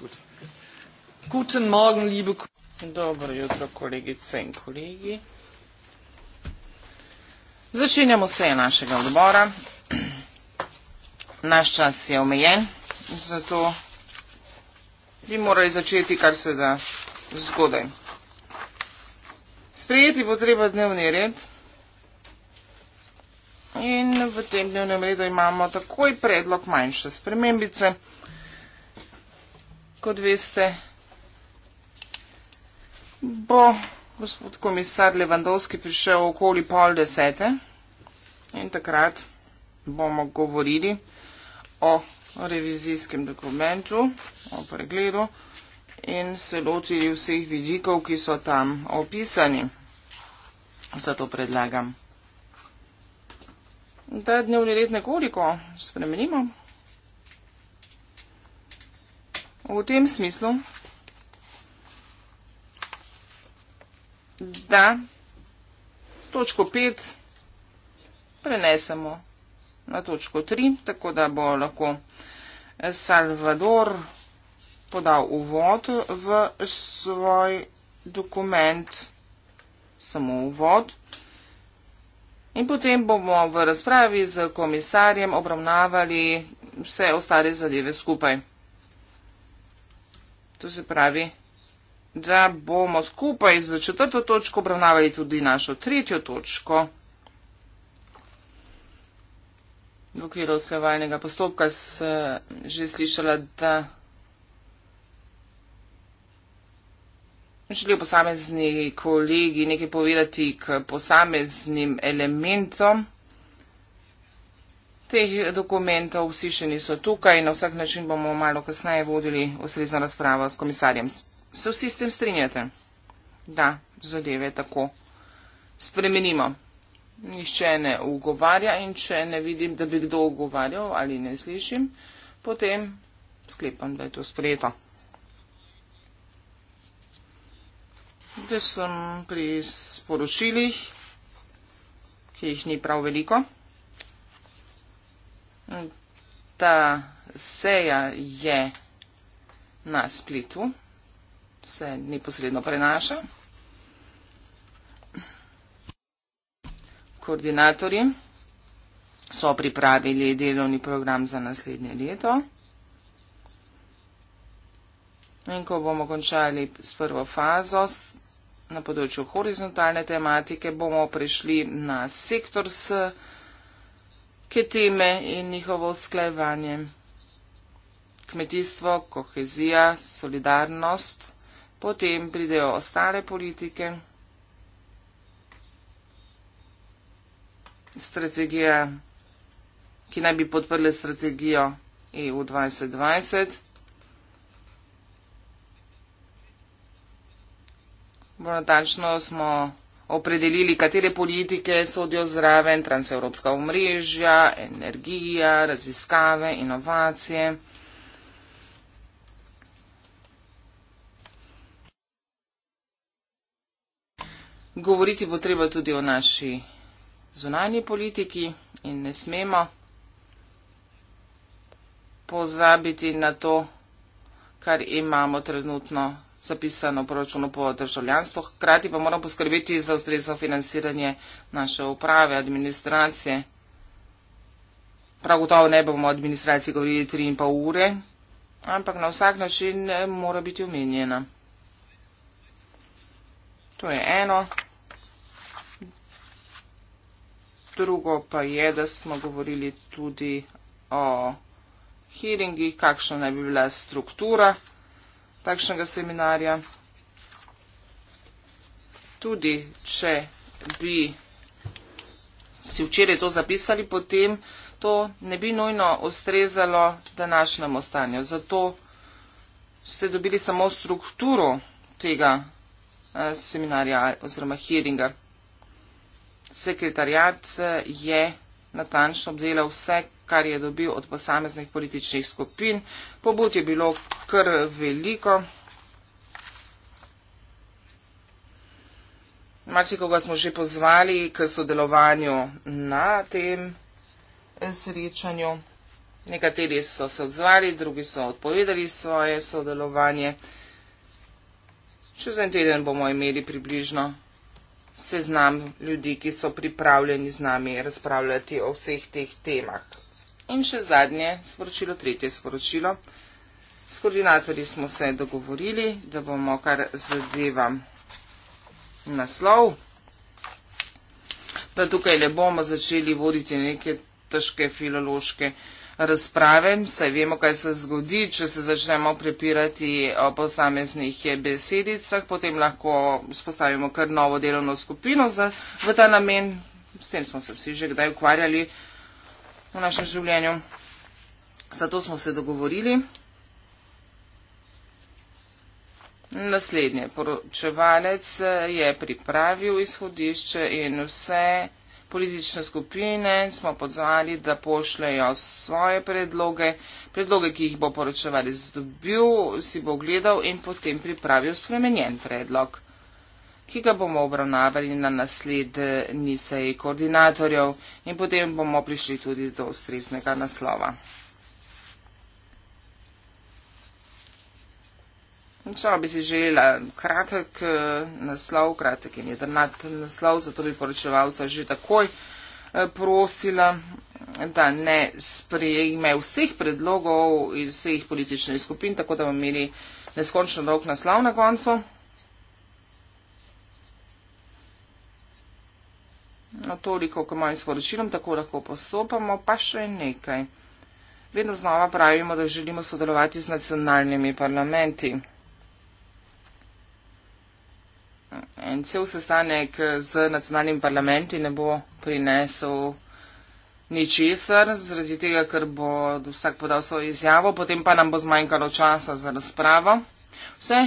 gut. Guten Morgen, liebe Dobro jutro, kolegice in kolegi. Začenjamo seje našega odbora. Naš čas je omejen, zato bi morali začeti kar se da zgodaj. Sprejeti bo treba dnevni red. In v tem dnevnem redu imamo takoj predlog manjše spremembice kot veste, bo gospod komisar Levandovski prišel okoli pol desete in takrat bomo govorili o revizijskem dokumentu, o pregledu in se lotili vseh vidikov, ki so tam opisani. Zato predlagam, da dnevni red nekoliko spremenimo. v tem smislu, da točko 5 prenesemo na točko 3, tako da bo lahko Salvador podal uvod v svoj dokument, samo uvod. In potem bomo v razpravi z komisarjem obravnavali vse ostale zadeve skupaj. To se pravi, da bomo skupaj z četrto točko obravnavali tudi našo tretjo točko. V okviru usklajevalnega postopka sem že slišala, da želijo posamezni kolegi nekaj povedati k posameznim elementom teh dokumentov, vsi še niso tukaj in na vsak način bomo malo kasneje vodili osrezno razpravo s komisarjem. Se vsi s tem strinjate? Da, zadeve tako. Spremenimo. Nišče ne ugovarja in če ne vidim, da bi kdo ugovarjal ali ne slišim, potem sklepam, da je to sprejeto. Zdaj sem pri sporočilih, ki jih ni prav veliko. Ta seja je na splitu, se neposredno prenaša. Koordinatori so pripravili delovni program za naslednje leto. In ko bomo končali s prvo fazo na področju horizontalne tematike, bomo prišli na sektor s področjem keteme in njihovo usklajevanje. Kmetijstvo, kohezija, solidarnost, potem pridejo ostale politike. Strategija, ki naj bi podprle strategijo EU 2020. Bolj natančno smo opredelili, katere politike sodijo zraven, transevropska omrežja, energija, raziskave, inovacije. Govoriti bo treba tudi o naši zunanji politiki in ne smemo pozabiti na to, kar imamo trenutno zapisano v proračunu po državljanstvu. Hkrati pa moramo poskrbeti za ustrezno financiranje naše uprave, administracije. Prav gotovo ne bomo o administraciji govorili tri in pol ure, ampak na vsak način eh, mora biti omenjena. To je eno. Drugo pa je, da smo govorili tudi o hearingih, kakšna naj bi bila struktura takšnega seminarja. Tudi, če bi si včeraj to zapisali, potem to ne bi nujno ustrezalo današnjemu stanju. Zato ste dobili samo strukturo tega eh, seminarja oziroma hearinga. Sekretarjat eh, je natančno obdelal vse, kar je dobil od posameznih političnih skupin. Pobud je bilo kar veliko. Marsikoga smo že pozvali k sodelovanju na tem srečanju. Nekateri so se odzvali, drugi so odpovedali svoje sodelovanje. Čez en teden bomo imeli približno seznam ljudi, ki so pripravljeni z nami razpravljati o vseh teh temah. In še zadnje sporočilo, tretje sporočilo. S koordinatorji smo se dogovorili, da bomo kar zadeva naslov, da tukaj ne bomo začeli voditi neke težke filološke uh, razprave, saj vemo, kaj se zgodi, če se začnemo prepirati o posameznih besedicah, potem lahko spostavimo kar novo delovno skupino za, v ta namen. S tem smo se vsi že kdaj ukvarjali v našem življenju. Zato smo se dogovorili. Naslednje. Poročevalec je pripravil izhodišče in vse politične skupine smo pozvali, da pošljajo svoje predloge, predloge, ki jih bo poročevali zdobil, si bo gledal in potem pripravil spremenjen predlog, ki ga bomo obravnavali na naslednji seji koordinatorjev in potem bomo prišli tudi do ustreznega naslova. Če bi si želela kratek eh, naslov, kratek in jedrnat naslov, zato bi poročevalca že takoj eh, prosila, da ne sprejme vseh predlogov iz vseh političnih skupin, tako da bomo imeli neskončno dolg naslov na koncu. No, toliko k mojim sporočilom, tako lahko postopamo, pa še nekaj. Vedno znova pravimo, da želimo sodelovati z nacionalnimi parlamenti en cel sestanek z nacionalnim parlamenti ne bo prinesel ničesar, zaradi tega, ker bo vsak podal svojo izjavo, potem pa nam bo zmanjkalo časa za razpravo. Vse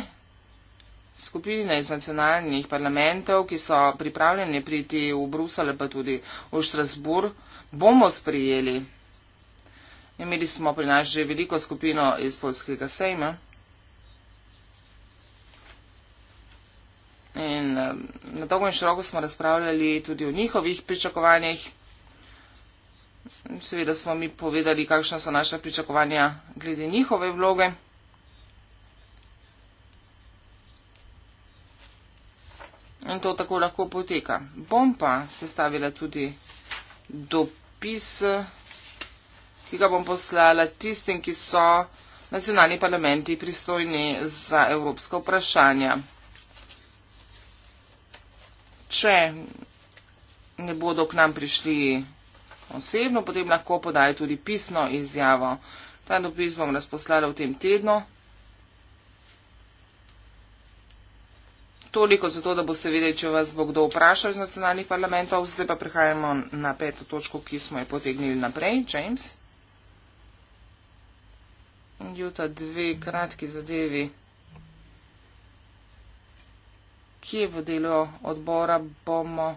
skupine iz nacionalnih parlamentov, ki so pripravljeni priti v Brusel, pa tudi v Štrasburg, bomo sprijeli. Imeli smo pri nas že veliko skupino iz polskega sejma. In um, na dolgo in široko smo razpravljali tudi o njihovih pričakovanjih. Seveda smo mi povedali, kakšna so naša pričakovanja glede njihove vloge. In to tako lahko poteka. Bom pa sestavila tudi dopis, ki ga bom poslala tistim, ki so nacionalni parlamenti pristojni za evropska vprašanja če ne bodo k nam prišli osebno, potem lahko podajo tudi pisno izjavo. Ta dopis bom razposlala v tem tednu. Toliko zato, da boste vedeli, če vas bo kdo vprašal iz nacionalnih parlamentov. Zdaj pa prehajamo na peto točko, ki smo jo potegnili naprej. James. Juta dve kratki zadevi kje v delu odbora bomo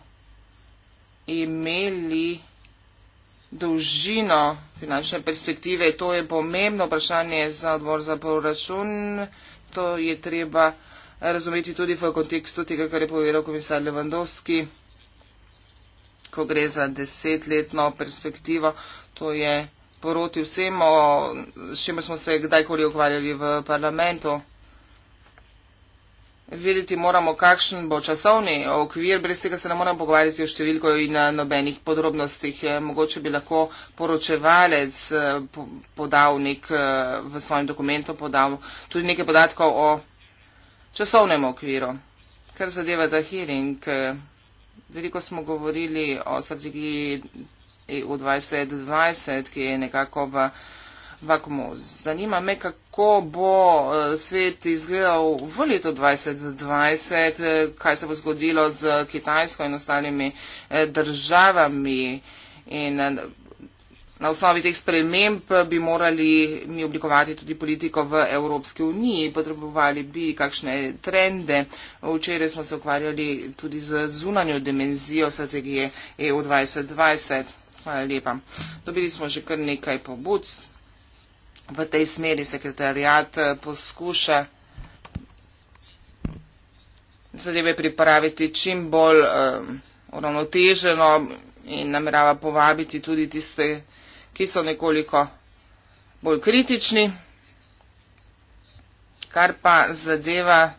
imeli dolžino finančne perspektive. To je pomembno vprašanje za odbor za proračun. To je treba razumeti tudi v kontekstu tega, kar je povedal komisar Levandovski, ko gre za desetletno perspektivo. To je poroti vsemo, s čimer smo se kdajkoli ukvarjali v parlamentu. Videti moramo, kakšen bo časovni okvir, brez tega se ne moramo pogovarjati o številko in na eh, nobenih podrobnostih. Eh, mogoče bi lahko poročevalec eh, podal nek, v svojem dokumentu podal tudi nekaj podatkov o časovnem okviru. Kar zadeva ta hearing, veliko smo govorili o strategiji EU 2020, ki je nekako v. Vakmu, zanima me, kako bo e, svet izgledal v letu 2020, e, kaj se bo zgodilo z Kitajsko in ostalimi e, državami. In na osnovi teh sprememb bi morali mi oblikovati tudi politiko v Evropski uniji, potrebovali bi kakšne trende. Včeraj smo se ukvarjali tudi z zunanjo dimenzijo strategije EU 2020. Hvala lepa. Dobili smo že kar nekaj pobud v tej smeri sekretarjat eh, poskuša zadeve pripraviti čim bolj eh, uravnoteženo in namerava povabiti tudi tiste, ki so nekoliko bolj kritični, kar pa zadeva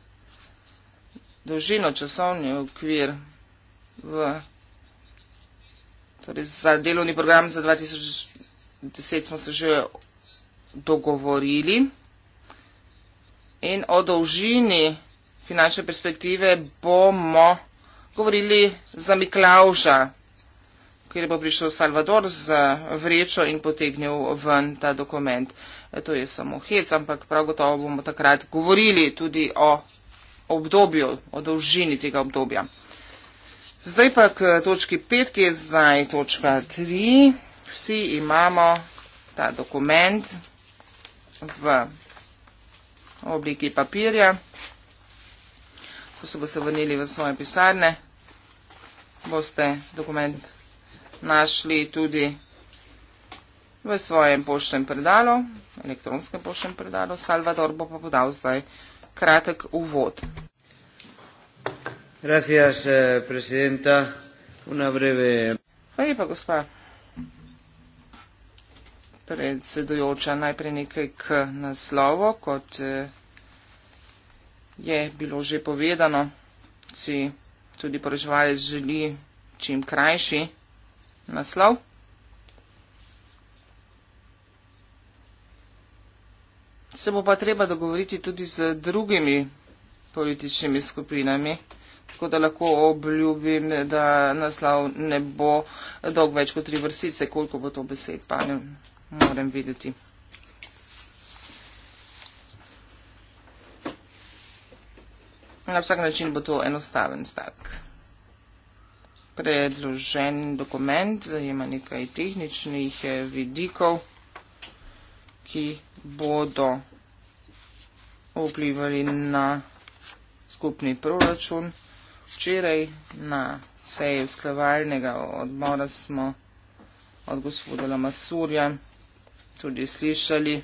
dolžino časovni okvir v, torej za delovni program za 2010 smo se že dogovorili in o dolžini finančne perspektive bomo govorili za Miklauža, kjer bo prišel Salvador z vrečo in potegnil ven ta dokument. E, to je samo hec, ampak prav gotovo bomo takrat govorili tudi o obdobju, o dolžini tega obdobja. Zdaj pa k točki 5, ki je zdaj točka 3. Vsi imamo ta dokument, v obliki papirja, ko se boste vrnili v svoje pisarne, boste dokument našli tudi v svojem poštnem predalu, elektronskem poštnem predalu. Salvador bo pa podal zdaj kratek uvod. Gracias, eh, presidenta. Una breve. Hvala lepa, gospa predsedujoča, najprej nekaj k naslovu, kot eh, je bilo že povedano, si tudi poroževalec želi čim krajši naslov. Se bo pa treba dogovoriti tudi z drugimi političnimi skupinami, tako da lahko obljubim, da naslov ne bo dolg več kot tri vrstice, koliko bo to besed, pa ne, moram videti. Na vsak način bo to enostaven stavek. Predložen dokument zajema nekaj tehničnih eh, vidikov, ki bodo vplivali na skupni proračun. Včeraj na seji usklevalnega odmora smo od gospodala Masurja vsega, tudi slišali,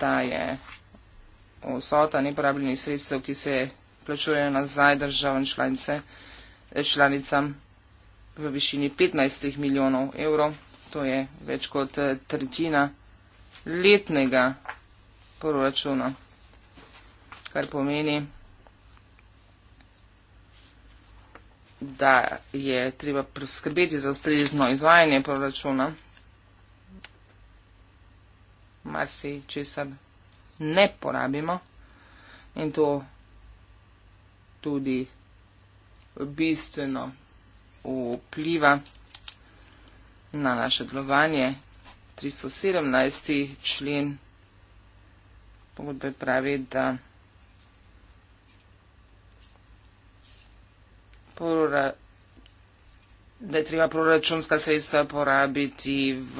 da je vsota neporabljenih sredstev, ki se plačujejo nazaj državam članice, eh, članicam v višini 15 milijonov evrov, to je več kot eh, tretjina letnega proračuna, kar pomeni, da je treba priskrbeti za ustrezno izvajanje proračuna. Mar si česar ne porabimo in to tudi bistveno vpliva na naše delovanje. 317. člen pogodbe pravi, da prora, da je treba proračunska sredstva porabiti v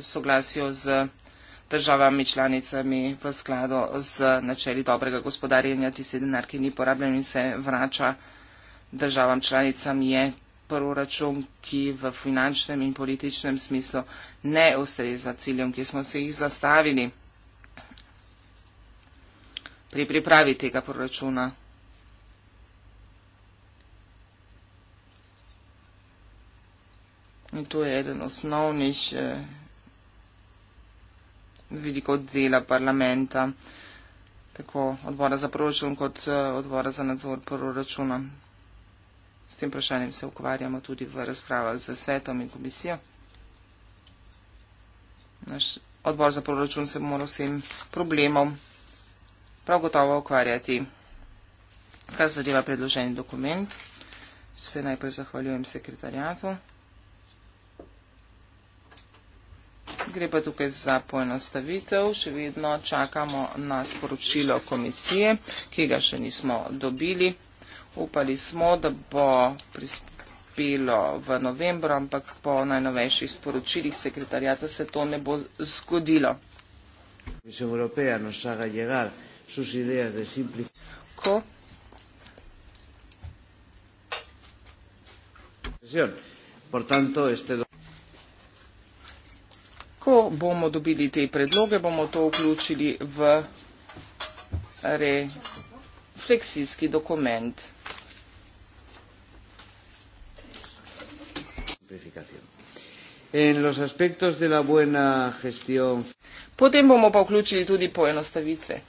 soglasju z državami članicami v skladu z načeli dobrega gospodarjenja. Tisti denar, ki ni porabljen in se vrača državam članicam, je proračun, ki v finančnem in političnem smislu ne ustreza ciljem, ki smo se jih zastavili pri pripravi tega proračuna. In to je eden osnovnih eh, vidikov dela parlamenta, tako odbora za proračun kot eh, odbora za nadzor proračuna. S tem vprašanjem se ukvarjamo tudi v razpravah z svetom in komisijo. Naš odbor za proračun se mora s tem problemom prav gotovo ukvarjati. Kar zadeva predloženi dokument, se najprej zahvaljujem sekretarjatu. Gre pa tukaj za poenostavitev. Še vedno čakamo na sporočilo komisije, ki ga še nismo dobili. Upali smo, da bo prispelo v novembru, ampak po najnovejših sporočilih sekretarjata se to ne bo zgodilo. Ko? Por tanto, este do... Ko bomo dobili te predloge, bomo to vključili v refleksijski dokument. Potem bomo pa vključili tudi poenostavitve,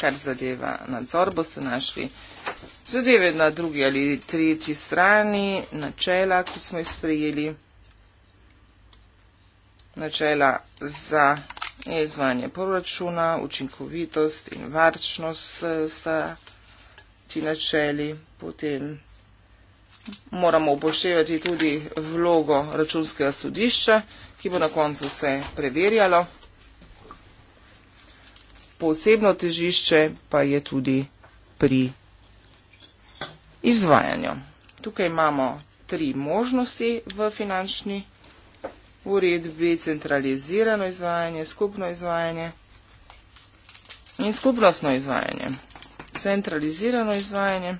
kar zadeva nadzor, boste našli vse zadeve na drugi ali tretji strani, načela, ki smo jih sprejeli, načela za izvanje proračuna, učinkovitost in varčnost eh, sta ti načeli, potem moramo upoštevati tudi vlogo računskega sodišča, ki bo na koncu vse preverjalo. Posebno težišče pa je tudi pri izvajanju. Tukaj imamo tri možnosti v finančni uredbi, centralizirano izvajanje, skupno izvajanje in skupnostno izvajanje. Centralizirano izvajanje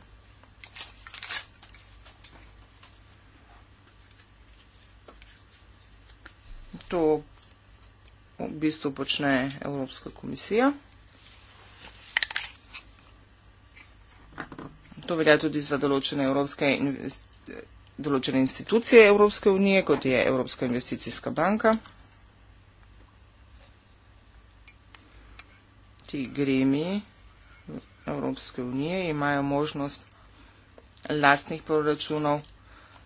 to v bistvu počne Evropska komisija. To velja tudi za določene evropske in določene institucije Evropske unije, kot je Evropska investicijska banka. Ti gremi Evropske unije imajo možnost lastnih proračunov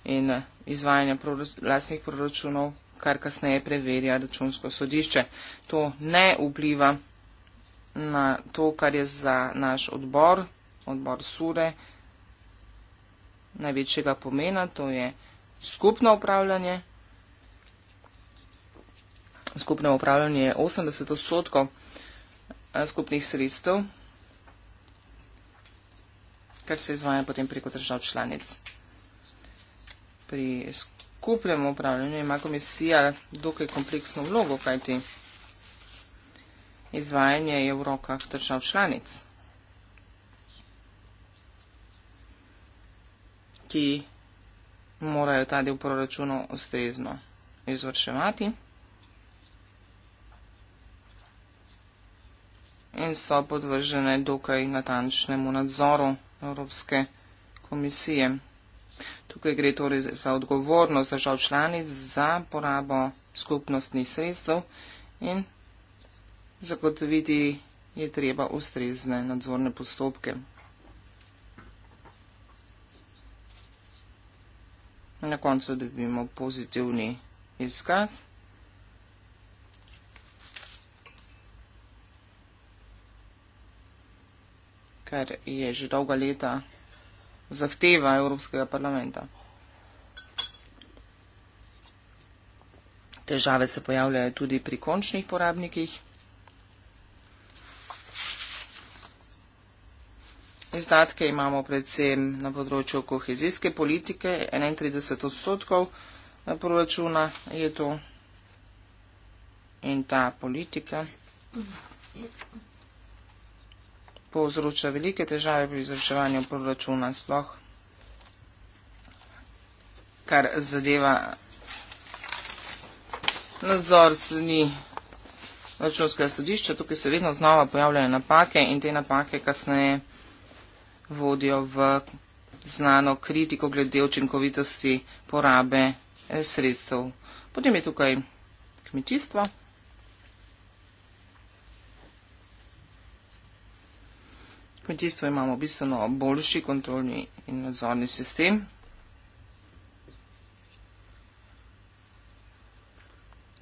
in izvajanja lastnih proračunov, kar kasneje preverja računsko sodišče. To ne vpliva na to, kar je za naš odbor odbor sure največjega pomena, to je skupno upravljanje. Skupno upravljanje je 80 odstotkov eh, skupnih sredstev, kar se izvaja potem preko držav članic. Pri skupnem upravljanju ima komisija dokaj kompleksno vlogo, kajti izvajanje je v rokah držav članic. ki morajo ta del proračuna ustrezno izvrševati. In so podvržene dokaj natančnemu nadzoru Evropske komisije. Tukaj gre torej za odgovornost držav članic za porabo skupnostnih sredstev in zagotoviti je treba ustrezne nadzorne postopke. na koncu dobimo pozitivni izkaz. kar je že dolga leta zahteva Evropskega parlamenta. Težave se pojavljajo tudi pri končnih porabnikih. Izdatke imamo predvsem na področju kohezijske politike, 31 odstotkov eh, proračuna je to in ta politika povzroča velike težave pri izraševanju proračuna sploh, kar zadeva nadzor strani računskega sodišča. Tukaj se vedno znova pojavljajo napake in te napake kasneje vodijo v znano kritiko glede učinkovitosti porabe eh, sredstev. Potem je tukaj kmetijstvo. Kmetijstvo imamo bistveno boljši kontrolni in nadzorni sistem.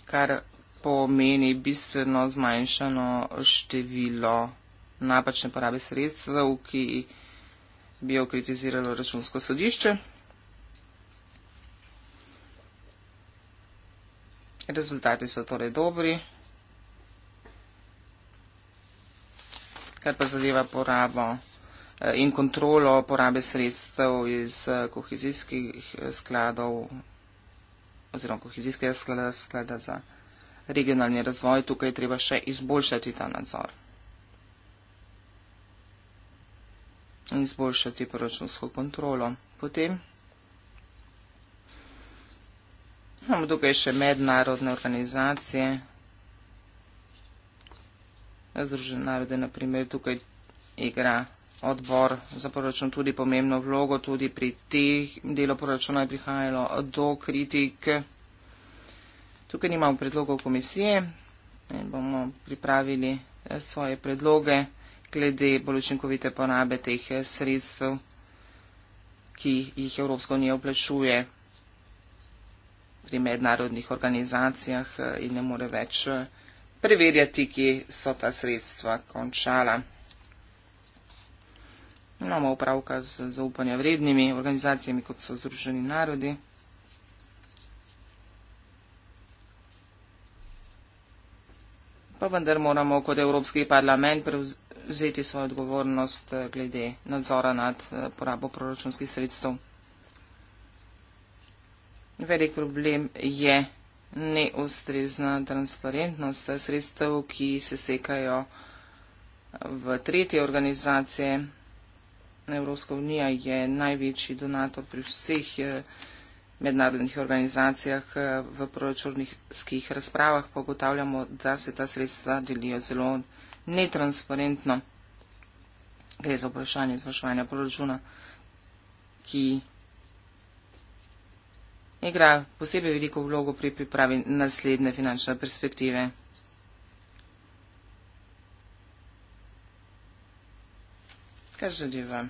kar pomeni bistveno zmanjšano število napačne porabe sredstev, ki jih bi jo kritiziralo računsko sodišče. Rezultati so torej dobri. Kar pa zadeva porabo eh, in kontrolo porabe sredstev iz eh, kohezijskih eh, skladov oziroma kohezijskega sklada, sklada za regionalni razvoj, tukaj treba še izboljšati ta nadzor. in izboljšati proračunsko kontrolo. Potem imamo tukaj še mednarodne organizacije, Združene narode, naprimer, tukaj igra odbor za proračun tudi pomembno vlogo, tudi pri teh delo proračuna je prihajalo do kritik. Tukaj nimamo predlogov komisije in bomo pripravili eh, svoje predloge glede bolj učinkovite ponabe teh eh, sredstev, ki jih Evropska unija vplačuje pri mednarodnih organizacijah eh, in ne more več eh, preverjati, kje so ta sredstva končala. Imamo upravka z zaupanja vrednimi organizacijami, kot so Združeni narodi. Pa vendar moramo kot Evropski parlament vzeti svojo odgovornost eh, glede nadzora nad eh, porabo proračunskih sredstev. Velik problem je neustrezna transparentnost eh, sredstev, ki se stekajo v tretje organizacije. Evropska unija je največji donator pri vseh mednarodnih organizacijah v proračunskih razpravah, pa ugotavljamo, da se ta sredstva delijo zelo netransparentno. Gre za vprašanje izvrševanja proračuna, ki igra posebej veliko vlogo pri pripravi naslednje finančne perspektive. Kar zadeva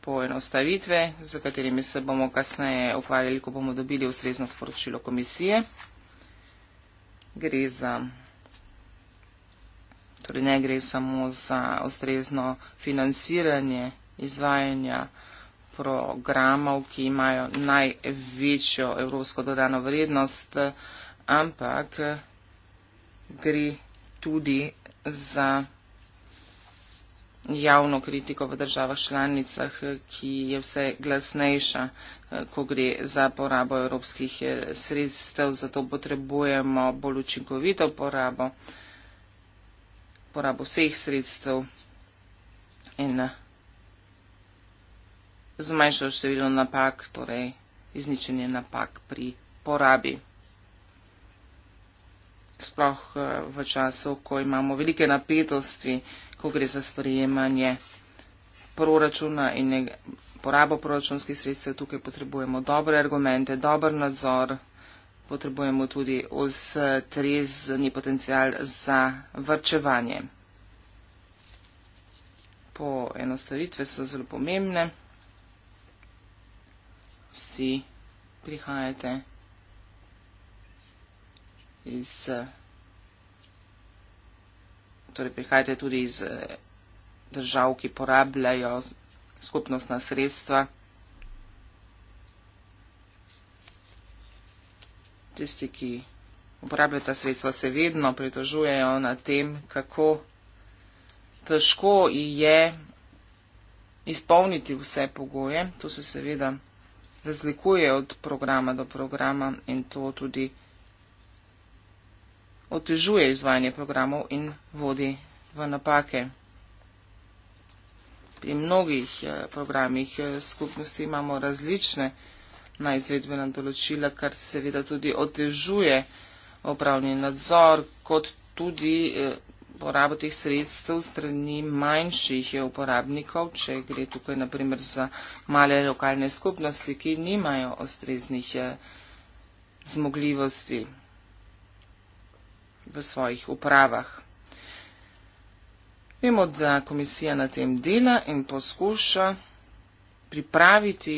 poenostavitve, za katerimi se bomo kasneje ukvarjali, ko bomo dobili ustrezno sporočilo komisije. Gre za Torej ne gre samo za ustrezno financiranje izvajanja programov, ki imajo največjo evropsko dodano vrednost, ampak gre tudi za javno kritiko v državah članicah, ki je vse glasnejša, ko gre za porabo evropskih eh, sredstev. Zato potrebujemo bolj učinkovito porabo porabo vseh sredstev in eh, zmanjšal število napak, torej izničenje napak pri porabi. Sploh eh, v času, ko imamo velike napetosti, ko gre za sprejemanje proračuna in porabo proračunskih sredstev, tukaj potrebujemo dobre argumente, dober nadzor potrebujemo tudi ustrezni potencial za vrčevanje. Poenostavitve so zelo pomembne. Vsi prihajate iz. Torej, prihajate tudi iz eh, držav, ki porabljajo skupnostna sredstva. tisti, ki uporabljajo ta sredstva, se vedno pritožujejo na tem, kako težko je izpolniti vse pogoje. To se seveda razlikuje od programa do programa in to tudi otežuje izvajanje programov in vodi v napake. Pri mnogih eh, programih eh, skupnosti imamo različne na izvedbena določila, kar seveda tudi otežuje upravni nadzor, kot tudi eh, porabo teh sredstev strani manjših uporabnikov, če gre tukaj naprimer za male lokalne skupnosti, ki nimajo ustreznih eh, zmogljivosti v svojih upravah. Vemo, da komisija na tem dela in poskuša pripraviti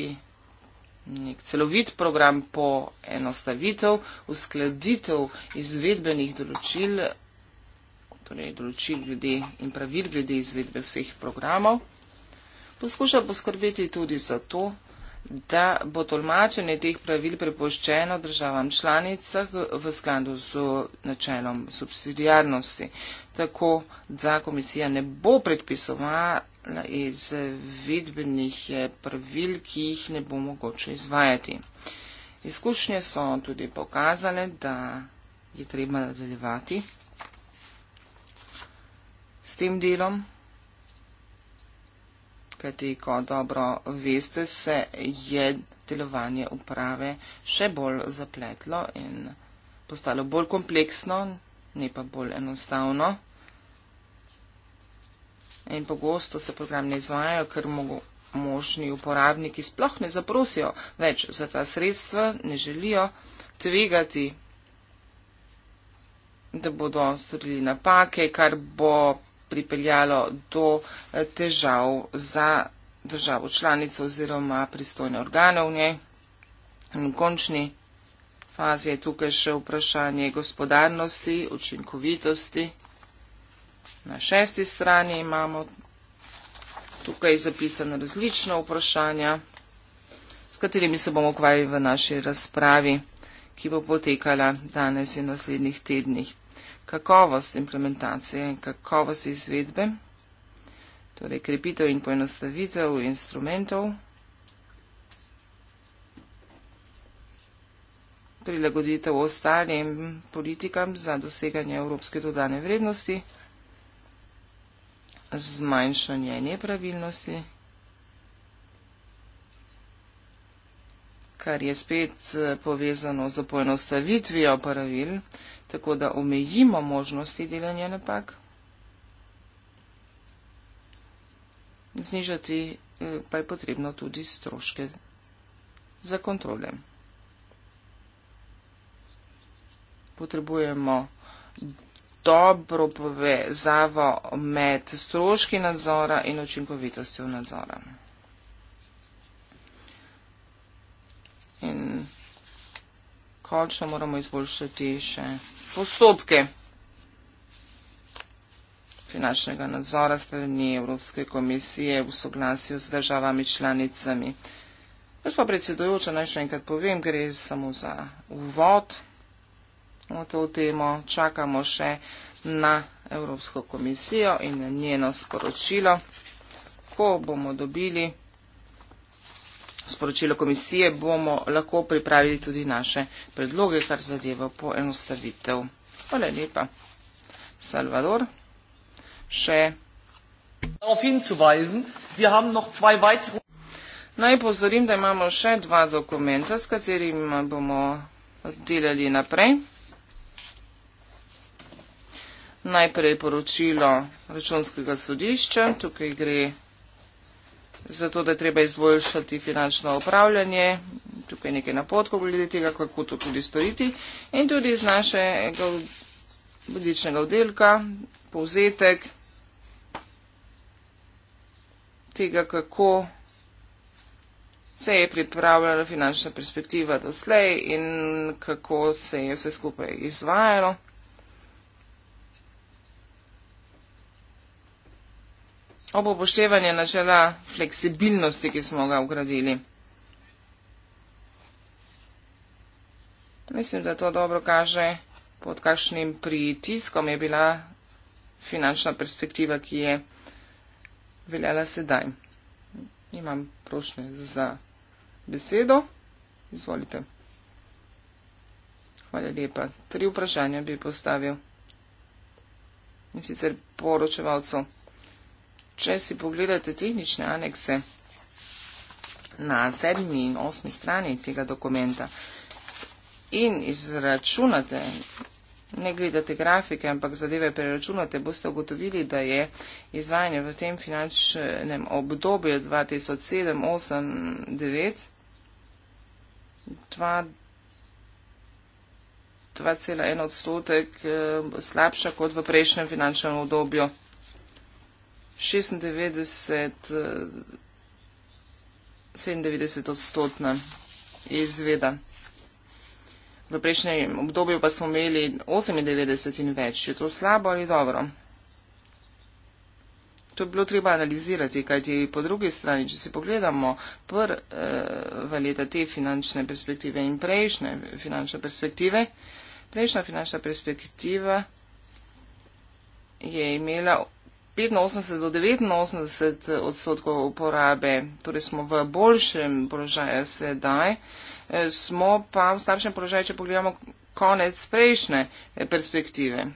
nek celovit program po enostavitev, uskladitev izvedbenih določil, torej določil glede in pravil glede izvedbe vseh programov. Poskuša poskrbeti tudi za to, da bo tolmačenje teh pravil prepoščeno državam članicah v skladu z načelom subsidijarnosti, tako da komisija ne bo predpisovala izvedbenih eh, pravil, ki jih ne bo mogoče izvajati. Izkušnje so tudi pokazale, da je treba nadaljevati s tem delom, kajti, ko dobro veste, se je delovanje uprave še bolj zapletlo in postalo bolj kompleksno, ne pa bolj enostavno. In pogosto se program ne izvajajo, ker mogo, možni uporabniki sploh ne zaprosijo več za ta sredstva, ne želijo tvegati, da bodo storili napake, kar bo pripeljalo do eh, težav za državo članico oziroma pristojne organe v njej. In v končni fazi je tukaj še vprašanje gospodarnosti, učinkovitosti. Na šesti strani imamo tukaj zapisane različna vprašanja, s katerimi se bomo ukvarjali v naši razpravi, ki bo potekala danes in naslednjih tednih. Kakovost implementacije in kakovost izvedbe, torej krepitev in poenostavitev instrumentov, prilagoditev ostalim politikam za doseganje evropske dodane vrednosti zmanjšanje nepravilnosti, kar je spet eh, povezano z poenostavitvijo pravil, tako da omejimo možnosti delanja napak, znižati eh, pa je potrebno tudi stroške za kontrole. Potrebujemo dobro povezavo med stroški nadzora in učinkovitostjo nadzora. In končno moramo izboljšati še postopke finančnega nadzora strani Evropske komisije v soglasju z državami članicami. Jaz pa predsedujoča naj še enkrat povem, gre samo za uvod v to temo. Čakamo še na Evropsko komisijo in na njeno sporočilo. Ko bomo dobili sporočilo komisije, bomo lahko pripravili tudi naše predloge, kar zadeva poenostavitev. Hvala lepa. Salvador, še. Naj pozorim, da imamo še dva dokumenta, s katerimi bomo delali naprej najprej poročilo računskega sodišča. Tukaj gre za to, da je treba izboljšati finančno upravljanje. Tukaj je nekaj napotkov glede tega, kako to tudi storiti. In tudi iz našega vodičnega oddelka povzetek tega, kako se je pripravljala finančna perspektiva doslej in kako se je vse skupaj izvajalo. ob upoštevanje načela fleksibilnosti, ki smo ga ugradili. Mislim, da to dobro kaže, pod kakšnim pritiskom je bila finančna perspektiva, ki je veljala sedaj. Imam prošnje za besedo. Izvolite. Hvala lepa. Tri vprašanja bi postavil. In sicer poročevalcu če si pogledate tehnične anekse na sedmi in osmi strani tega dokumenta in izračunate, ne gledate grafike, ampak zadeve preračunate, boste ugotovili, da je izvajanje v tem finančnem obdobju 2007-2008-2009 2,1 odstotek eh, slabša kot v prejšnjem finančnem obdobju 2007-2008. 96 eh, odstotna izveda. V prejšnjem obdobju pa smo imeli 98 in več. Je to slabo ali dobro? To je bilo treba analizirati, kajti po drugi strani, če si pogledamo prva eh, leta te finančne perspektive in prejšnje finančne perspektive, prejšnja finančna perspektiva je imela 85 do 89 odstotkov uporabe, torej smo v boljšem položaju sedaj, e, smo pa v slabšem položaju, če pogledamo konec prejšnje e, perspektive.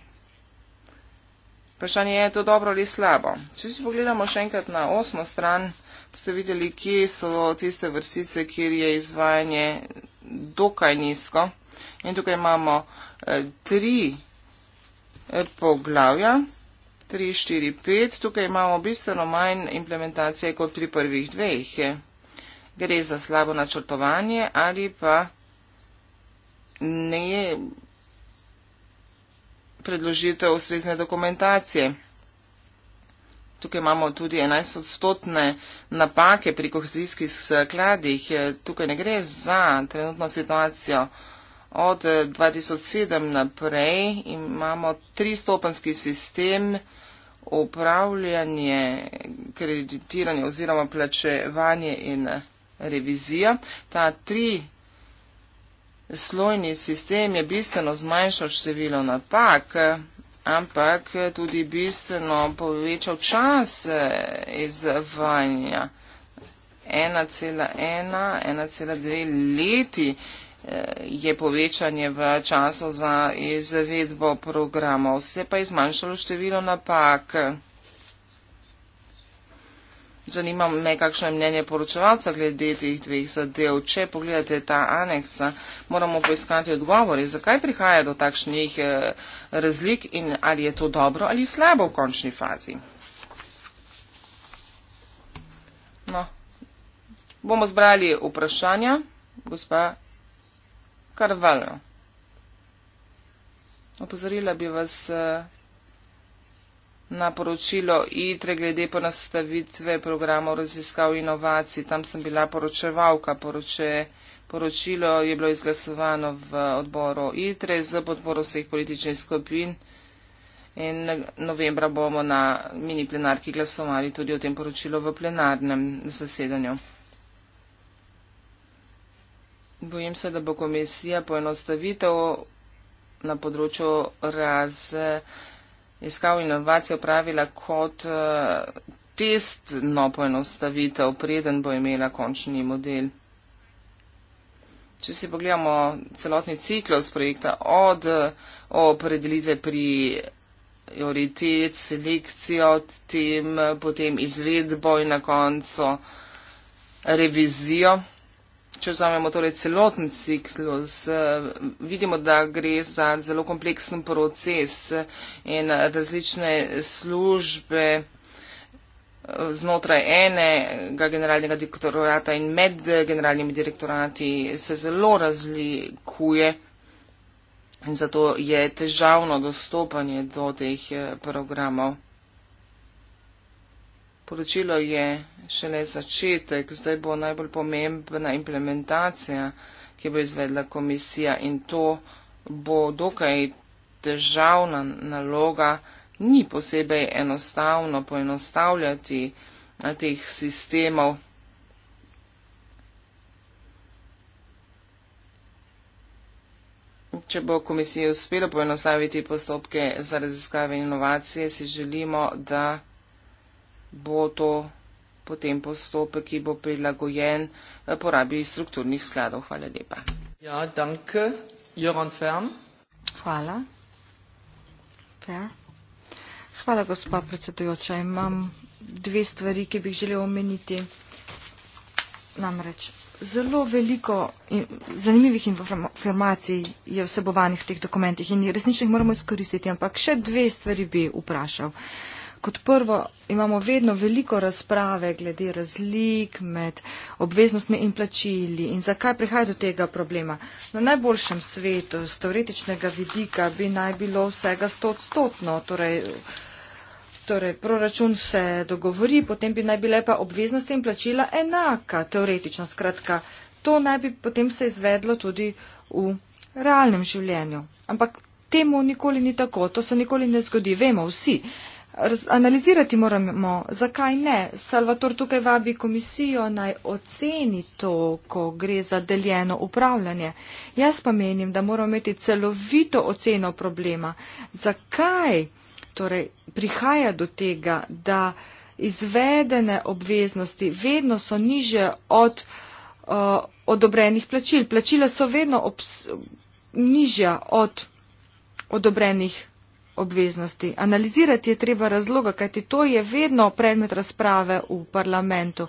Vprašanje je, je to dobro ali slabo. Če si pogledamo še enkrat na osmo stran, boste videli, kje so tiste vrstice, kjer je izvajanje dokaj nizko. In tukaj imamo eh, tri eh, poglavja. 3, 4, 5. Tukaj imamo bistveno manj implementacije kot pri prvih dveh. Gre za slabo načrtovanje ali pa ne predložitev ustrezne dokumentacije. Tukaj imamo tudi 11 odstotne napake pri kohezijskih skladih. Tukaj ne gre za trenutno situacijo. Od 2007 eh, naprej imamo tristopanski sistem upravljanje, kreditiranje oziroma plačevanje in revizija. Ta tri slojni sistem je bistveno zmanjšal število napak, ampak tudi bistveno povečal čas eh, izvajanja. 1,1, 1,2 leti. Eh, je povečanje v času za izvedbo programov. Se pa je zmanjšalo število napak. Zanima me, kakšno je mnenje poročevalca glede teh dveh zadev. Če pogledate ta aneks, moramo poiskati odgovore, zakaj prihaja do takšnih eh, razlik in ali je to dobro ali slabo v končni fazi. No, bomo zbrali vprašanja. Gospa Carvalho. Opozorila bi vas eh, na poročilo ITRE glede ponastavitve programov raziskav in inovacij. Tam sem bila poročevalka. Poroče, poročilo je bilo izglasovano v odboru ITRE z podporo vseh političnih skupin in novembra bomo na mini plenarki glasovali tudi o tem poročilu v plenarnem zasedanju. Bojim se, da bo komisija poenostavitev na področju raziskav eh, inovacij opravila kot eh, testno poenostavitev, preden bo imela končni model. Če si pogledamo celotni ciklus projekta od eh, opredelitve pri prioritet, selekcijo, tem, potem izvedbo in na koncu revizijo če vzamemo torej celoten ciklus, eh, vidimo, da gre za zelo kompleksen proces in različne službe eh, znotraj enega generalnega direktorata in med generalnimi direktorati se zelo razlikuje in zato je težavno dostopanje do teh eh, programov. Poročilo je šele začetek, zdaj bo najbolj pomembna implementacija, ki bo izvedla komisija in to bo dokaj težavna naloga. Ni posebej enostavno poenostavljati teh sistemov. Če bo komisija uspela poenostaviti postopke za raziskave in inovacije, si želimo, da bo to potem postopek, ki bo prilagojen eh, porabi strukturnih skladov. Hvala lepa. Ja, danke. Joran Ferm. Hvala. Fair. Hvala, gospa predsedujoča. Imam dve stvari, ki bih želel omeniti. Namreč zelo veliko in zanimivih informacij je vsebovanih v teh dokumentih in resnično jih moramo izkoristiti, ampak še dve stvari bi vprašal. Uh, Kot prvo, imamo vedno veliko razprave glede razlik med obveznostmi in plačili in zakaj prihaja do tega problema. Na najboljšem svetu, z teoretičnega vidika, bi naj bilo vsega stotstotno, torej, torej proračun se dogovori, potem bi naj bile pa obveznosti in plačila enaka, teoretično skratka. To naj bi potem se izvedlo tudi v realnem življenju. Ampak temu nikoli ni tako, to se nikoli ne zgodi, vemo vsi analizirati moramo, zakaj ne. Salvator tukaj vabi komisijo naj oceni to, ko gre za deljeno upravljanje. Jaz pa menim, da moramo imeti celovito oceno problema, zakaj torej, prihaja do tega, da izvedene obveznosti vedno so niže od uh, odobrenih plačil. Plačila so vedno obs, nižja od odobrenih obveznosti. Analizirati je treba razloga, kajti to je vedno predmet razprave v parlamentu.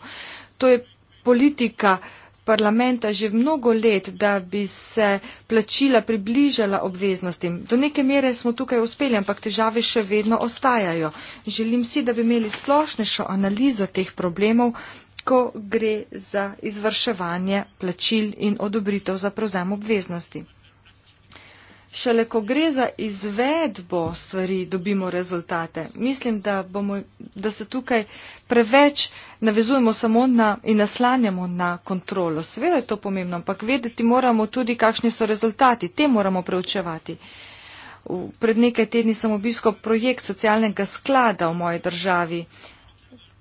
To je politika parlamenta že mnogo let, da bi se plačila približala obveznostim. Do neke mere smo tukaj uspeli, ampak težave še vedno ostajajo. Želim si, da bi imeli splošnejšo analizo teh problemov, ko gre za izvrševanje plačil in odobritev za prevzem obveznosti. Šele ko gre za izvedbo stvari, dobimo rezultate. Mislim, da, bomo, da se tukaj preveč navezujemo samo na in naslanjamo na kontrolo. Seveda je to pomembno, ampak vedeti moramo tudi, kakšni so rezultati. Te moramo preučevati. Pred nekaj tedni sem obiskal projekt socialnega sklada v moji državi. Uh,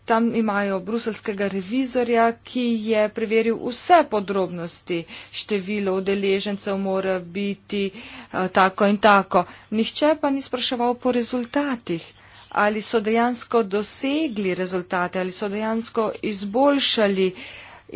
Tam imajo bruselskega revizorja, ki je preveril vse podrobnosti. Število udeležencev mora biti eh, tako in tako. Nihče pa ni spraševal po rezultatih ali so dejansko dosegli rezultate, ali so dejansko izboljšali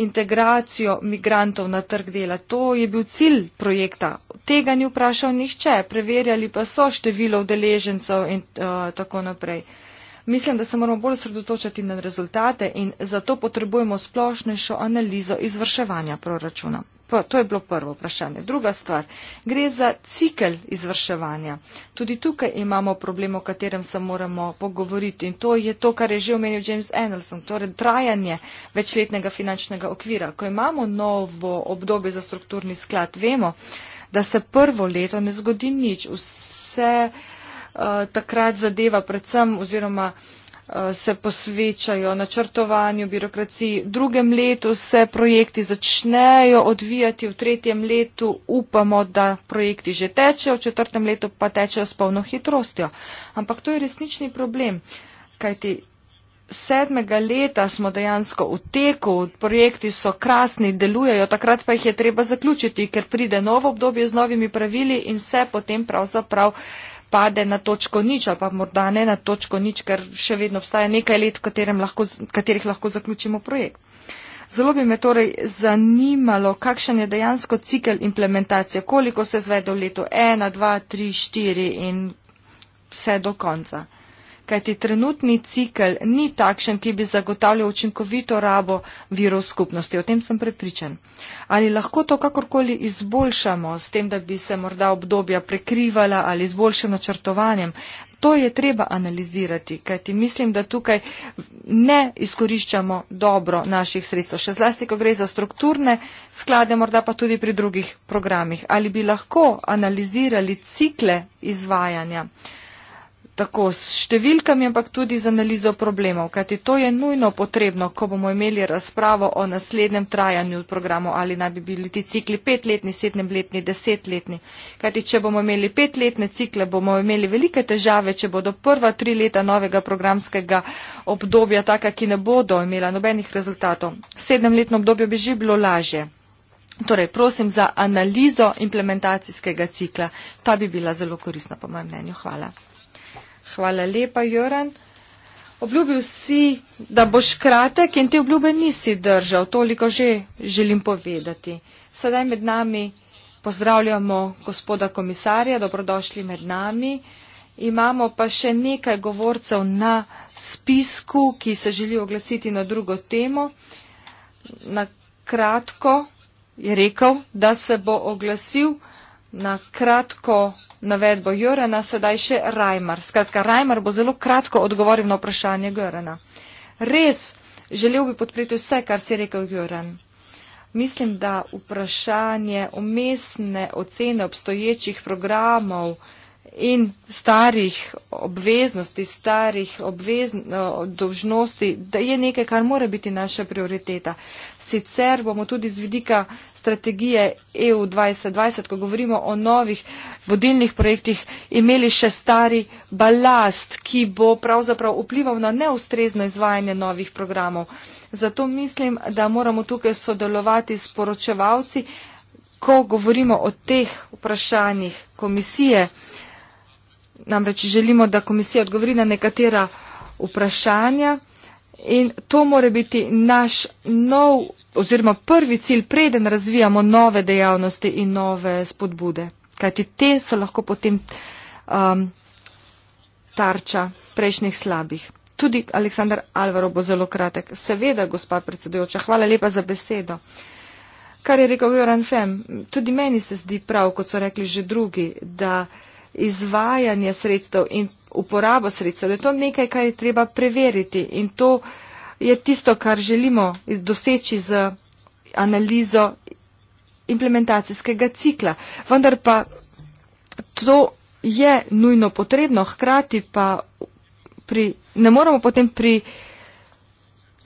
integracijo migrantov na trg dela. To je bil cilj projekta. Tega ni vprašal nihče. Preverjali pa so število udeležencev in uh, tako naprej. Uh, Mislim, da se moramo bolj sredotočiti na rezultate in zato potrebujemo splošnejšo analizo izvrševanja proračuna. Pa, to je bilo prvo vprašanje. Druga stvar, gre za cikel izvrševanja. Tudi tukaj imamo problem, o katerem se moramo pogovoriti in to je to, kar je že omenil James Enelson, torej trajanje večletnega finančnega okvira. Ko imamo novo obdobje za strukturni sklad, vemo, da se prvo leto ne zgodi nič. Vse Eh, takrat zadeva predvsem oziroma eh, se posvečajo načrtovanju, birokraciji. V drugem letu se projekti začnejo odvijati, v tretjem letu upamo, da projekti že tečejo, v četrtem letu pa tečejo s polno hitrostjo. Ampak to je resnični problem, kajti sedmega leta smo dejansko v teku, projekti so krasni, delujejo, takrat pa jih je treba zaključiti, ker pride novo obdobje z novimi pravili in vse potem pravzaprav. Prav pade na točko nič ali pa morda ne na točko nič, ker še vedno obstaja nekaj let, v lahko, katerih lahko zaključimo projekt. Zelo bi me torej zanimalo, kakšen je dejansko cikl implementacije, koliko se zvede v letu 1, 2, 3, 4 in vse do konca kajti trenutni cikl ni takšen, ki bi zagotavljal učinkovito rabo virov skupnosti. O tem sem prepričan. Ali lahko to kakorkoli izboljšamo s tem, da bi se morda obdobja prekrivala ali z boljšim načrtovanjem? To je treba analizirati, kajti mislim, da tukaj ne izkoriščamo dobro naših sredstev. Še zlasti, ko gre za strukturne sklade, morda pa tudi pri drugih programih. Ali bi lahko analizirali cikle izvajanja? Uh, tako s številkami, ampak tudi z analizo problemov, kajti to je nujno potrebno, ko bomo imeli razpravo o naslednjem trajanju programu, ali naj bi bili ti cikli petletni, sedemletni, desetletni. Kajti, če bomo imeli petletne cikle, bomo imeli velike težave, če bodo prva tri leta novega programskega obdobja taka, ki ne bodo imela nobenih rezultatov. Sedemletno obdobje bi že bilo lažje. Torej, prosim za analizo implementacijskega cikla. Ta bi bila zelo korisna, po mojem mnenju. Hvala. Hvala lepa, Joran. Obljubil si, da boš kratek in te obljube nisi držal. Toliko že želim povedati. Sedaj med nami pozdravljamo gospoda komisarja, dobrodošli med nami. Imamo pa še nekaj govorcev na spisku, ki se želijo oglasiti na drugo temo. Na kratko je rekel, da se bo oglasil na kratko navedbo Jorena, sedaj še Rajmar. Skratka, Rajmar bo zelo kratko odgovoril na vprašanje Jorena. Res, želel bi podpreti vse, kar si rekel Joren. Mislim, da vprašanje umestne ocene obstoječih programov, in starih obveznosti, starih eh, dožnosti, da je nekaj, kar mora biti naša prioriteta. Sicer bomo tudi z vidika strategije EU 2020, ko govorimo o novih vodilnih projektih, imeli še stari balast, ki bo pravzaprav vplival na neustrezno izvajanje novih programov. Zato mislim, da moramo tukaj sodelovati s poročevalci, ko govorimo o teh vprašanjih komisije namreč želimo, da komisija odgovori na nekatera vprašanja in to more biti naš nov oziroma prvi cilj, preden razvijamo nove dejavnosti in nove spodbude. Kajti te so lahko potem um, tarča prejšnjih slabih. Tudi Aleksandar Alvaro bo zelo kratek. Seveda, gospa predsedujoča, hvala lepa za besedo. Kar je rekel Joran Fem, tudi meni se zdi prav, kot so rekli že drugi, da izvajanje sredstev in uporabo sredstev, da je to nekaj, kar je treba preveriti in to je tisto, kar želimo doseči z analizo implementacijskega cikla. Vendar pa to je nujno potrebno, hkrati pa pri, ne moramo potem pri uh,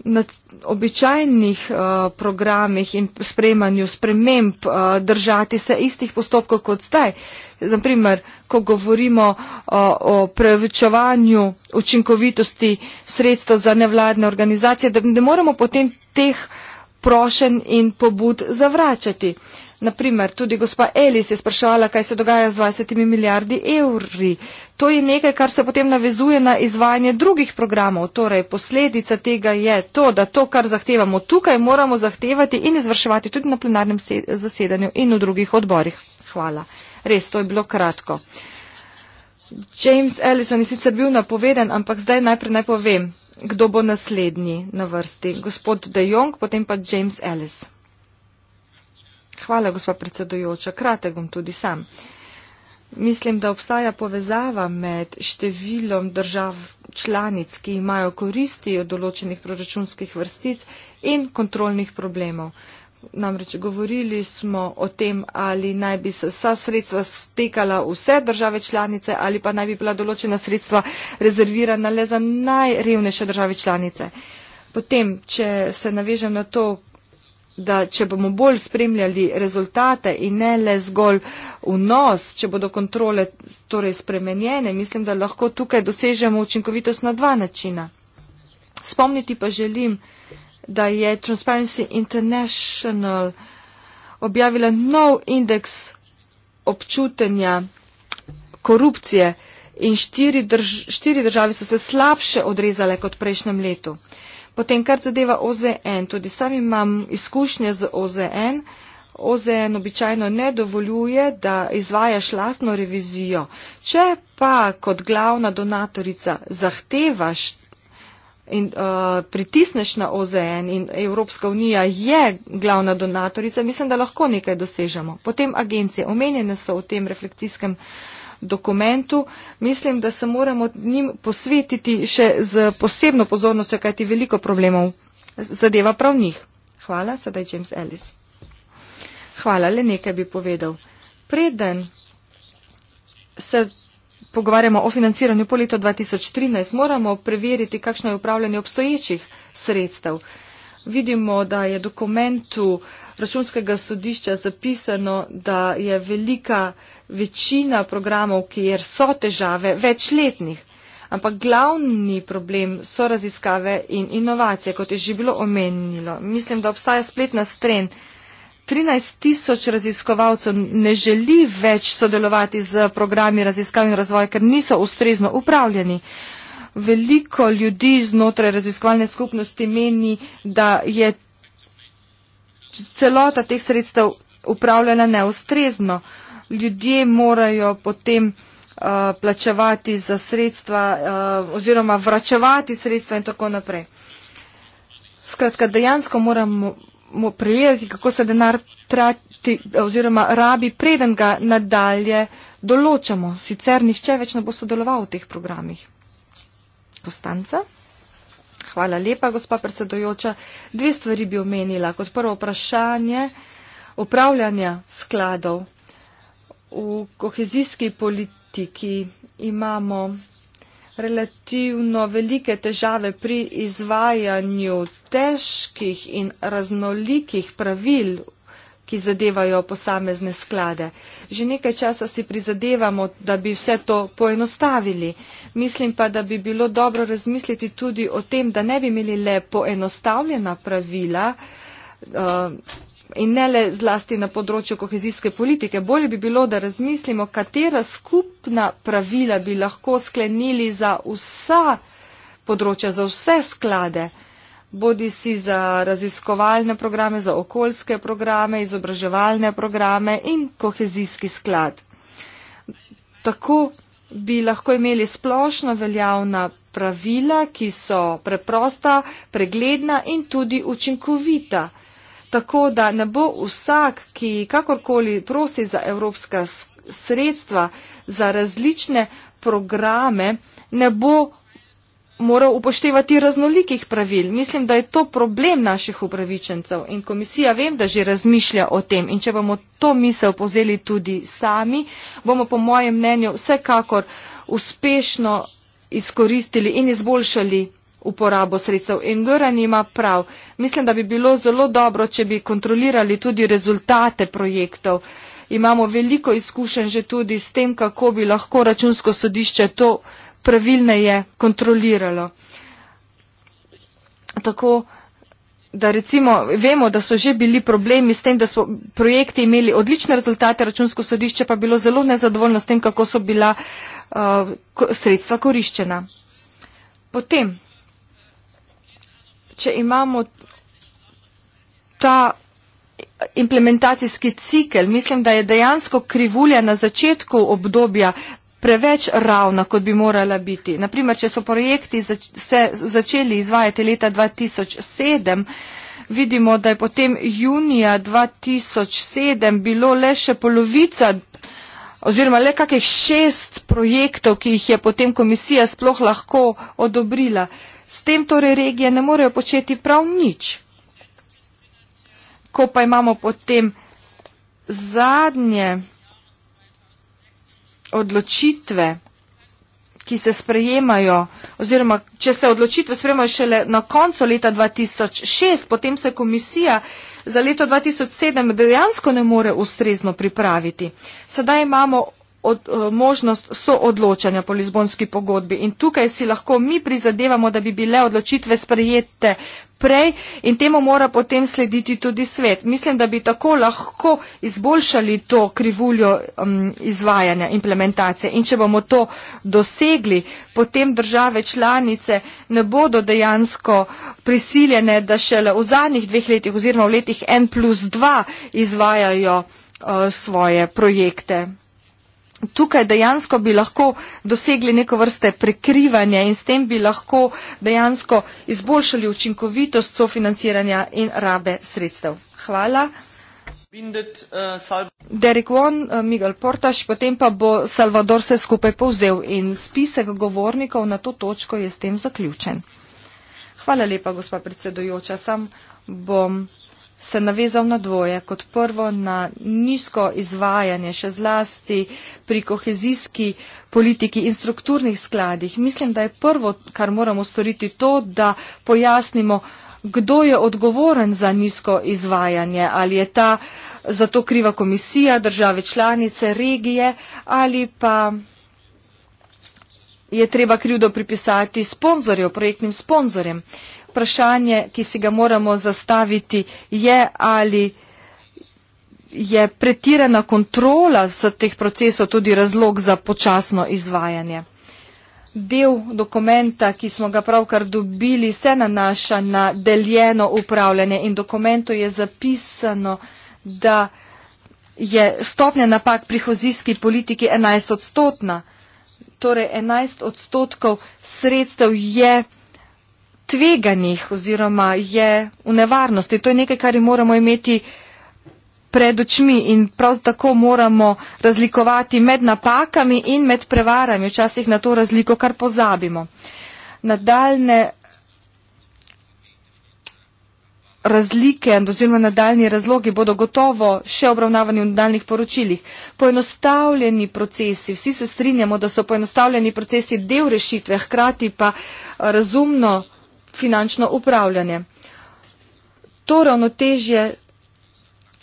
na običajnih uh, programih in sprejemanju sprememb uh, držati se istih postopkov kot zdaj. Naprimer, ko govorimo uh, o prevečevanju učinkovitosti sredstva za nevladne organizacije, da ne moremo potem teh prošen in pobud zavračati. Naprimer, tudi gospa Elis je spraševala, kaj se dogaja z 20 milijardi evri. Uh, To je nekaj, kar se potem navezuje na izvajanje drugih programov. Torej, posledica tega je to, da to, kar zahtevamo tukaj, moramo zahtevati in izvrševati tudi na plenarnem zasedanju in v drugih odborih. Hvala. Res, to je bilo kratko. James Ellison je sicer bil napoveden, ampak zdaj najprej naj povem, kdo bo naslednji na vrsti. Gospod De Jong, potem pa James Ellis. Hvala, gospod predsedujoča. Kratek bom tudi sam. Uh, Mislim, da obstaja povezava med številom držav članic, ki imajo koristi od določenih proračunskih vrstic in kontrolnih problemov. Namreč govorili smo o tem, ali naj bi se vsa sredstva stekala vse države članice ali pa naj bi bila določena sredstva rezervirana le za najrevnejše države članice. Potem, če se navežem na to, da če bomo bolj spremljali rezultate in ne le zgolj vnos, če bodo kontrole torej spremenjene, mislim, da lahko tukaj dosežemo učinkovitost na dva načina. Spomniti pa želim, da je Transparency International objavila nov indeks občutenja korupcije in štiri, drž štiri države so se slabše odrezale kot prejšnjem letu. Potem, kar zadeva OZN, tudi sam imam izkušnje z OZN. OZN običajno ne dovoljuje, da izvajaš lastno revizijo. Če pa kot glavna donatorica zahtevaš in uh, pritisneš na OZN in Evropska unija je glavna donatorica, mislim, da lahko nekaj dosežemo. Potem agencije, omenjene so v tem refleksijskem uh, dokumentu, mislim, da se moramo njim posvetiti še z posebno pozornostjo, kajti veliko problemov zadeva prav njih. Hvala, sedaj James Ellis. Hvala, le nekaj bi povedal. Preden se pogovarjamo o financiranju po leto 2013, moramo preveriti, kakšno je upravljanje obstoječih sredstev. Vidimo, da je dokumentu uh, računskega sodišča zapisano, da je velika večina programov, kjer so težave, večletnih. Ampak glavni problem so raziskave in inovacije, kot je že bilo omenilo. Mislim, da obstaja spletna stren. 13 tisoč raziskovalcev ne želi več sodelovati z programi raziskav in razvoja, ker niso ustrezno upravljeni. Veliko ljudi znotraj raziskovalne skupnosti meni, da je celota teh sredstev upravljala neustrezno. Ljudje morajo potem uh, plačevati za sredstva uh, oziroma vračevati sredstva in tako naprej. Skratka, dejansko moramo mo prejeti, kako se denar trati oziroma rabi, preden ga nadalje določamo. Sicer nišče več ne bo sodeloval v teh programih. Postanca? Hvala lepa, gospa predsedojoča. Dve stvari bi omenila. Kot prvo vprašanje upravljanja skladov. V kohezijski politiki imamo relativno velike težave pri izvajanju težkih in raznolikih pravil ki zadevajo posamezne sklade. Že nekaj časa si prizadevamo, da bi vse to poenostavili. Mislim pa, da bi bilo dobro razmisliti tudi o tem, da ne bi imeli le poenostavljena pravila uh, in ne le zlasti na področju kohezijske politike. Bolje bi bilo, da razmislimo, katera skupna pravila bi lahko sklenili za vsa področja, za vse sklade bodi si za raziskovalne programe, za okoljske programe, izobraževalne programe in kohezijski sklad. Tako bi lahko imeli splošno veljavna pravila, ki so preprosta, pregledna in tudi učinkovita. Tako da ne bo vsak, ki kakorkoli prosi za evropska sredstva, za različne programe, ne bo moral upoštevati raznolikih pravil. Mislim, da je to problem naših upravičencev in komisija vem, da že razmišlja o tem. In če bomo to misel povzeli tudi sami, bomo po mojem mnenju vsekakor uspešno izkoristili in izboljšali uporabo sredstev. In Goran ima prav. Mislim, da bi bilo zelo dobro, če bi kontrolirali tudi rezultate projektov. Imamo veliko izkušenj že tudi s tem, kako bi lahko računsko sodišče to pravilneje kontroliralo. Tako, da recimo vemo, da so že bili problemi s tem, da so projekti imeli odlične rezultate, računsko sodišče pa bilo zelo nezadovoljno s tem, kako so bila uh, sredstva koriščena. Potem, če imamo ta implementacijski cikel, mislim, da je dejansko krivulja na začetku obdobja preveč ravna, kot bi morala biti. Naprimer, če so projekti zač se začeli izvajati leta 2007, vidimo, da je potem junija 2007 bilo le še polovica oziroma le kakih šest projektov, ki jih je potem komisija sploh lahko odobrila. S tem torej regije ne morejo početi prav nič. Ko pa imamo potem zadnje odločitve, ki se sprejemajo, oziroma če se odločitve sprejemajo šele na koncu leta 2006, potem se komisija za leto 2007 dejansko ne more ustrezno pripraviti. Sedaj imamo od, eh, možnost soodločanja po Lizbonski pogodbi. In tukaj si lahko mi prizadevamo, da bi bile odločitve sprejete prej in temu mora potem slediti tudi svet. Mislim, da bi tako lahko izboljšali to krivuljo um, izvajanja implementacije. In če bomo to dosegli, potem države članice ne bodo dejansko prisiljene, da šele v zadnjih dveh letih oziroma v letih 1 plus 2 izvajajo uh, svoje projekte tukaj dejansko bi lahko dosegli neko vrste prekrivanje in s tem bi lahko dejansko izboljšali učinkovitost sofinanciranja in rabe sredstev. Hvala. Eh, Derek Won, eh, Miguel Portaš, potem pa bo Salvador se skupaj povzel in spisek govornikov na to točko je s tem zaključen. Hvala lepa, gospa predsedujoča. Sam bom se navezal na dvoje. Kot prvo na nizko izvajanje, še zlasti pri kohezijski politiki in strukturnih skladih. Mislim, da je prvo, kar moramo storiti, to, da pojasnimo, kdo je odgovoren za nizko izvajanje. Ali je ta za to kriva komisija, države članice, regije ali pa je treba krivdo pripisati sponzorjev, projektnim sponzorjem. Uh, vprašanje, ki si ga moramo zastaviti, je ali je pretirana kontrola teh procesov tudi razlog za počasno izvajanje. Del dokumenta, ki smo ga pravkar dobili, se nanaša na deljeno upravljanje in dokumentu je zapisano, da je stopnja napak pri hozijski politiki 11 odstotna. Torej 11 odstotkov sredstev je tveganih oziroma je v nevarnosti. To je nekaj, kar moramo imeti pred očmi in prav tako moramo razlikovati med napakami in med prevarami, včasih na to razliko, kar pozabimo. Nadaljne razlike oziroma nadaljni razlogi bodo gotovo še obravnavani v nadaljnih poročilih. Poenostavljeni procesi, vsi se strinjamo, da so poenostavljeni procesi del rešitve, hkrati pa razumno finančno upravljanje. To ravnotežje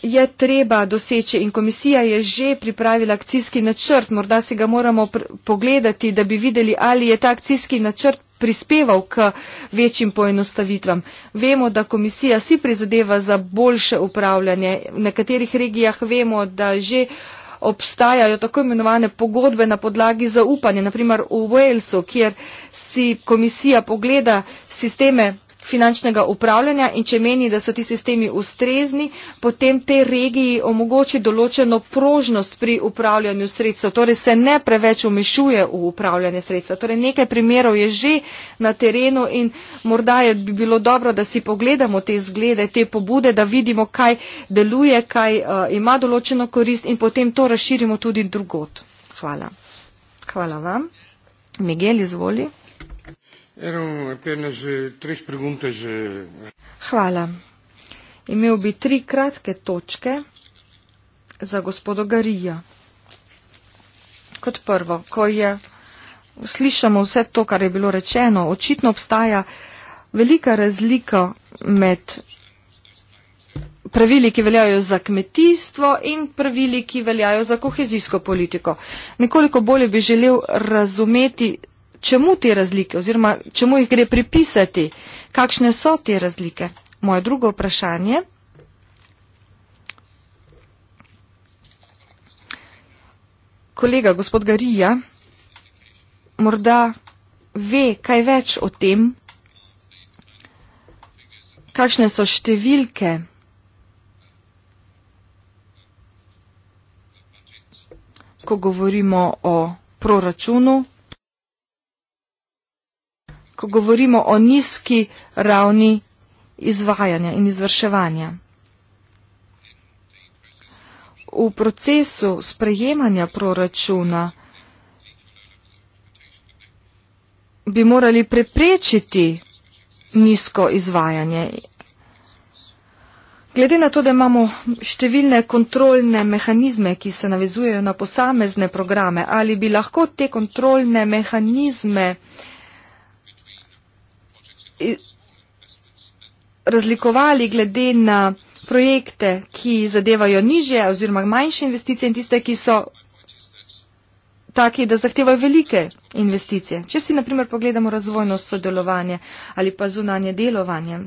je treba doseči in komisija je že pripravila akcijski načrt. Morda si ga moramo pogledati, da bi videli, ali je ta akcijski načrt prispeval k večjim poenostavitvam. Vemo, da komisija si prizadeva za boljše upravljanje. V nekaterih regijah vemo, da že uh, obstajajo tako imenovane pogodbe na podlagi zaupanja, naprimer v Walesu, kjer si komisija pogleda sisteme finančnega upravljanja in če meni, da so ti sistemi ustrezni, potem te regiji omogoči določeno prožnost pri upravljanju sredstev, torej se ne preveč umešuje v upravljanje sredstev. Torej nekaj primerov je že na terenu in morda je bi bilo dobro, da si pogledamo te zglede, te pobude, da vidimo, kaj deluje, kaj uh, ima določeno korist in potem to razširimo tudi drugot. Hvala. Hvala vam. Miguel, izvolite. Eram apenas eh, três perguntas. Eh, Hvala. Imel bi tri kratke točke za gospodo Garija. Kot prvo, ko je, slišamo vse to, kar je bilo rečeno, očitno obstaja velika razlika med pravili, ki veljajo za kmetijstvo in pravili, ki veljajo za kohezijsko politiko. Nekoliko bolje bi želel razumeti čemu te razlike oziroma čemu jih gre pripisati, kakšne so te razlike. Moje drugo vprašanje. Kolega gospod Garija morda ve kaj več o tem, kakšne so številke, ko govorimo o proračunu ko govorimo o nizki ravni izvajanja in izvrševanja. V procesu sprejemanja proračuna bi morali preprečiti nizko izvajanje. Glede na to, da imamo številne kontrolne mehanizme, ki se navezujejo na posamezne programe, ali bi lahko te kontrolne mehanizme eh, razlikovali glede na projekte, ki zadevajo nižje oziroma manjše investicije in tiste, ki so taki, da zahtevajo velike investicije. Če si naprimer pogledamo razvojno sodelovanje ali pa zunanje delovanje,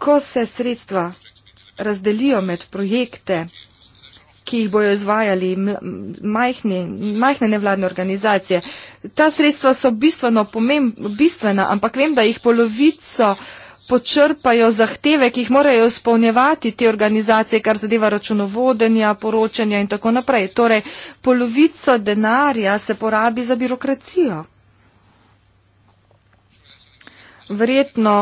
ko se sredstva razdelijo med projekte, ki jih bojo izvajali majhni, majhne nevladne organizacije. Ta sredstva so bistveno pomemb, bistvena, ampak vem, da jih polovico počrpajo zahteve, ki jih morajo spolnjevati te organizacije, kar zadeva računovodenja, poročanja in tako naprej. Torej, polovico denarja se porabi za birokracijo. Verjetno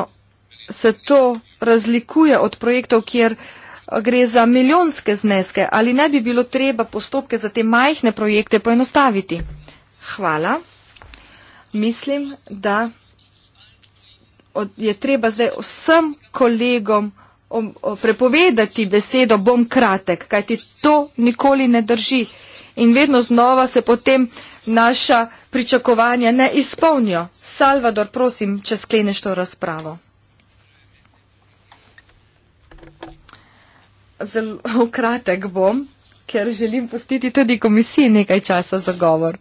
se to razlikuje od projektov, kjer gre za milijonske zneske, ali ne bi bilo treba postopke za te majhne projekte poenostaviti? Hvala. Mislim, da je treba zdaj vsem kolegom prepovedati besedo bom kratek, kajti to nikoli ne drži in vedno znova se potem naša pričakovanja ne izpolnijo. Salvador, prosim, če skleneš to razpravo. zelo kratek bom, ker želim pustiti tudi komisiji nekaj časa za govor.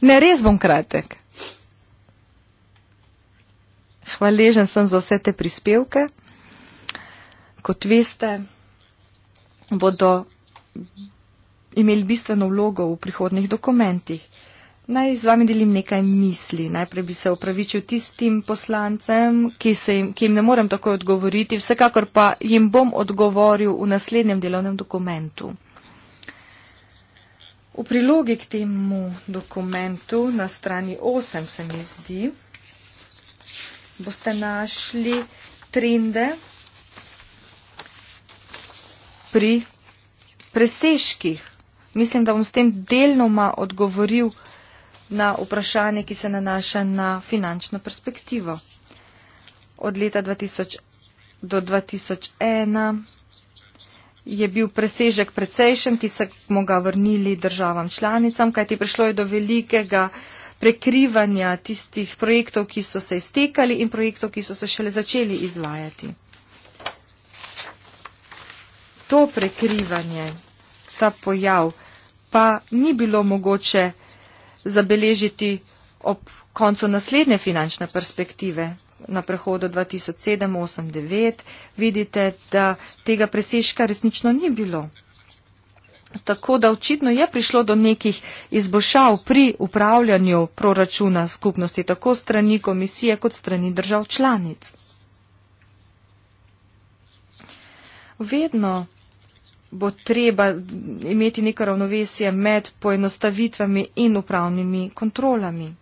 Ne, res bom kratek. Hvaležen sem za vse te prispevke. Kot veste, bodo imeli bistveno vlogo v prihodnih dokumentih. Naj z vami delim nekaj misli. Najprej bi se opravičil tistim poslancem, ki, jim, ki jim ne morem takoj odgovoriti, vsekakor pa jim bom odgovoril v naslednjem delovnem dokumentu. V prilogi k temu dokumentu na strani 8 se mi zdi, boste našli trende pri presežkih. Mislim, da bom s tem delnoma odgovoril na vprašanje, ki se nanaša na finančno perspektivo. Od leta 2000 do 2001 je bil presežek precejšen, ki se mu ga vrnili državam članicam, kajti prišlo je do velikega prekrivanja tistih projektov, ki so se iztekali in projektov, ki so se šele začeli izvajati. To prekrivanje, ta pojav pa ni bilo mogoče zabeležiti ob koncu naslednje finančne perspektive na prehodu 2007-2008-2009, vidite, da tega presežka resnično ni bilo. Tako da očitno je prišlo do nekih izboljšav pri upravljanju proračuna skupnosti, tako strani komisije kot strani držav članic. Vedno bo treba imeti neko ravnovesje med poenostavitvami in upravnimi kontrolami.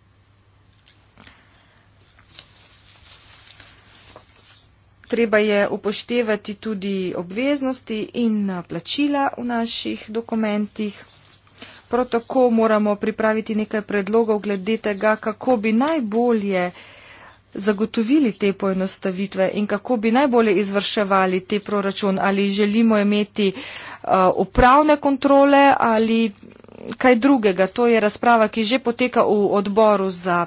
Treba je upoštevati tudi obveznosti in plačila v naših dokumentih. Prav tako moramo pripraviti nekaj predlogov glede tega, kako bi najbolje eh, zagotovili te poenostavitve in kako bi najbolje izvrševali te proračun, ali želimo imeti uh, upravne kontrole ali kaj drugega. To je razprava, ki že poteka v odboru za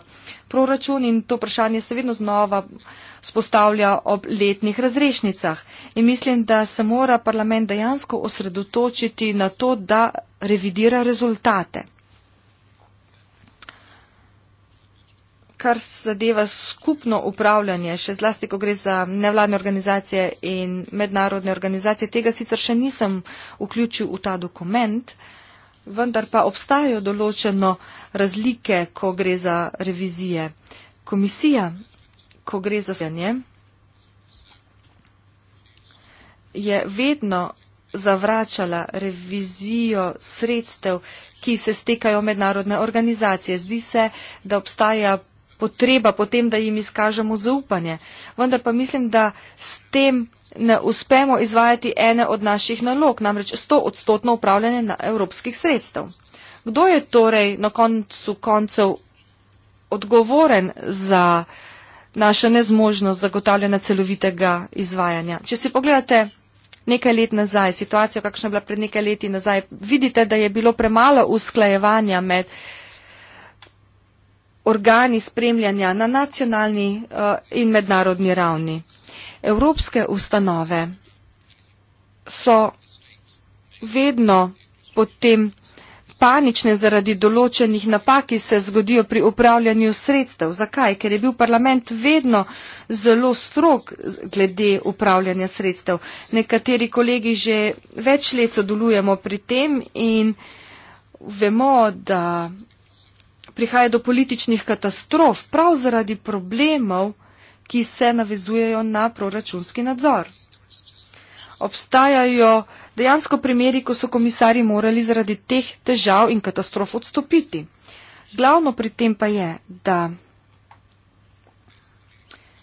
proračun in to vprašanje se vedno znova spostavlja ob letnih razrešnicah. In mislim, da se mora parlament dejansko osredotočiti na to, da revidira rezultate. kar zadeva skupno upravljanje, še zlasti, ko gre za nevladne organizacije in mednarodne organizacije, tega sicer še nisem vključil v ta dokument, vendar pa obstajajo določeno razlike, ko gre za revizije. Komisija, ko gre za sojanje, je vedno zavračala revizijo sredstev, ki se stekajo mednarodne organizacije. Zdi se, da obstaja potreba potem, da jim izkažemo zaupanje. Vendar pa mislim, da s tem ne uspemo izvajati ene od naših nalog, namreč 100 odstotno upravljanje na evropskih sredstev. Kdo je torej na koncu koncev odgovoren za naša nezmožnost zagotavljanja celovitega izvajanja? Če si pogledate nekaj let nazaj, situacijo, kakšna je bila pred nekaj leti nazaj, vidite, da je bilo premalo usklajevanja med organi spremljanja na nacionalni eh, in mednarodni ravni. Evropske ustanove so vedno potem panične zaradi določenih napak, ki se zgodijo pri upravljanju sredstev. Zakaj? Ker je bil parlament vedno zelo strok glede upravljanja sredstev. Nekateri kolegi že več let sodelujemo pri tem in vemo, da prihaja do političnih katastrof prav zaradi problemov, ki se navezujejo na proračunski nadzor. Obstajajo dejansko primeri, ko so komisari morali zaradi teh težav in katastrof odstopiti. Glavno pri tem pa je, da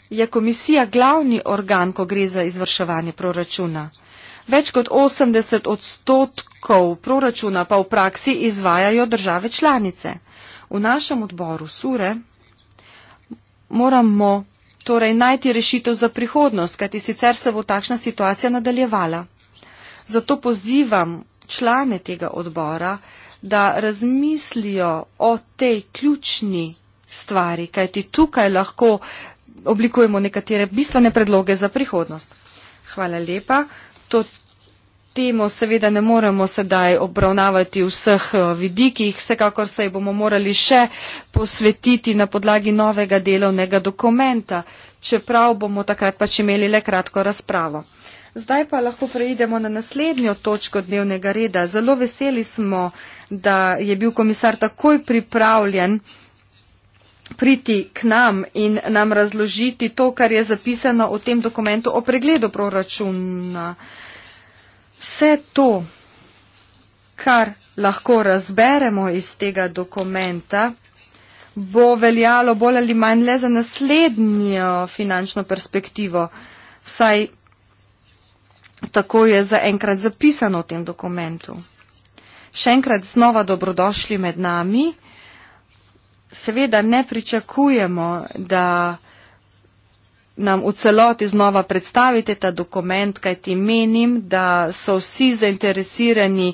je komisija glavni organ, ko gre za izvrševanje proračuna. Več kot 80 odstotkov proračuna pa v praksi izvajajo države članice. V našem odboru Sure moramo torej najti rešitev za prihodnost, kajti sicer se bo takšna situacija nadaljevala. Zato pozivam člane tega odbora, da razmislijo o tej ključni stvari, kajti tukaj lahko oblikujemo nekatere bistvene predloge za prihodnost. Hvala lepa. To temo seveda ne moremo sedaj obravnavati vseh eh, vidikih, vsekakor se jih bomo morali še posvetiti na podlagi novega delovnega dokumenta, čeprav bomo takrat pač imeli le kratko razpravo. Zdaj pa lahko preidemo na naslednjo točko dnevnega reda. Zelo veseli smo, da je bil komisar takoj pripravljen priti k nam in nam razložiti to, kar je zapisano v tem dokumentu o pregledu proračuna. Uh, vse to, kar lahko razberemo iz tega dokumenta, bo veljalo bolj ali manj le za naslednjo finančno perspektivo. Vsaj tako je zaenkrat zapisano v tem dokumentu. Še enkrat znova dobrodošli med nami. Seveda ne pričakujemo, da nam v celoti znova predstavite ta dokument, kajti menim, da so vsi zainteresirani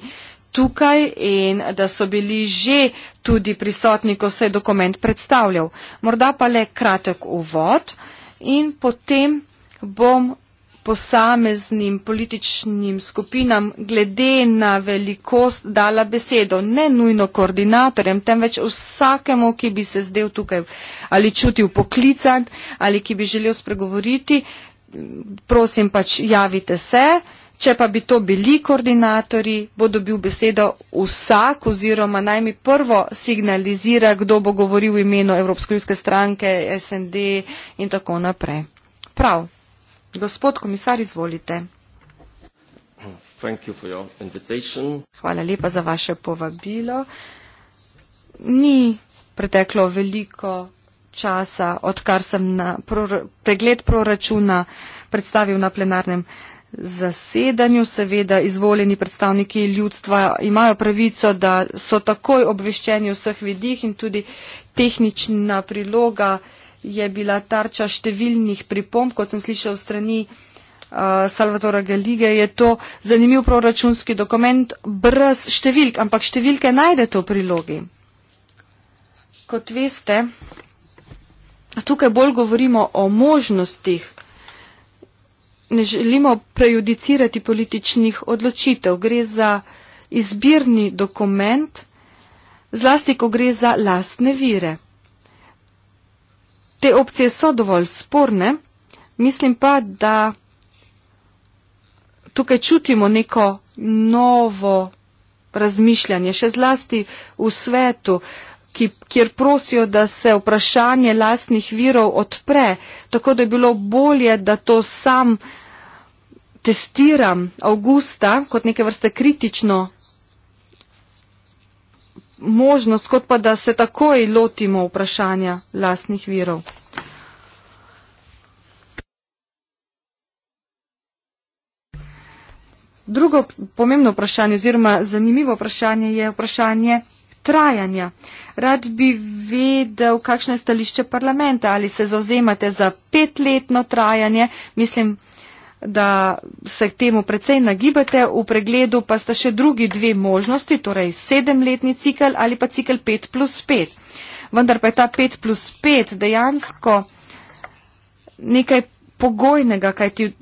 tukaj in da so bili že tudi prisotni, ko se je dokument predstavljal. Morda pa le kratek uvod in potem bom posameznim političnim skupinam glede na velikost dala besedo, ne nujno koordinatorjem, temveč vsakemu, ki bi se zdel tukaj ali čutil poklican ali ki bi želel spregovoriti, prosim pač javite se. Če pa bi to bili koordinatori, bo dobil besedo vsak oziroma naj mi prvo signalizira, kdo bo govoril v imenu Evropske ljudske stranke, SND in tako naprej. Prav. Gospod komisar, izvolite. Hvala lepa za vaše povabilo. Ni preteklo veliko časa, odkar sem na pregled proračuna predstavil na plenarnem zasedanju. Seveda izvoljeni predstavniki ljudstva imajo pravico, da so takoj obveščeni vseh vidih in tudi tehnična priloga je bila tarča številnih pripomb, kot sem slišal strani uh, Salvatora Galige, je to zanimiv proračunski dokument brez številk, ampak številke najdete v prilogi. Kot veste, tukaj bolj govorimo o možnostih. Ne želimo prejudicirati političnih odločitev. Gre za izbirni dokument, zlasti, ko gre za lastne vire. Te opcije so dovolj sporne, mislim pa, da tukaj čutimo neko novo razmišljanje, še zlasti v svetu, ki, kjer prosijo, da se vprašanje lastnih virov odpre, tako da je bilo bolje, da to sam testiram avgusta kot neke vrste kritično možnost, kot pa da se takoj lotimo vprašanja lastnih virov. Drugo pomembno vprašanje oziroma zanimivo vprašanje je vprašanje trajanja. Rad bi vedel, kakšno je stališče parlamenta, ali se zauzemate za petletno trajanje, mislim, da se k temu precej nagibate. V pregledu pa sta še drugi dve možnosti, torej sedemletni cikl ali pa cikl 5 plus 5. Vendar pa je ta 5 plus 5 dejansko nekaj pogojnega, kaj ti eh,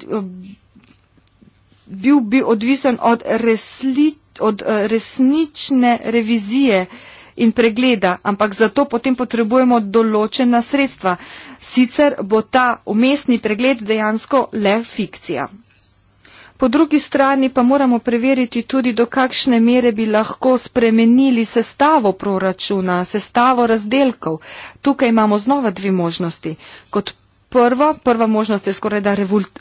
bil bi odvisen od, resli, od eh, resnične revizije in pregleda, ampak za to potem potrebujemo določena sredstva. Sicer bo ta umestni pregled dejansko le fikcija. Po drugi strani pa moramo preveriti tudi, do kakšne mere bi lahko spremenili sestavo proračuna, sestavo razdelkov. Tukaj imamo znova dve možnosti. Kot prvo, prva možnost je skoraj da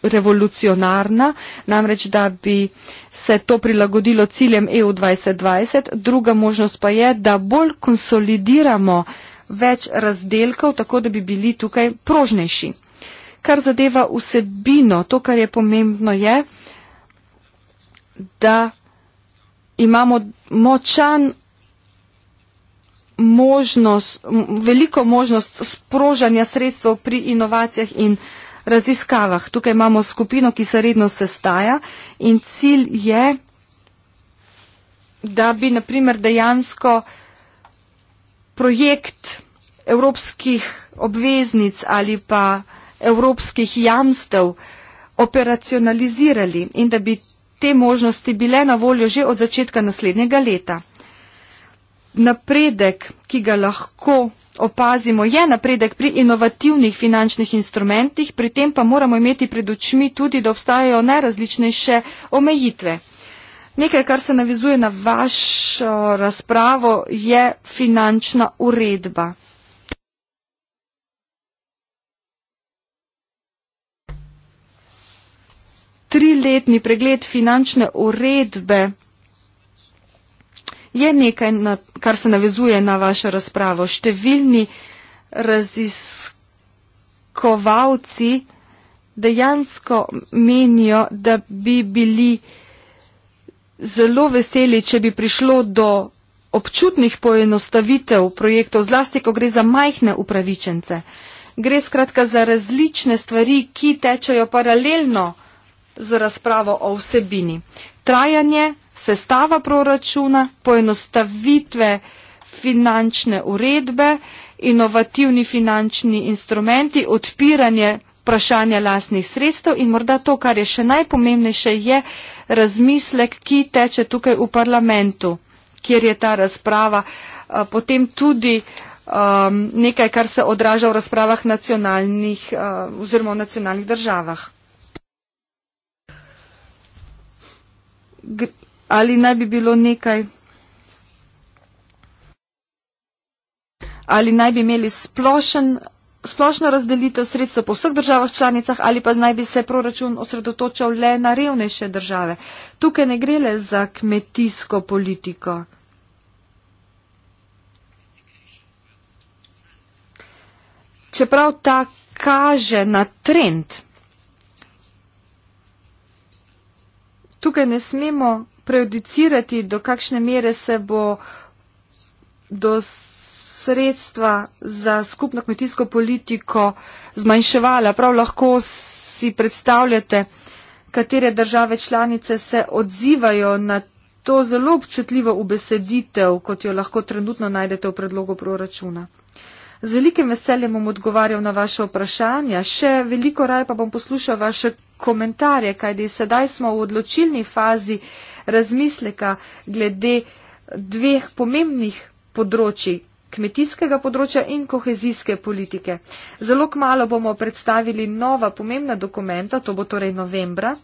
revolucionarna, namreč da bi se to prilagodilo ciljem EU 2020, druga možnost pa je, da bolj konsolidiramo več razdelkov, tako da bi bili tukaj prožnejši. Kar zadeva vsebino, to, kar je pomembno, je, da imamo močan možnost, veliko možnost sprožanja sredstev pri inovacijah in raziskavah. Tukaj imamo skupino, ki se redno sestaja in cilj je, da bi naprimer dejansko projekt evropskih obveznic ali pa evropskih jamstev operacionalizirali in da bi te možnosti bile na voljo že od začetka naslednjega leta napredek, ki ga lahko opazimo, je napredek pri inovativnih finančnih instrumentih, pri tem pa moramo imeti pred očmi tudi, da obstajajo najrazličnejše omejitve. Nekaj, kar se navizuje na vašo razpravo, je finančna uredba. Triletni pregled finančne uredbe je nekaj, na, kar se navezuje na vašo razpravo. Številni raziskovalci dejansko menijo, da bi bili zelo veseli, če bi prišlo do občutnih poenostavitev projektov, zlasti, ko gre za majhne upravičence. Gre skratka za različne stvari, ki tečajo paralelno z razpravo o vsebini. Trajanje sestava proračuna, poenostavitve finančne uredbe, inovativni finančni instrumenti, odpiranje vprašanja lastnih sredstev in morda to, kar je še najpomembnejše, je razmislek, ki teče tukaj v parlamentu, kjer je ta razprava eh, potem tudi um, nekaj, kar se odraža v razpravah nacionalnih uh, oziroma v nacionalnih državah. Gr ali naj bi bilo nekaj, ali naj bi imeli splošen, splošno razdelitev sredstev po vseh državah članicah ali pa naj bi se proračun osredotočal le na revnejše države. Tukaj ne gre le za kmetijsko politiko. Čeprav ta kaže na trend, tukaj ne smemo prejudicirati, do kakšne mere se bo do sredstva za skupno kmetijsko politiko zmanjševala. Prav lahko si predstavljate, katere države članice se odzivajo na to zelo občutljivo ubeseditev, kot jo lahko trenutno najdete v predlogu proračuna. Z velikim veseljem bom odgovarjal na vaše vprašanja, še veliko raje pa bom poslušal vaše komentarje, kajti sedaj smo v odločilni fazi razmisleka glede dveh pomembnih področji kmetijskega področja in kohezijske politike. Zelo kmalo bomo predstavili nova pomembna dokumenta, to bo torej novembra.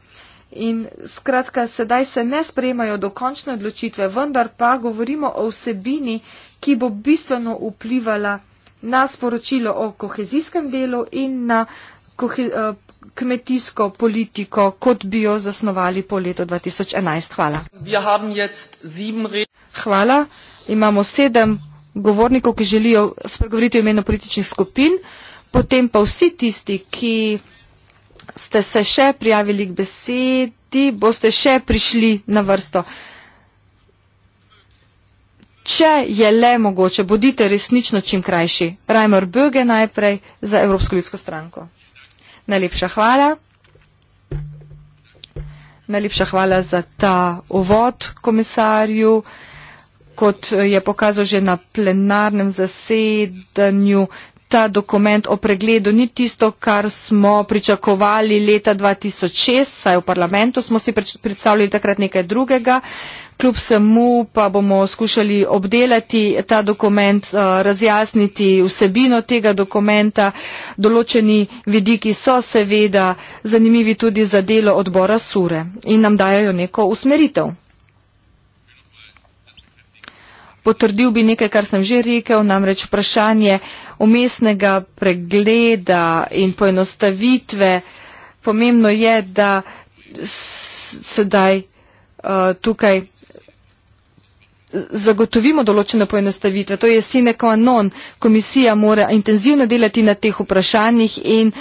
In skratka, sedaj se ne sprejemajo dokončne odločitve, vendar pa govorimo o vsebini, ki bo bistveno vplivala na sporočilo o kohezijskem delu in na kohe, eh, kmetijsko politiko, kot bi jo zasnovali po letu 2011. Hvala. Hvala. Imamo sedem govornikov, ki želijo spregovoriti v imenu političnih skupin, potem pa vsi tisti, ki ste se še prijavili k besedi, boste še prišli na vrsto. Če je le mogoče, bodite resnično čim krajši. Rajmer Böge najprej za Evropsko ljudsko stranko. Najlepša hvala. Najlepša hvala za ta uvod komisarju. Kot je pokazal že na plenarnem zasedanju, ta dokument o pregledu ni tisto, kar smo pričakovali leta 2006, saj v parlamentu smo si predstavljali takrat nekaj drugega. Kljub vsemu pa bomo skušali obdelati ta dokument, eh, razjasniti vsebino tega dokumenta. Določeni vidiki so seveda zanimivi tudi za delo odbora Sure in nam dajo neko usmeritev potrdil bi nekaj, kar sem že rekel, namreč vprašanje umestnega pregleda in poenostavitve. Pomembno je, da sedaj uh, tukaj zagotovimo določene poenostavitve. To je sine qua non. Komisija mora intenzivno delati na teh vprašanjih in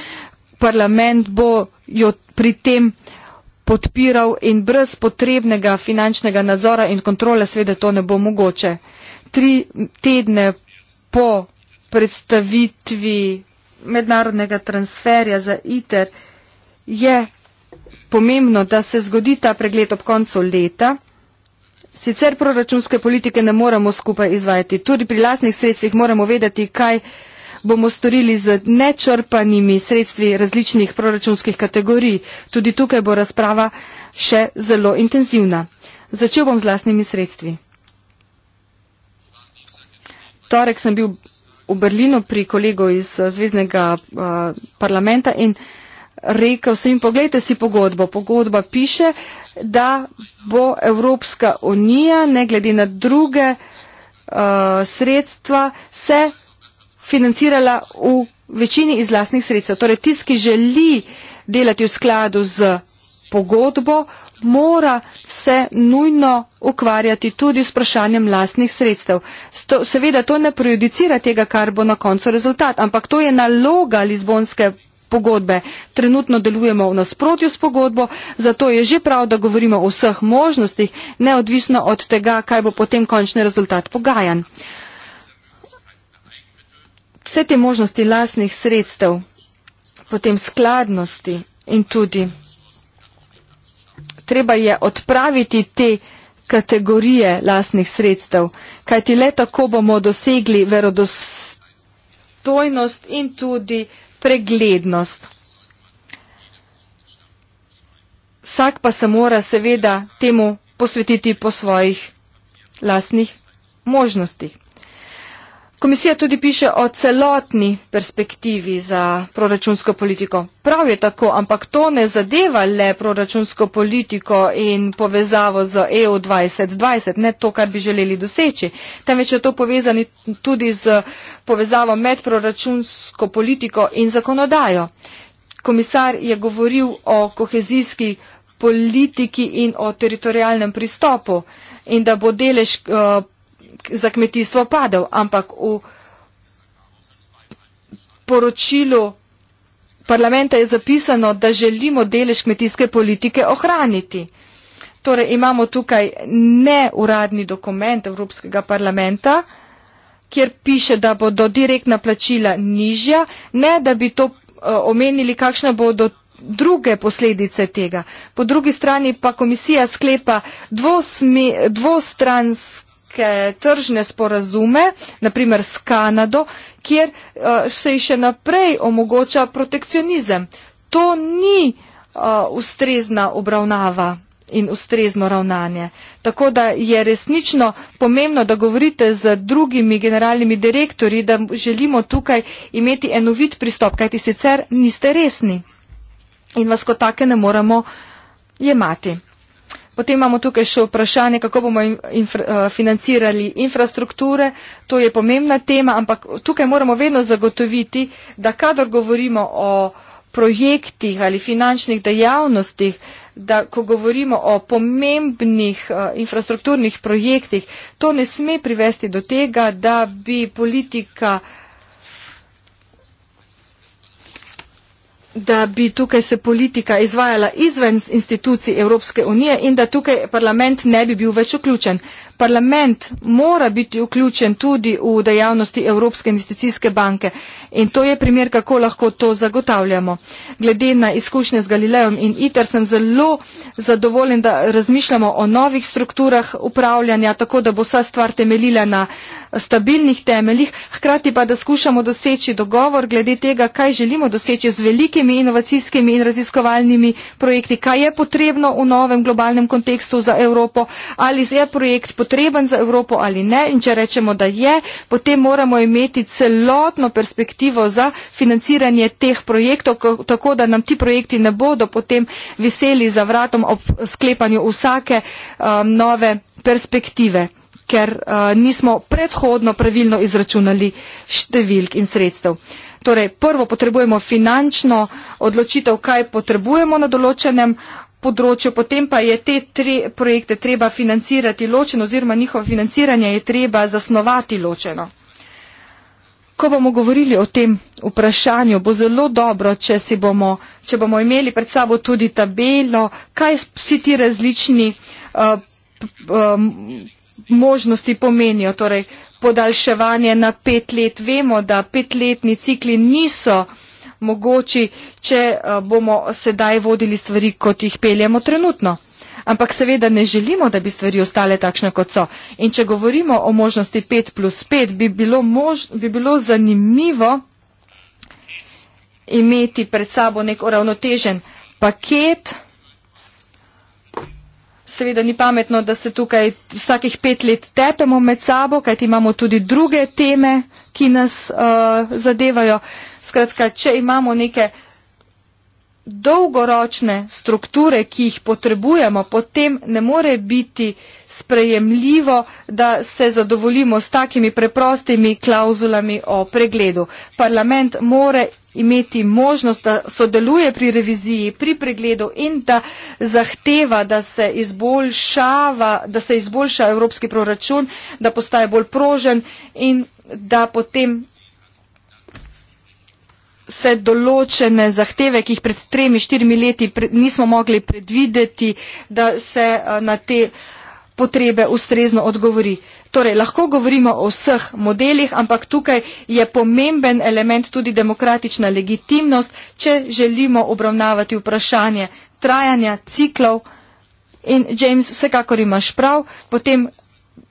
parlament bo jo pri tem uh, podpiral in brez potrebnega finančnega nadzora in kontrole seveda to ne bo mogoče. Tri tedne po predstavitvi mednarodnega transferja za ITER je pomembno, da se zgodi ta pregled ob koncu leta. Sicer proračunske politike ne moremo skupaj izvajati. Tudi pri lasnih sredstvih moramo vedeti, kaj bomo storili z nečrpanimi sredstvi različnih proračunskih kategorij. Tudi tukaj bo razprava še zelo intenzivna. Začel bom z lastnimi sredstvi. Torek sem bil v Berlinu pri kolego iz eh, Zvezdnega eh, parlamenta in rekel sem jim, pogledajte si pogodbo. Pogodba piše, da bo Evropska unija, ne glede na druge uh, sredstva, se financirala v večini iz lastnih sredstev. Torej, tisti, ki želi delati v skladu z pogodbo, mora se nujno ukvarjati tudi s vprašanjem lastnih sredstev. Sto, seveda to ne prejudicira tega, kar bo na koncu rezultat, ampak to je naloga Lizbonske pogodbe. Trenutno delujemo v nasprotju s pogodbo, zato je že prav, da govorimo o vseh možnostih, neodvisno od tega, kaj bo potem končni rezultat pogajanj vse te možnosti lasnih sredstev, potem skladnosti in tudi treba je odpraviti te kategorije lasnih sredstev, kajti le tako bomo dosegli verodostojnost in tudi preglednost. Vsak pa se mora seveda temu posvetiti po svojih lasnih možnostih. Komisija tudi piše o celotni perspektivi za proračunsko politiko. Prav je tako, ampak to ne zadeva le proračunsko politiko in povezavo z EU 2020, ne to, kar bi želeli doseči, temveč je to povezani tudi z povezavo med proračunsko politiko in zakonodajo. Komisar je govoril o kohezijski politiki in o teritorijalnem pristopu in da bo delež. Uh, za kmetijstvo padel, ampak v poročilu parlamenta je zapisano, da želimo delež kmetijske politike ohraniti. Torej imamo tukaj neuradni dokument Evropskega parlamenta, kjer piše, da bodo direktna plačila nižja, ne da bi to uh, omenili, kakšne bodo druge posledice tega. Po drugi strani pa komisija sklepa dvosmi, dvostranski neke tržne sporazume, naprimer s Kanado, kjer uh, se še naprej omogoča protekcionizem. To ni uh, ustrezna obravnava in ustrezno ravnanje. Tako da je resnično pomembno, da govorite z drugimi generalnimi direktori, da želimo tukaj imeti enovit pristop, kajti sicer niste resni in vas kot take ne moremo jemati. Potem imamo tukaj še vprašanje, kako bomo infra, eh, financirali infrastrukture. To je pomembna tema, ampak tukaj moramo vedno zagotoviti, da kadar govorimo o projektih ali finančnih dejavnostih, da ko govorimo o pomembnih eh, infrastrukturnih projektih, to ne sme privesti do tega, da bi politika da bi tukaj se politika izvajala izven institucij Evropske unije in da tukaj parlament ne bi bil več vključen parlament mora biti vključen tudi v dejavnosti Evropske investicijske banke in to je primer, kako lahko to zagotavljamo. Glede na izkušnje z Galilejem in ITER sem zelo zadovoljen, da razmišljamo o novih strukturah upravljanja, tako da bo vsa stvar temeljila na stabilnih temeljih, hkrati pa, da skušamo doseči dogovor glede tega, kaj želimo doseči z velikimi inovacijskimi in raziskovalnimi projekti, kaj je potrebno v novem globalnem kontekstu za Evropo, ali je projekt potrebno potreben za Evropo ali ne. In če rečemo, da je, potem moramo imeti celotno perspektivo za financiranje teh projektov, tako da nam ti projekti ne bodo potem veseli za vratom ob sklepanju vsake um, nove perspektive ker uh, nismo predhodno pravilno izračunali številk in sredstev. Torej, prvo potrebujemo finančno odločitev, kaj potrebujemo na določenem področju, potem pa je te tre projekte treba financirati ločeno oziroma njihovo financiranje je treba zasnovati ločeno. Ko bomo govorili o tem vprašanju, bo zelo dobro, če, bomo, če bomo imeli pred sabo tudi tabelo, kaj vsi ti različni uh, um, možnosti pomenijo. Torej, podaljševanje na pet let. Vemo, da petletni cikli niso uh, mogoči, če eh, bomo sedaj vodili stvari, kot jih peljemo trenutno. Ampak seveda ne želimo, da bi stvari ostale takšne, kot so. In če govorimo o možnosti 5 plus 5, bi bilo, mož, bi bilo zanimivo imeti pred sabo nek uravnotežen paket. Seveda ni pametno, da se tukaj vsakih pet let tepemo med sabo, kajti imamo tudi druge teme, ki nas uh, zadevajo. Skratka, če imamo neke dolgoročne strukture, ki jih potrebujemo, potem ne more biti sprejemljivo, da se zadovoljimo s takimi preprostimi klauzulami o pregledu. Parlament more imeti možnost, da sodeluje pri reviziji, pri pregledu in da zahteva, da se, da se izboljša evropski proračun, da postaje bolj prožen in da potem vse določene zahteve, ki jih pred tremi, štirimi leti pred, nismo mogli predvideti, da se eh, na te potrebe ustrezno odgovori. Torej, lahko govorimo o vseh modelih, ampak tukaj je pomemben element tudi demokratična legitimnost, če želimo obravnavati vprašanje trajanja ciklov. In James, vsekakor imaš prav, potem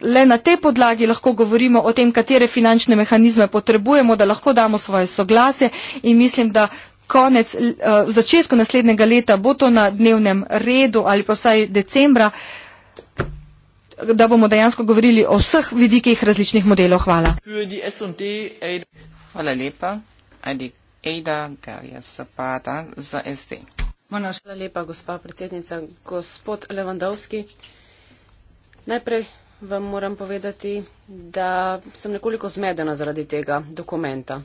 le na tej podlagi lahko govorimo o tem, katere finančne mehanizme potrebujemo, da lahko damo svoje soglase in mislim, da konec, eh, v začetku naslednjega leta bo to na dnevnem redu ali pa vsaj decembra, da bomo dejansko govorili o vseh vidikih različnih modelov. Hvala. Hvala lepa. Adi Ejda Garja Zapada za SD. Mano, hvala lepa, gospa predsednica. Gospod Levandovski, najprej vam moram povedati, da sem nekoliko zmedena zaradi tega dokumenta.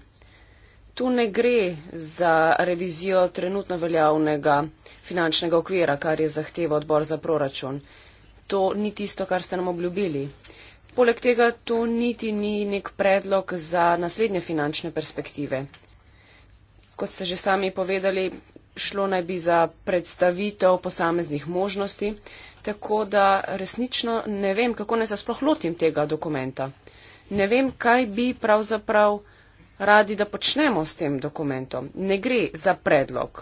Tu ne gre za revizijo trenutno veljavnega finančnega okvira, kar je zahteva odbor za proračun. To ni tisto, kar ste nam obljubili. Poleg tega to niti ni nek predlog za naslednje finančne perspektive. Kot ste že sami povedali, šlo naj bi za predstavitev posameznih možnosti, Tako da resnično ne vem, kako ne se sploh lotim tega dokumenta. Ne vem, kaj bi pravzaprav radi, da počnemo s tem dokumentom. Ne gre za predlog.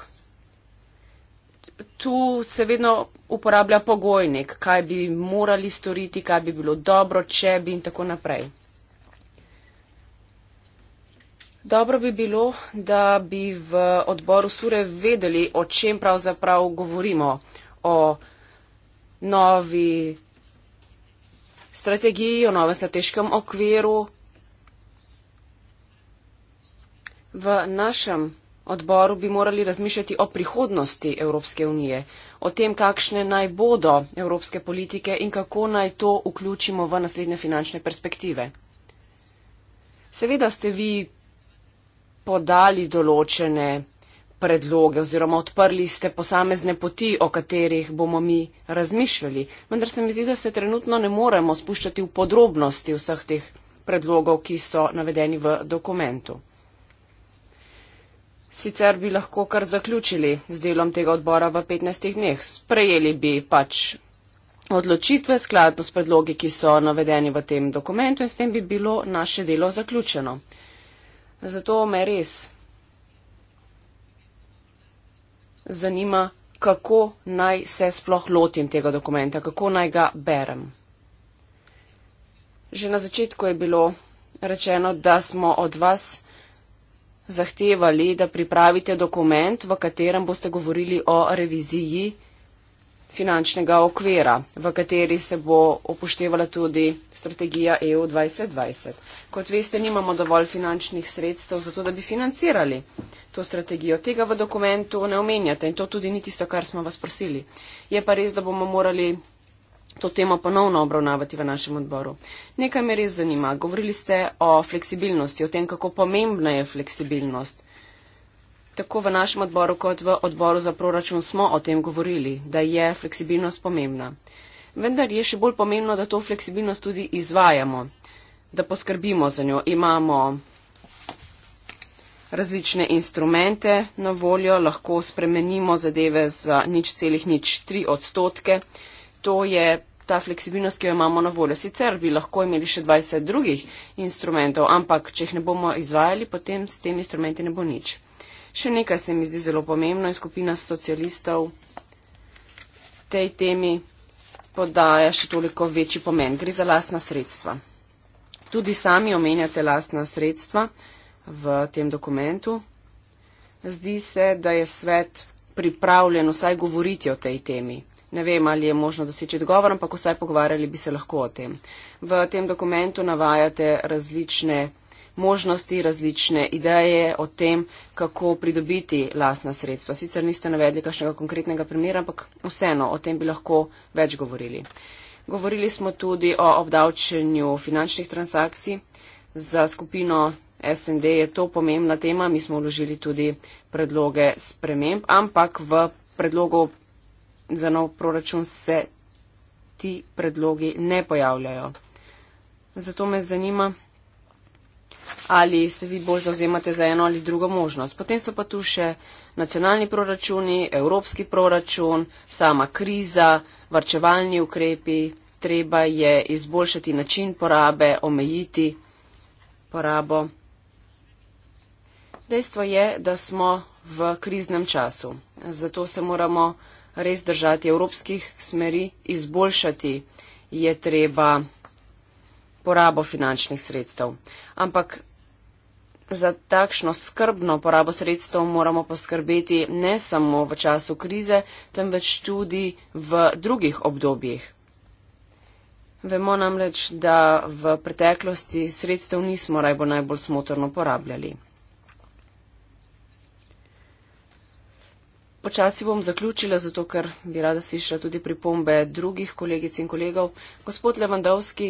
Tu se vedno uporablja pogojnik, kaj bi morali storiti, kaj bi bilo dobro, če bi in tako naprej. Dobro bi bilo, da bi v odboru Sure vedeli, o čem pravzaprav govorimo. O novi strategiji, o novem strateškem okviru. V našem odboru bi morali razmišljati o prihodnosti Evropske unije, o tem, kakšne naj bodo evropske politike in kako naj to vključimo v naslednje finančne perspektive. Seveda ste vi podali določene predloge oziroma odprli ste posamezne poti, o katerih bomo mi razmišljali. Vendar se mi zdi, da se trenutno ne moremo spuščati v podrobnosti vseh teh predlogov, ki so navedeni v dokumentu. Sicer bi lahko kar zaključili z delom tega odbora v 15 dneh. Sprejeli bi pač odločitve skladno s predlogi, ki so navedeni v tem dokumentu in s tem bi bilo naše delo zaključeno. Zato me res zanima, kako naj se sploh lotim tega dokumenta, kako naj ga berem. Že na začetku je bilo rečeno, da smo od vas zahtevali, da pripravite dokument, v katerem boste govorili o reviziji finančnega okvira, v kateri se bo upoštevala tudi strategija EU 2020. Kot veste, nimamo dovolj finančnih sredstev za to, da bi financirali to strategijo. Tega v dokumentu ne omenjate in to tudi ni tisto, kar smo vas prosili. Je pa res, da bomo morali to temo ponovno obravnavati v našem odboru. Nekaj me res zanima. Govorili ste o fleksibilnosti, o tem, kako pomembna je fleksibilnost tako v našem odboru kot v odboru za proračun smo o tem govorili, da je fleksibilnost pomembna. Vendar je še bolj pomembno, da to fleksibilnost tudi izvajamo, da poskrbimo za njo. Imamo različne instrumente na voljo, lahko spremenimo zadeve za nič celih nič tri odstotke. To je ta fleksibilnost, ki jo imamo na voljo. Sicer bi lahko imeli še 20 drugih instrumentov, ampak če jih ne bomo izvajali, potem s temi instrumenti ne bo nič. Še nekaj se mi zdi zelo pomembno in skupina socialistov tej temi podaja še toliko večji pomen. Gre za lastna sredstva. Tudi sami omenjate lastna sredstva v tem dokumentu. Zdi se, da je svet pripravljen vsaj govoriti o tej temi. Ne vem, ali je možno doseči dogovor, ampak vsaj pogovarjali bi se lahko o tem. V tem dokumentu navajate različne možnosti, različne ideje o tem, kako pridobiti lastna sredstva. Sicer niste navedli kakšnega konkretnega primera, ampak vseeno o tem bi lahko več govorili. Govorili smo tudi o obdavčenju finančnih transakcij. Za skupino SND je to pomembna tema. Mi smo vložili tudi predloge sprememb, ampak v predlogu za nov proračun se ti predlogi ne pojavljajo. Zato me zanima, ali se vi bolj zauzemate za eno ali drugo možnost. Potem so pa tu še nacionalni proračuni, evropski proračun, sama kriza, varčevalni ukrepi, treba je izboljšati način porabe, omejiti porabo. Dejstvo je, da smo v kriznem času, zato se moramo res držati evropskih smeri, izboljšati je treba porabo finančnih sredstev. Ampak za takšno skrbno porabo sredstev moramo poskrbeti ne samo v času krize, temveč tudi v drugih obdobjih. Vemo namreč, da v preteklosti sredstev nismo rajbo najbolj smotrno porabljali. Počasi bom zaključila, zato ker bi rada slišala tudi pripombe drugih kolegic in kolegov. Gospod Levandovski,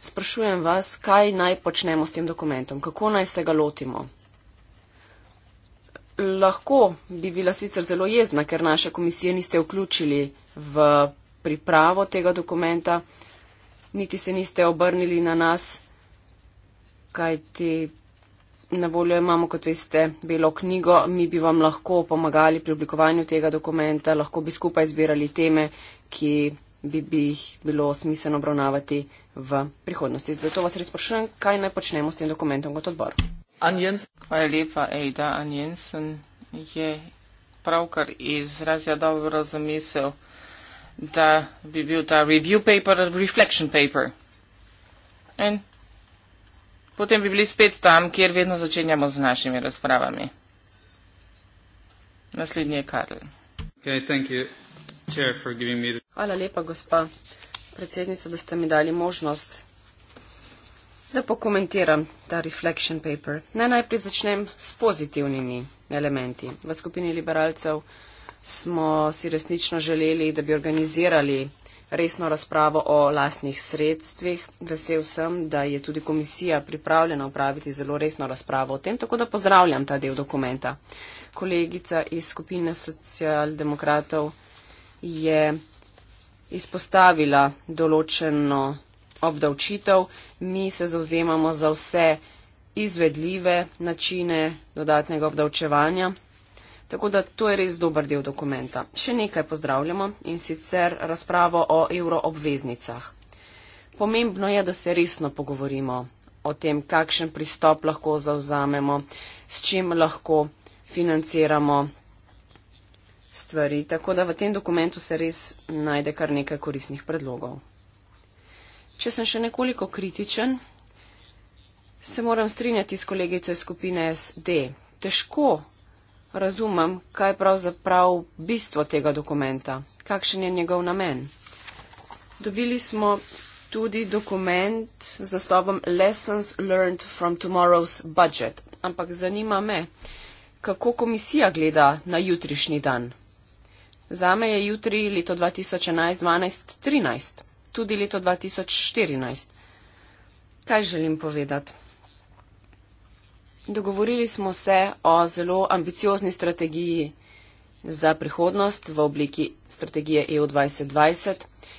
sprašujem vas, kaj naj počnemo s tem dokumentom, kako naj se ga lotimo. Lahko bi bila sicer zelo jezna, ker naše komisije niste vključili v pripravo tega dokumenta, niti se niste obrnili na nas, kajti na voljo imamo, kot veste, belo knjigo, mi bi vam lahko pomagali pri oblikovanju tega dokumenta, lahko bi skupaj zbirali teme, ki bi, bi jih bilo smiselno obravnavati v prihodnosti. Zato vas res sprašujem, kaj naj počnemo s tem dokumentom kot odbor. Hvala lepa, Ejda Anjensen je pravkar izrazil dobro zamisel, da bi bil ta review paper reflection paper. In potem bi bili spet tam, kjer vedno začenjamo z našimi razpravami. Naslednji je Karl. Okay, thank you. Hvala lepa, gospa predsednica, da ste mi dali možnost, da pokomentiram ta reflection paper. Naj najprej začnem s pozitivnimi elementi. V skupini liberalcev smo si resnično želeli, da bi organizirali resno razpravo o lastnih sredstvih. Vesel sem, da je tudi komisija pripravljena upraviti zelo resno razpravo o tem, tako da pozdravljam ta del dokumenta. Kolegica iz skupine socialdemokratov je izpostavila določeno obdavčitev. Mi se zauzemamo za vse izvedljive načine dodatnega obdavčevanja. Tako da to je res dober del dokumenta. Še nekaj pozdravljamo in sicer razpravo o euroobveznicah. Pomembno je, da se resno pogovorimo o tem, kakšen pristop lahko zauzamemo, s čim lahko financiramo stvari, tako da v tem dokumentu se res najde kar nekaj korisnih predlogov. Če sem še nekoliko kritičen, se moram strinjati s kolegico iz skupine SD. Težko razumem, kaj je pravzaprav bistvo tega dokumenta, kakšen je njegov namen. Dobili smo tudi dokument z naslovom Lessons Learned from Tomorrow's Budget, ampak zanima me, kako komisija gleda na jutrišnji dan. Zame je jutri leto 2011, 12, 13, tudi leto 2014. Kaj želim povedati? Dogovorili smo se o zelo ambiciozni strategiji za prihodnost v obliki strategije EU 2020.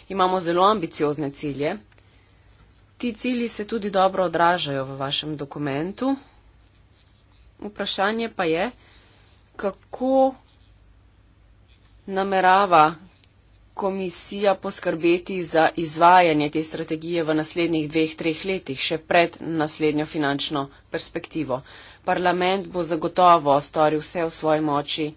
Imamo zelo ambiciozne cilje. Ti cilji se tudi dobro odražajo v vašem dokumentu. Vprašanje pa je, kako namerava komisija poskrbeti za izvajanje te strategije v naslednjih dveh, treh letih, še pred naslednjo finančno perspektivo. Parlament bo zagotovo storil vse v svoji moči,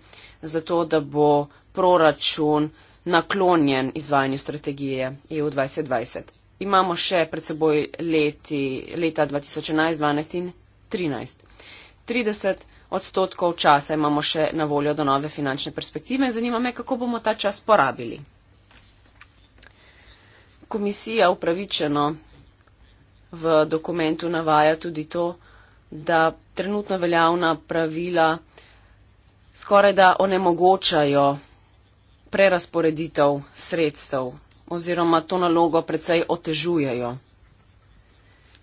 zato da bo proračun naklonjen izvajanju strategije EU 2020. Imamo še pred seboj leti, leta 2011, 2012 in 2013. 30 odstotkov časa imamo še na voljo do nove finančne perspektive in zanima me, kako bomo ta čas porabili. Komisija upravičeno v dokumentu navaja tudi to, da trenutno veljavna pravila skoraj da onemogočajo prerasporeditev sredstev oziroma to nalogo precej otežujejo.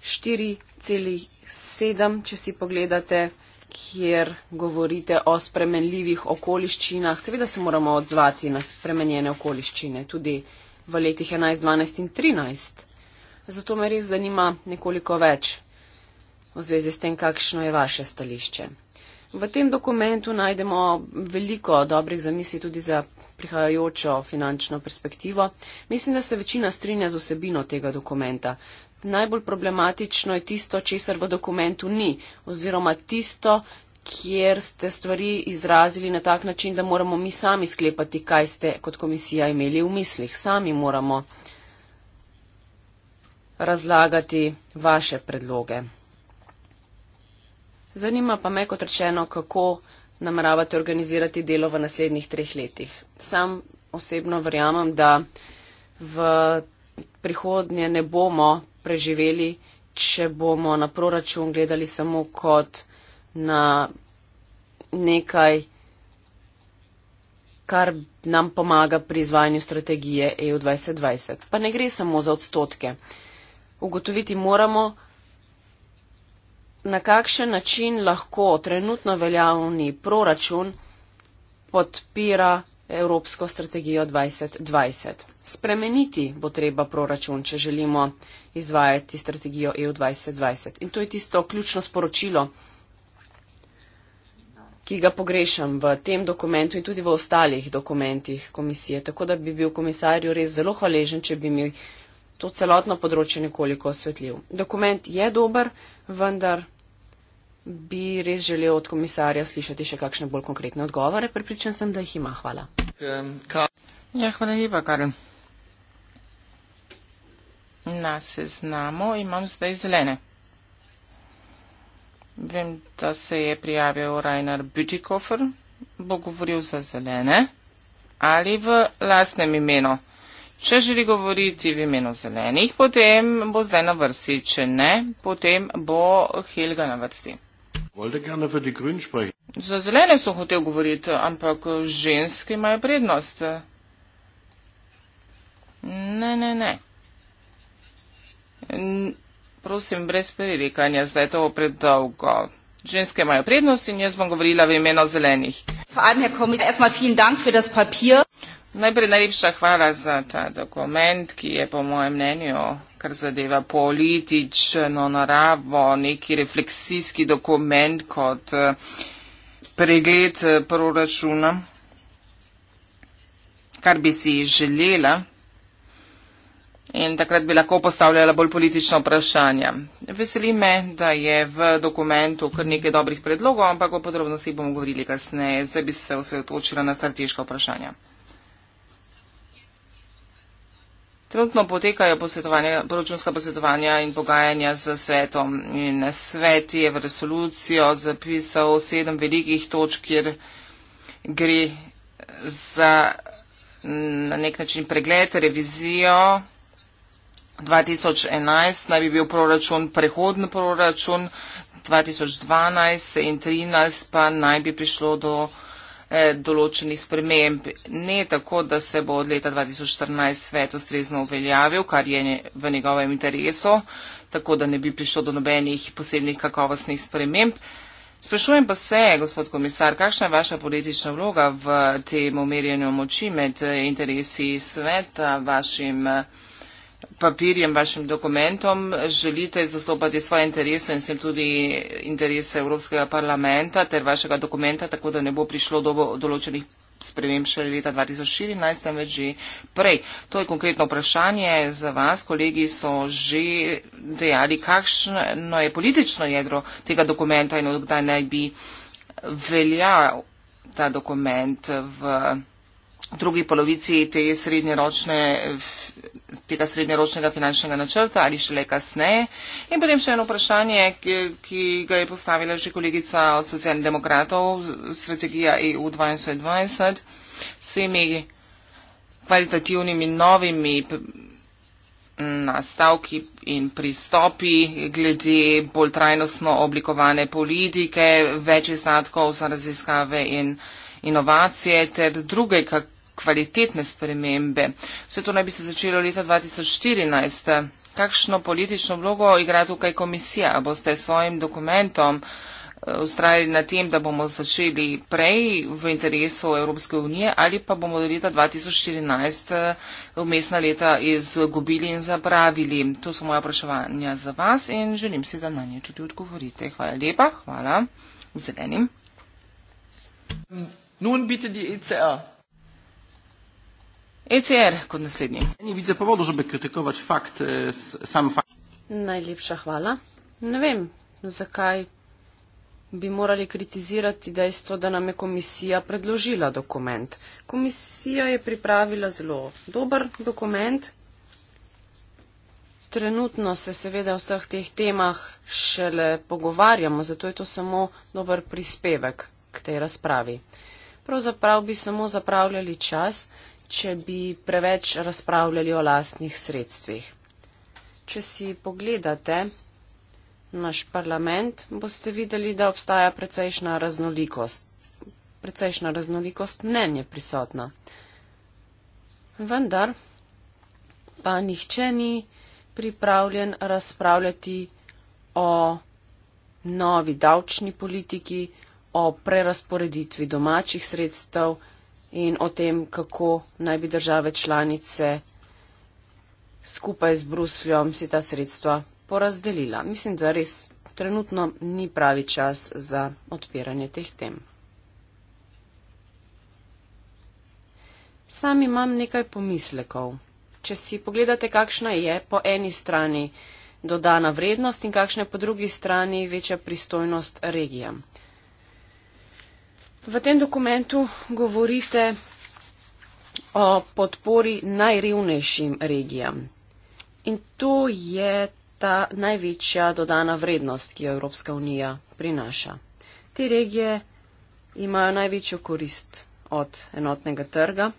4,7, če si pogledate, kjer govorite o spremenljivih okoliščinah. Seveda se moramo odzvati na spremenjene okoliščine, tudi v letih 11, 12 in 13. Zato me res zanima nekoliko več v zvezi s tem, kakšno je vaše stališče. V tem dokumentu najdemo veliko dobrih zamisli tudi za prihajajočo finančno perspektivo. Mislim, da se večina strinja z osebino tega dokumenta. Najbolj problematično je tisto, česar v dokumentu ni, oziroma tisto, kjer ste stvari izrazili na tak način, da moramo mi sami sklepati, kaj ste kot komisija imeli v mislih. Sami moramo razlagati vaše predloge. Zanima pa me, kot rečeno, kako nameravate organizirati delo v naslednjih treh letih. Sam osebno verjamem, da v prihodnje ne bomo preživeli, če bomo na proračun gledali samo kot na nekaj, kar nam pomaga pri izvajanju strategije EU 2020. Pa ne gre samo za odstotke. Ugotoviti moramo, na kakšen način lahko trenutno veljavni proračun podpira Evropsko strategijo 2020. Spremeniti bo treba proračun, če želimo izvajati strategijo EU 2020. In to je tisto ključno sporočilo, ki ga pogrešam v tem dokumentu in tudi v ostalih dokumentih komisije. Tako da bi bil komisarju res zelo hvaležen, če bi mi to celotno področje nekoliko osvetljiv. Dokument je dober, vendar bi res želel od komisarja slišati še kakšne bolj konkretne odgovore. Pripričan sem, da jih ima. Hvala. Ja, hvala lepa, Karen. Na seznamu imam zdaj zelene. Vem, da se je prijavil Rainer Bütikofer, bo govoril za zelene ali v lastnem imenu. Če želi govoriti v imenu zelenih, potem bo zdaj na vrsti. Če ne, potem bo Helga na vrsti. Za zelene so hotel govoriti, ampak ženske imajo prednost. Ne, ne, ne. Prosim, brez prerikanja, zdaj to bo predolgo. Ženske imajo prednost in jaz bom govorila v imenu zelenih. Najprej najlepša hvala za ta dokument, ki je po mojem mnenju, kar zadeva politično naravo, neki refleksijski dokument kot eh, pregled eh, proračuna, kar bi si želela. In takrat bi lahko postavljala bolj politična vprašanja. Veseli me, da je v dokumentu kar nekaj dobrih predlogov, ampak o podrobnosti bomo govorili kasneje. Zdaj bi se osredotočila na strateška vprašanja. Trenutno potekajo proračunska posvetovanja in pogajanja z svetom. In svet je v resolucijo zapisal sedem velikih točk, kjer gre za na nek način pregled, revizijo. 2011 naj bi bil proračun, prehodni proračun, 2012 in 2013 pa naj bi prišlo do Eh, določenih sprememb. Ne tako, da se bo od leta 2014 svet ustrezno uveljavil, kar je v njegovem interesu, tako da ne bi prišlo do nobenih posebnih kakovostnih sprememb. Sprašujem pa se, gospod komisar, kakšna je vaša politična vloga v tem umirjenju moči med eh, interesi sveta, vašim eh, papirjem, vašim dokumentom, želite zastopati svoje interese in s tem tudi interese Evropskega parlamenta ter vašega dokumenta, tako da ne bo prišlo do določenih sprememb še leta 2014, temveč že prej. To je konkretno vprašanje za vas. Kolegi so že dejali, kakšno je politično jedro tega dokumenta in odkdaj naj bi veljal ta dokument v drugi polovici te srednjeročne tega srednjeročnega finančnega načrta ali šele kasneje. In potem še eno vprašanje, ki, ki ga je postavila že kolegica od socialnih demokratov, strategija EU 2020, s vsemi kvalitativnimi novimi nastavki in pristopi glede bolj trajnostno oblikovane politike, več izdatkov za raziskave in inovacije ter druge, kako kvalitetne spremembe. Vse to naj bi se začelo leta 2014. Kakšno politično vlogo igra tukaj komisija? Boste s svojim dokumentom ustrajali eh, na tem, da bomo začeli prej v interesu Evropske unije ali pa bomo do leta 2014 eh, vmesna leta izgubili in zapravili? To so moja vprašanja za vas in želim si, da na nje tudi odgovorite. Hvala lepa, hvala zelenim. Nun bitte die ECR. ECR kot naslednji. Ni vidi za povodu, že bi kritikovač fakt, e, sam fakt. Najlepša hvala. Ne vem, zakaj bi morali kritizirati dejstvo, da nam je komisija predložila dokument. Komisija je pripravila zelo dober dokument. Trenutno se seveda o vseh teh temah šele pogovarjamo, zato je to samo dober prispevek k tej razpravi. Pravzaprav bi samo zapravljali čas, če bi preveč razpravljali o lastnih sredstvih. Če si pogledate naš parlament, boste videli, da obstaja precejšna raznolikost. Precejšna raznolikost mnen je prisotna. Vendar pa nihče ni pripravljen razpravljati o novi davčni politiki, o prerasporeditvi domačih sredstev, in o tem, kako naj bi države članice skupaj z Brusljom si ta sredstva porazdelila. Mislim, da res trenutno ni pravi čas za odpiranje teh tem. Sam imam nekaj pomislekov. Če si pogledate, kakšna je po eni strani dodana vrednost in kakšna je po drugi strani večja pristojnost regijam. V tem dokumentu govorite o podpori najrevnejšim regijam. In to je ta največja dodana vrednost, ki jo Evropska unija prinaša. Te regije imajo največjo korist od enotnega trga.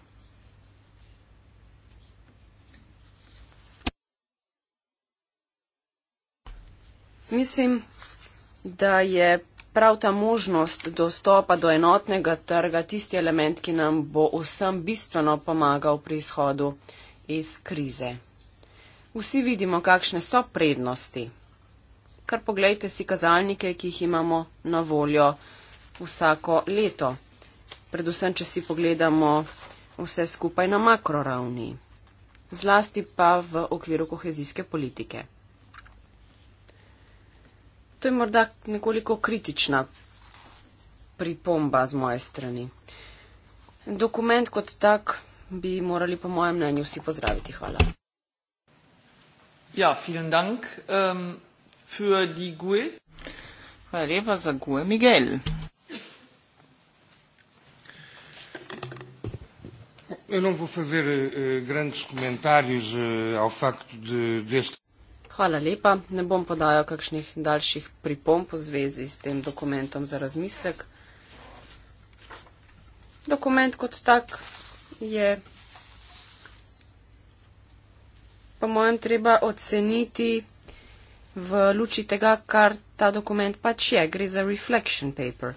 Mislim, da je prav ta možnost dostopa do enotnega trga tisti element, ki nam bo vsem bistveno pomagal pri izhodu iz krize. Vsi vidimo, kakšne so prednosti. Kar pogledajte si kazalnike, ki jih imamo na voljo vsako leto. Predvsem, če si pogledamo vse skupaj na makroravni, zlasti pa v okviru kohezijske politike. To je morda nekoliko kritična pripomba z moje strani. Dokument kot tak bi morali po mojem mnenju vsi pozdraviti. Hvala. Ja, vielen Dank um, für die GUE. Hvala lepa za GUE, Miguel. Eu não vou fazer uh, grandes comentários uh, ao facto de, deste. Hvala lepa. Ne bom podajal kakšnih daljših pripomp v zvezi s tem dokumentom za razmislek. Dokument kot tak je po mojem treba oceniti v luči tega, kar ta dokument pač je. Gre za reflection paper.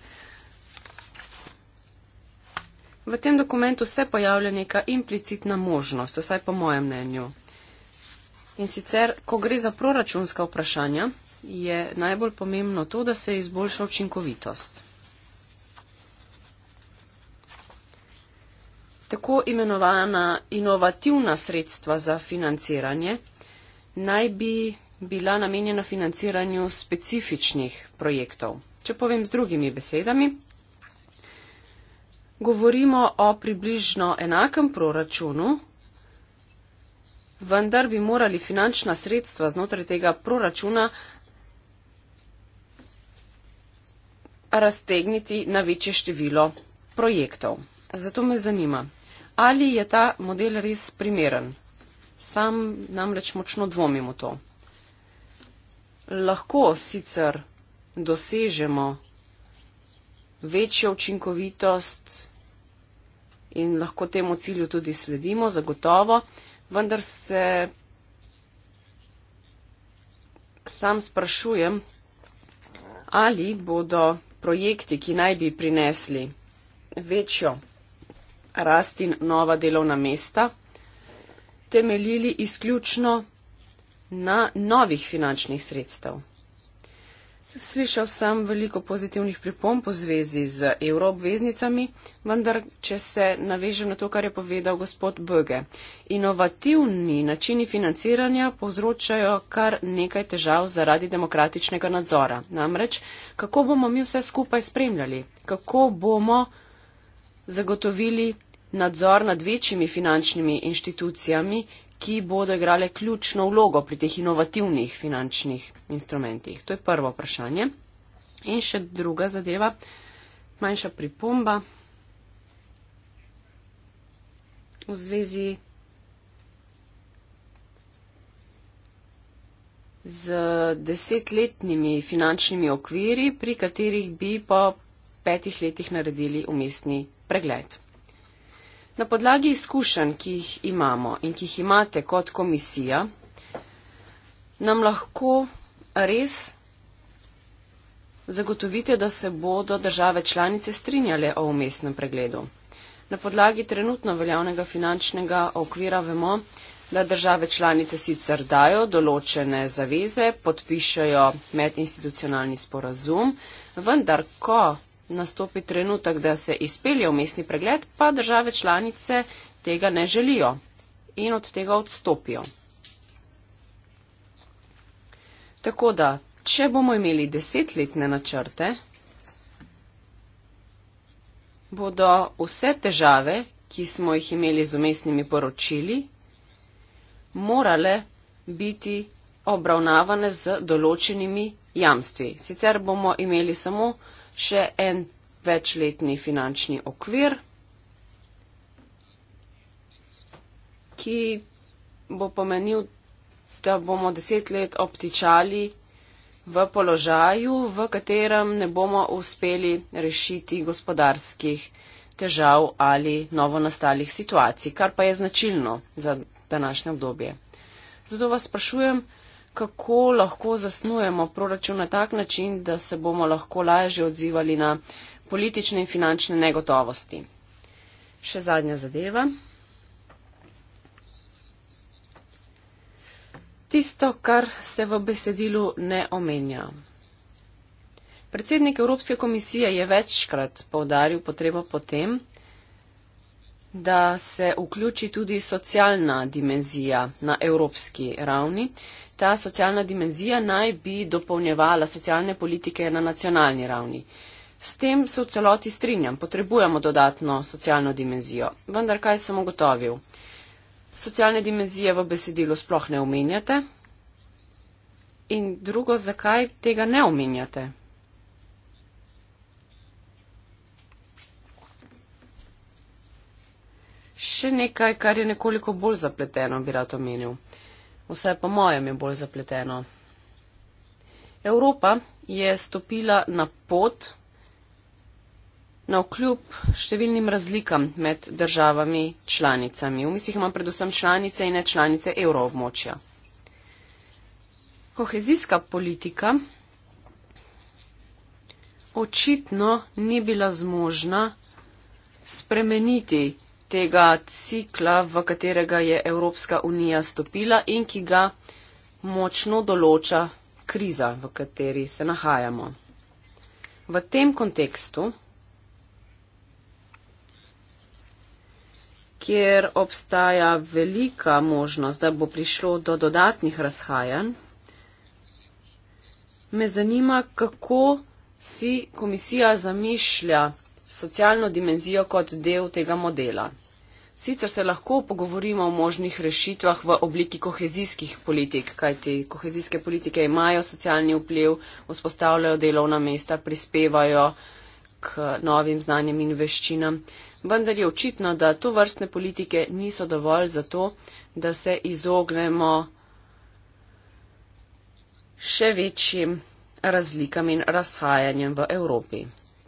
V tem dokumentu se pojavlja neka implicitna možnost, vsaj po mojem mnenju. In sicer, ko gre za proračunska vprašanja, je najbolj pomembno to, da se izboljša učinkovitost. Tako imenovana inovativna sredstva za financiranje naj bi bila namenjena financiranju specifičnih projektov. Če povem z drugimi besedami, govorimo o približno enakem proračunu, vendar bi morali finančna sredstva znotraj tega proračuna raztegniti na večje število projektov. Zato me zanima, ali je ta model res primeren. Sam namreč močno dvomim o to. Lahko sicer dosežemo večjo učinkovitost in lahko temu cilju tudi sledimo, zagotovo vendar se sam sprašujem, ali bodo projekti, ki naj bi prinesli večjo rast in nova delovna mesta, temeljili izključno na novih finančnih sredstev. Slišal sem veliko pozitivnih pripomp v zvezi z evroobveznicami, vendar, če se navežem na to, kar je povedal gospod Böge, inovativni načini financiranja povzročajo kar nekaj težav zaradi demokratičnega nadzora. Namreč, kako bomo mi vse skupaj spremljali, kako bomo zagotovili nadzor nad večjimi finančnimi inštitucijami ki bodo igrale ključno vlogo pri teh inovativnih finančnih instrumentih? To je prvo vprašanje. In še druga zadeva, manjša pripomba v zvezi z desetletnimi finančnimi okviri, pri katerih bi po petih letih naredili umestni pregled. Na podlagi izkušenj, ki jih imamo in ki jih imate kot komisija, nam lahko res zagotovite, da se bodo države članice strinjale o umestnem pregledu. Na podlagi trenutno veljavnega finančnega okvira vemo, da države članice sicer dajo določene zaveze, podpišajo medinstitucionalni sporazum, vendar ko nastopi trenutek, da se izpelje umestni pregled, pa države članice tega ne želijo in od tega odstopijo. Tako da, če bomo imeli desetletne načrte, bodo vse težave, ki smo jih imeli z umestnimi poročili, morale biti obravnavane z določenimi jamstvi. Sicer bomo imeli samo še en večletni finančni okvir, ki bo pomenil, da bomo deset let obtičali v položaju, v katerem ne bomo uspeli rešiti gospodarskih težav ali novonastalih situacij, kar pa je značilno za današnje obdobje. Zato vas sprašujem, kako lahko zasnujemo proračun na tak način, da se bomo lahko lažje odzivali na politične in finančne negotovosti. Še zadnja zadeva. Tisto, kar se v besedilu ne omenja. Predsednik Evropske komisije je večkrat povdaril potrebo potem, da se vključi tudi socialna dimenzija na evropski ravni, ta socialna dimenzija naj bi dopolnjevala socialne politike na nacionalni ravni. S tem se v celoti strinjam, potrebujemo dodatno socialno dimenzijo. Vendar kaj sem ugotovil? Socialne dimenzije v besedilu sploh ne omenjate. In drugo, zakaj tega ne omenjate? Še nekaj, kar je nekoliko bolj zapleteno, bi rad omenil vse po mojem je bolj zapleteno. Evropa je stopila na pot na okljub številnim razlikam med državami članicami. V mislih imam predvsem članice in ne članice evroobmočja. Kohezijska politika očitno ni bila zmožna spremeniti tega cikla, v katerega je Evropska unija stopila in ki ga močno določa kriza, v kateri se nahajamo. V tem kontekstu, kjer obstaja velika možnost, da bo prišlo do dodatnih razhajanj, me zanima, kako si komisija zamišlja socialno dimenzijo kot del tega modela. Sicer se lahko pogovorimo o možnih rešitvah v obliki kohezijskih politik, kajti kohezijske politike imajo socialni vpliv, vzpostavljajo delovna mesta, prispevajo k novim znanjem in veščinam. Vendar je očitno, da to vrstne politike niso dovolj za to, da se izognemo še večjim razlikam in razhajanjem v Evropi.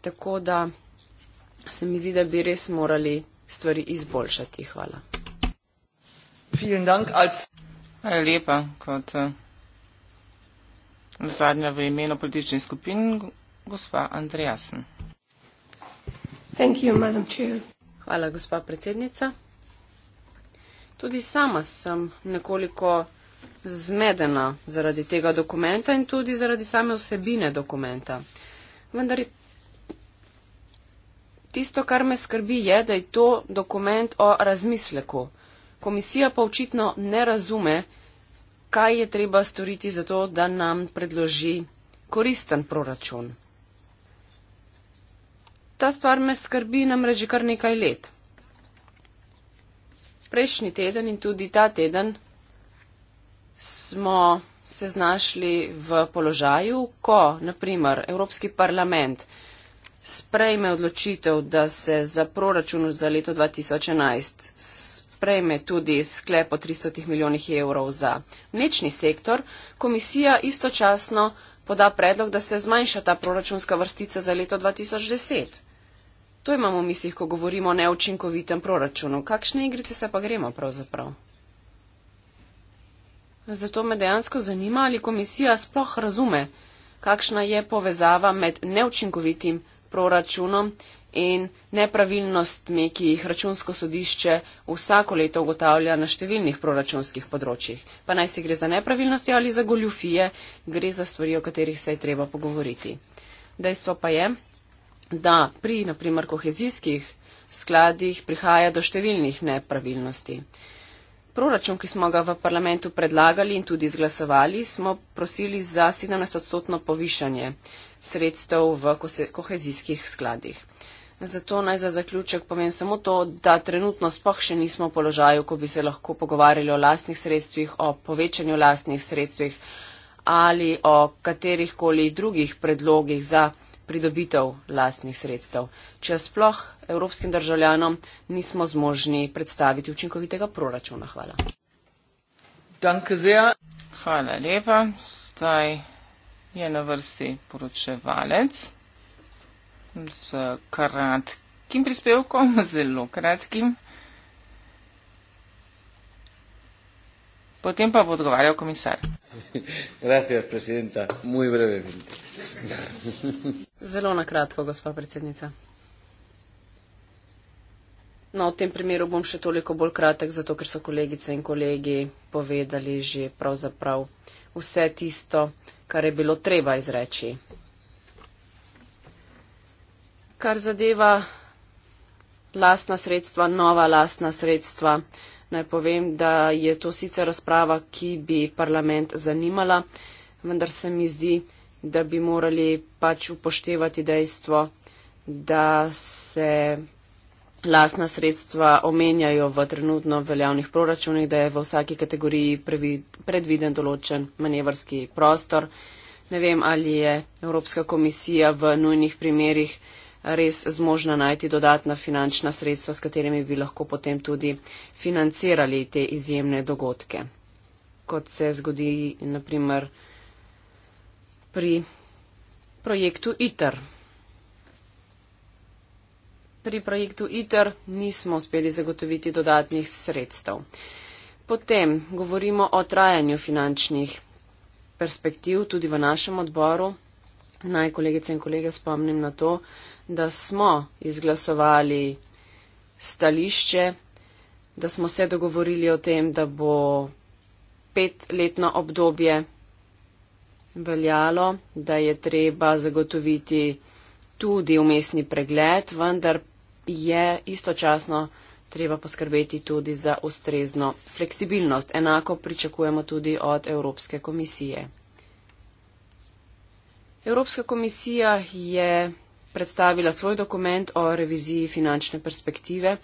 Tako da se mi zdi, da bi res morali stvari izboljšati. Hvala. Dank, als... Hvala lepa. Kot uh, zadnja v imenu političnih skupin, gospa Andreasen. Hvala, gospa predsednica. Tudi sama sem nekoliko zmedena zaradi tega dokumenta in tudi zaradi same vsebine dokumenta. Vendar Tisto, kar me skrbi, je, da je to dokument o razmisleku. Komisija pa očitno ne razume, kaj je treba storiti za to, da nam predloži koristen proračun. Ta stvar me skrbi namreč kar nekaj let. Prejšnji teden in tudi ta teden smo se znašli v položaju, ko, naprimer, Evropski parlament sprejme odločitev, da se za proračun za leto 2011 sprejme tudi sklep o 300 milijonih evrov za mlečni sektor, komisija istočasno poda predlog, da se zmanjša ta proračunska vrstica za leto 2010. To imamo v mislih, ko govorimo o neučinkovitem proračunu. Kakšne igrice se pa gremo pravzaprav? Zato me dejansko zanima, ali komisija sploh razume, kakšna je povezava med neučinkovitim proračunom in nepravilnostmi, ki jih računsko sodišče vsako leto ugotavlja na številnih proračunskih področjih. Pa naj si gre za nepravilnosti ali za goljufije, gre za stvari, o katerih se je treba pogovoriti. Dejstvo pa je, da pri naprimer kohezijskih skladih prihaja do številnih nepravilnosti proračun, ki smo ga v parlamentu predlagali in tudi izglasovali, smo prosili za 17-odstotno povišanje sredstev v kohezijskih skladih. Zato naj za zaključek povem samo to, da trenutno spoh še nismo v položaju, ko bi se lahko pogovarjali o lastnih sredstvih, o povečanju lastnih sredstvih ali o katerihkoli drugih predlogih za pridobitev lastnih sredstev. Če sploh evropskim državljanom nismo zmožni predstaviti učinkovitega proračuna. Hvala. Hvala lepa. Zdaj je na vrsti poročevalec z kratkim prispevkom, zelo kratkim. Potem pa bo odgovarjal komisar. Gracias, predsednica. Muy brevemente. Zelo na kratko, gospa predsednica. No, v tem primeru bom še toliko bolj kratek, zato ker so kolegice in kolegi povedali že pravzaprav vse tisto, kar je bilo treba izreči. Kar zadeva lastna sredstva, nova lastna sredstva, naj povem, da je to sicer razprava, ki bi parlament zanimala, vendar se mi zdi, da bi morali pač upoštevati dejstvo, da se lasna sredstva omenjajo v trenutno veljavnih proračunih, da je v vsaki kategoriji predviden določen manevrski prostor. Ne vem, ali je Evropska komisija v nujnih primerjih res zmožna najti dodatna finančna sredstva, s katerimi bi lahko potem tudi financirali te izjemne dogodke, kot se zgodi naprimer pri projektu ITER pri projektu ITER nismo uspeli zagotoviti dodatnih sredstev. Potem govorimo o trajanju finančnih perspektiv tudi v našem odboru. Naj kolegice in kolege spomnim na to, da smo izglasovali stališče, da smo se dogovorili o tem, da bo petletno obdobje veljalo, da je treba zagotoviti tudi umestni pregled, vendar je istočasno treba poskrbeti tudi za ustrezno fleksibilnost. Enako pričakujemo tudi od Evropske komisije. Evropska komisija je predstavila svoj dokument o reviziji finančne perspektive.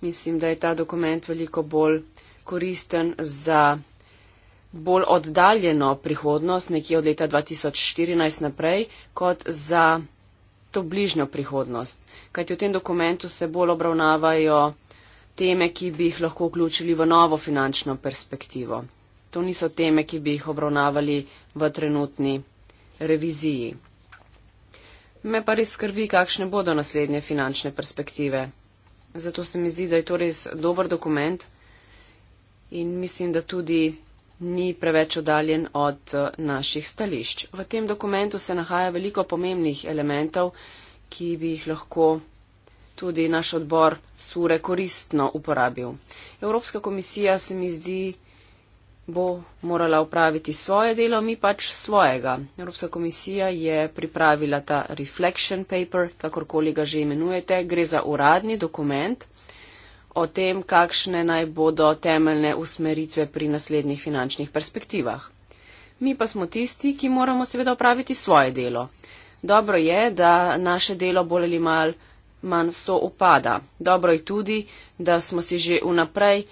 Mislim, da je ta dokument veliko bolj koristen za bolj oddaljeno prihodnost, nekje od leta 2014 naprej, kot za to bližnjo prihodnost. Kajti v tem dokumentu se bolj obravnavajo teme, ki bi jih lahko vključili v novo finančno perspektivo. To niso teme, ki bi jih obravnavali v trenutni reviziji. Me pa res skrbi, kakšne bodo naslednje finančne perspektive. Zato se mi zdi, da je to res dober dokument in mislim, da tudi ni preveč oddaljen od eh, naših stališč. V tem dokumentu se nahaja veliko pomembnih elementov, ki bi jih lahko tudi naš odbor Sure koristno uporabil. Evropska komisija se mi zdi bo morala upraviti svoje delo, mi pač svojega. Evropska komisija je pripravila ta reflection paper, kakorkoli ga že imenujete, gre za uradni dokument, o tem, kakšne naj bodo temeljne usmeritve pri naslednjih finančnih perspektivah. Mi pa smo tisti, ki moramo seveda opraviti svoje delo. Dobro je, da naše delo bolj ali mal manj so upada. Dobro je tudi, da smo si že vnaprej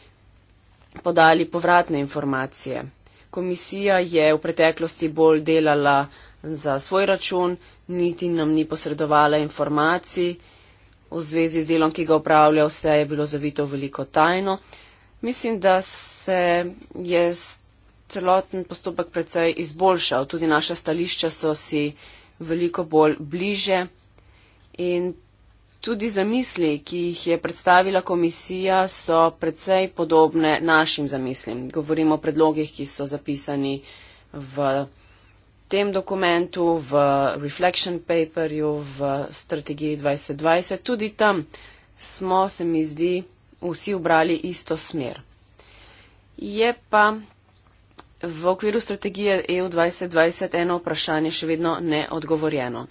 podali povratne informacije. Komisija je v preteklosti bolj delala za svoj račun, niti nam ni posredovala informacij, v zvezi z delom, ki ga upravlja, vse je bilo zavito veliko tajno. Mislim, da se je celoten postopek precej izboljšal, tudi naša stališča so si veliko bolj bliže in tudi zamisli, ki jih je predstavila komisija, so precej podobne našim zamislim. Govorimo o predlogih, ki so zapisani v tem dokumentu, v Reflection Paperju, v Strategiji 2020, tudi tam smo, se mi zdi, vsi ubrali isto smer. Je pa v okviru strategije EU 2020 eno vprašanje še vedno neodgovorjeno.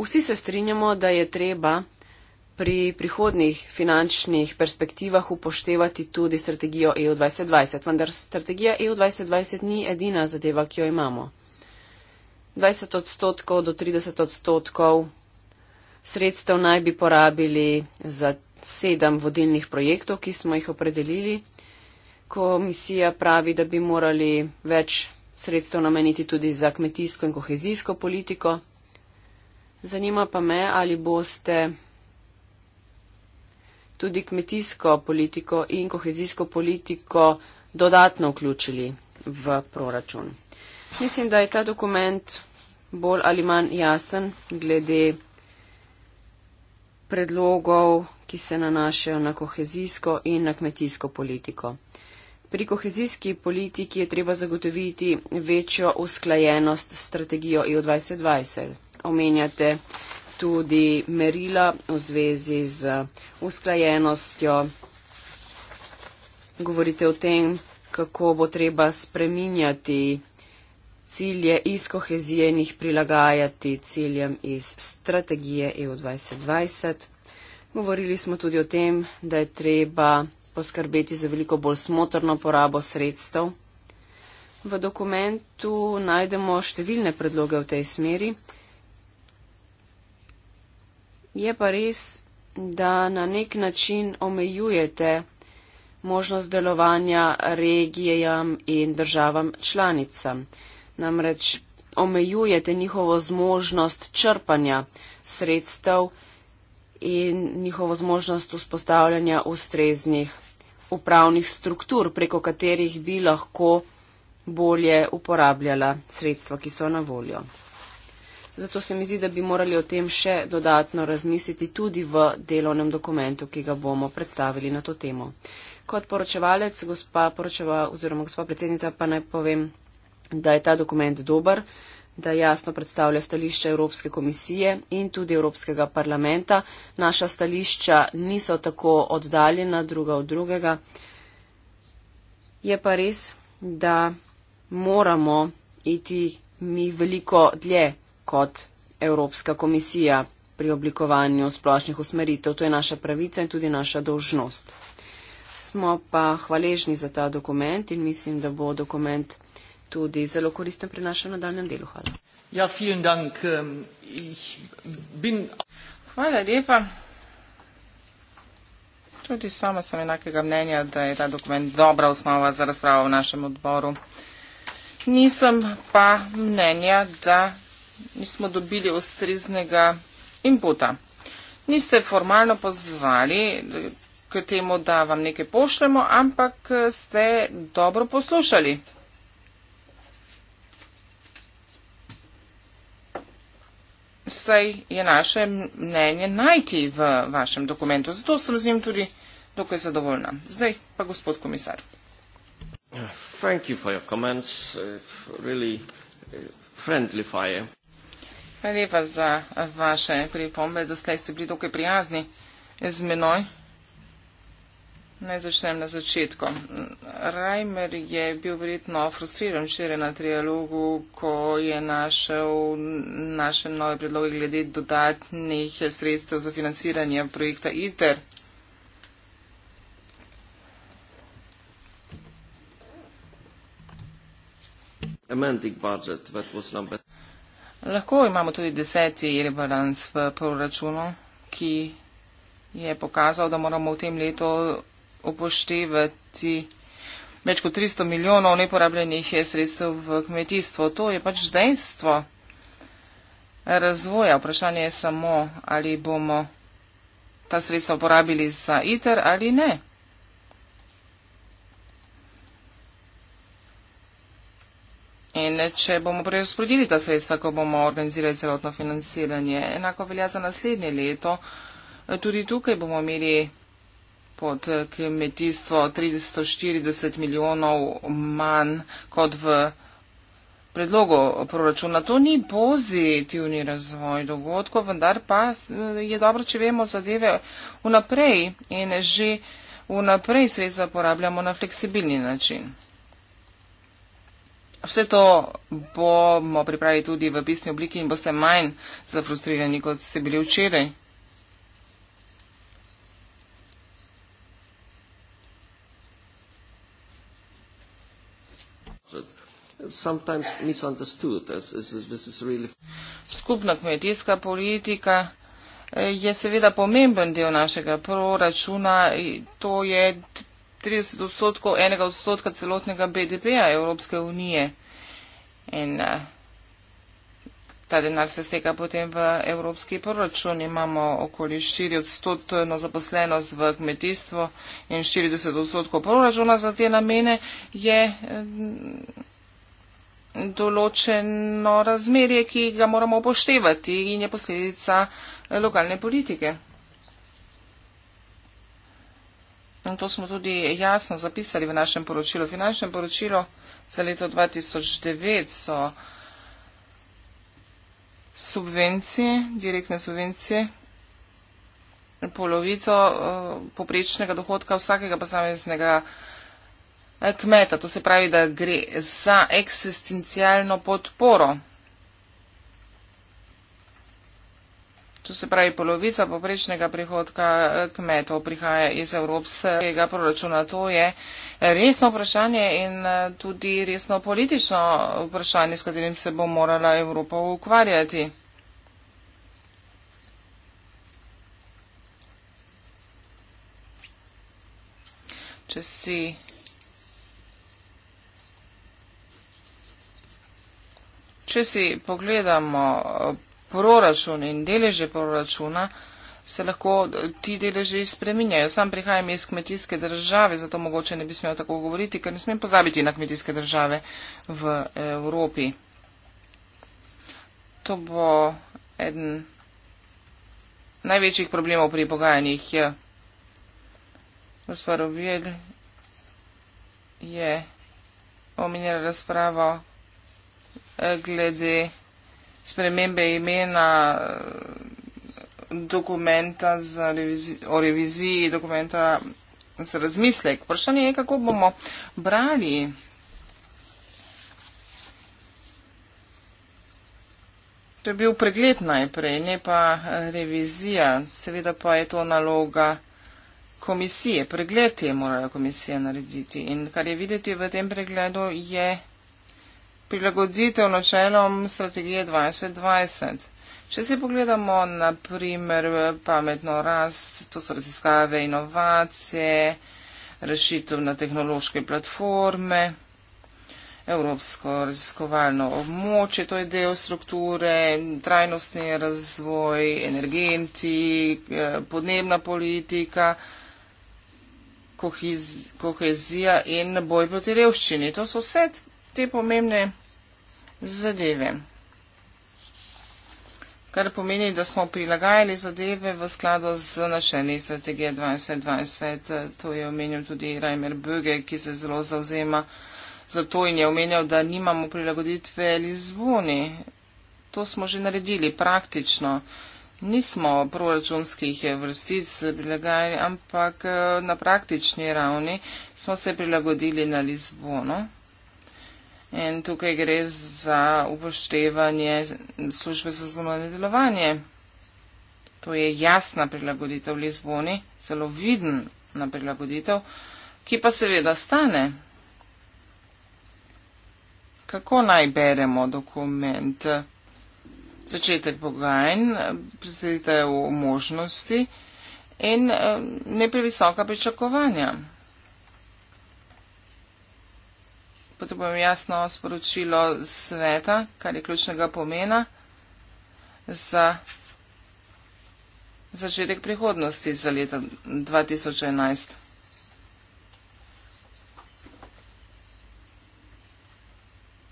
Vsi se strinjamo, da je treba pri prihodnih finančnih perspektivah upoštevati tudi strategijo EU 2020, vendar strategija EU 2020 ni edina zadeva, ki jo imamo. 20 odstotkov do 30 odstotkov sredstev naj bi porabili za sedem vodilnih projektov, ki smo jih opredelili. Komisija pravi, da bi morali več sredstev nameniti tudi za kmetijsko in kohezijsko politiko. Zanima pa me, ali boste tudi kmetijsko politiko in kohezijsko politiko dodatno vključili v proračun. Mislim, da je ta dokument bolj ali manj jasen glede predlogov, ki se nanašajo na kohezijsko in na kmetijsko politiko. Pri kohezijski politiki je treba zagotoviti večjo usklajenost s strategijo EU 2020. Omenjate tudi merila v zvezi z usklajenostjo. Govorite o tem, kako bo treba spreminjati cilje iz kohezije in jih prilagajati ciljem iz strategije EU 2020. Govorili smo tudi o tem, da je treba poskrbeti za veliko bolj smotrno porabo sredstev. V dokumentu najdemo številne predloge v tej smeri. Je pa res, da na nek način omejujete možnost delovanja regijam in državam članicam namreč omejujete njihovo zmožnost črpanja sredstev in njihovo zmožnost vzpostavljanja ustreznih upravnih struktur, preko katerih bi lahko bolje uporabljala sredstva, ki so na voljo. Zato se mi zdi, da bi morali o tem še dodatno razmisliti tudi v delovnem dokumentu, ki ga bomo predstavili na to temo. Kot poročevalec, gospa, poročeva, gospa predsednica, pa naj povem da je ta dokument dober, da jasno predstavlja stališče Evropske komisije in tudi Evropskega parlamenta. Naša stališča niso tako oddaljena druga od drugega. Je pa res, da moramo iti mi veliko dlje kot Evropska komisija pri oblikovanju splošnih usmeritev. To je naša pravica in tudi naša dolžnost. Smo pa hvaležni za ta dokument in mislim, da bo dokument tudi zelo koristen pri našem nadaljem delu. Hvala. Ja, dank. Ähm, ich bin... Hvala lepa. Tudi sama sem enakega mnenja, da je ta dokument dobra osnova za razpravo v našem odboru. Nisem pa mnenja, da nismo dobili ustreznega inputa. Niste formalno pozvali k temu, da vam nekaj pošljemo, ampak eh, ste dobro poslušali. saj je naše mnenje najti v vašem dokumentu. Zato sem z njim tudi dokaj zadovoljna. Zdaj pa gospod komisar. Uh, uh, Hvala za vaše pripombe, da ste bili dokaj prijazni z menoj. Naj začnem na začetku. Reimer je bil verjetno frustriran včeraj na trialogu, ko je našel naše nove predloge glede dodatnih sredstev za financiranje projekta ITER. Lahko imamo tudi deseti rebalans v proračunu, ki je pokazal, da moramo v tem letu upoštevati več kot 300 milijonov neporabljenih sredstev v kmetijstvo. To je pač dejstvo razvoja. Vprašanje je samo, ali bomo ta sredstva uporabili za ITER ali ne. In če bomo preusprodili ta sredstva, ko bomo organizirali celotno financiranje, enako velja za naslednje leto. Tudi tukaj bomo imeli pod eh, kmetijstvo 340 milijonov manj kot v predlogu proračuna. To ni pozitivni razvoj dogodkov, vendar pa eh, je dobro, če vemo zadeve vnaprej in že vnaprej sredstva porabljamo na fleksibilni način. Vse to bomo pripravili tudi v pisni obliki in boste manj zafrustrirani, kot ste bili včeraj. Skupna kmetijska politika eh, je seveda pomemben del našega proračuna. To je 30 odstotkov, enega odstotka celotnega BDP-ja Evropske unije. In, uh, Ta denar se stega potem v evropski proračun. Imamo okoli 4 odstotno zaposlenost v kmetijstvu in 40 odstotkov proračuna za te namene je mm, določeno razmerje, ki ga moramo upoštevati in je posledica eh, lokalne politike. In to smo tudi jasno zapisali v našem poročilu. Finančnem poročilu za leto 2009 so subvencije, direktne subvencije, polovico eh, poprečnega dohodka vsakega posameznega eh, kmeta. To se pravi, da gre za eksistencialno podporo To se pravi, polovica poprečnega prihodka eh, kmetov prihaja iz evropskega proračuna. To je eh, resno vprašanje in eh, tudi resno politično vprašanje, s katerim se bo morala Evropa ukvarjati. Če si. Če si pogledamo proračun in deleže proračuna, se lahko ti deleži spreminjajo. Sam prihajam iz kmetijske države, zato mogoče ne bi smel tako govoriti, ker ne smem pozabiti na kmetijske države v Evropi. To bo eden največjih problemov pri pogajanjih. Gospod Rovjel je omenjal razpravo eh, glede spremembe imena dokumenta za revizi, o reviziji, dokumenta za razmislek. Vprašanje je, kako bomo brali. To je bil pregled najprej, ne pa revizija. Seveda pa je to naloga komisije. Pregled je morala komisija narediti. In kar je videti v tem pregledu, je prilagoditev načelom strategije 2020. Če si pogledamo, na primer, pametno rast, to so raziskave, inovacije, rešitev na tehnološke platforme, Evropsko raziskovalno območje, to je del strukture, trajnostni razvoj, energenti, eh, podnebna politika, kohezija in boj proti revščini. To so vse te pomembne zadeve. Kar pomeni, da smo prilagajali zadeve v skladu z načelji strategije 2020. To je omenil tudi Reimer Böge, ki se zelo zauzema za to in je omenjal, da nimamo prilagoditve Lizboni. To smo že naredili praktično. Nismo proračunskih vrstic prilagajali, ampak eh, na praktični ravni smo se prilagodili na Lizbono. In tukaj gre za upoštevanje službe za zunanje delovanje. To je jasna prilagoditev v Lizboni, zelo vidna prilagoditev, ki pa seveda stane. Kako naj beremo dokument? Začetek pogajanj, predstavitev možnosti in eh, ne previsoka pričakovanja. potrebujem jasno sporočilo sveta, kar je ključnega pomena za začetek prihodnosti za leto 2011.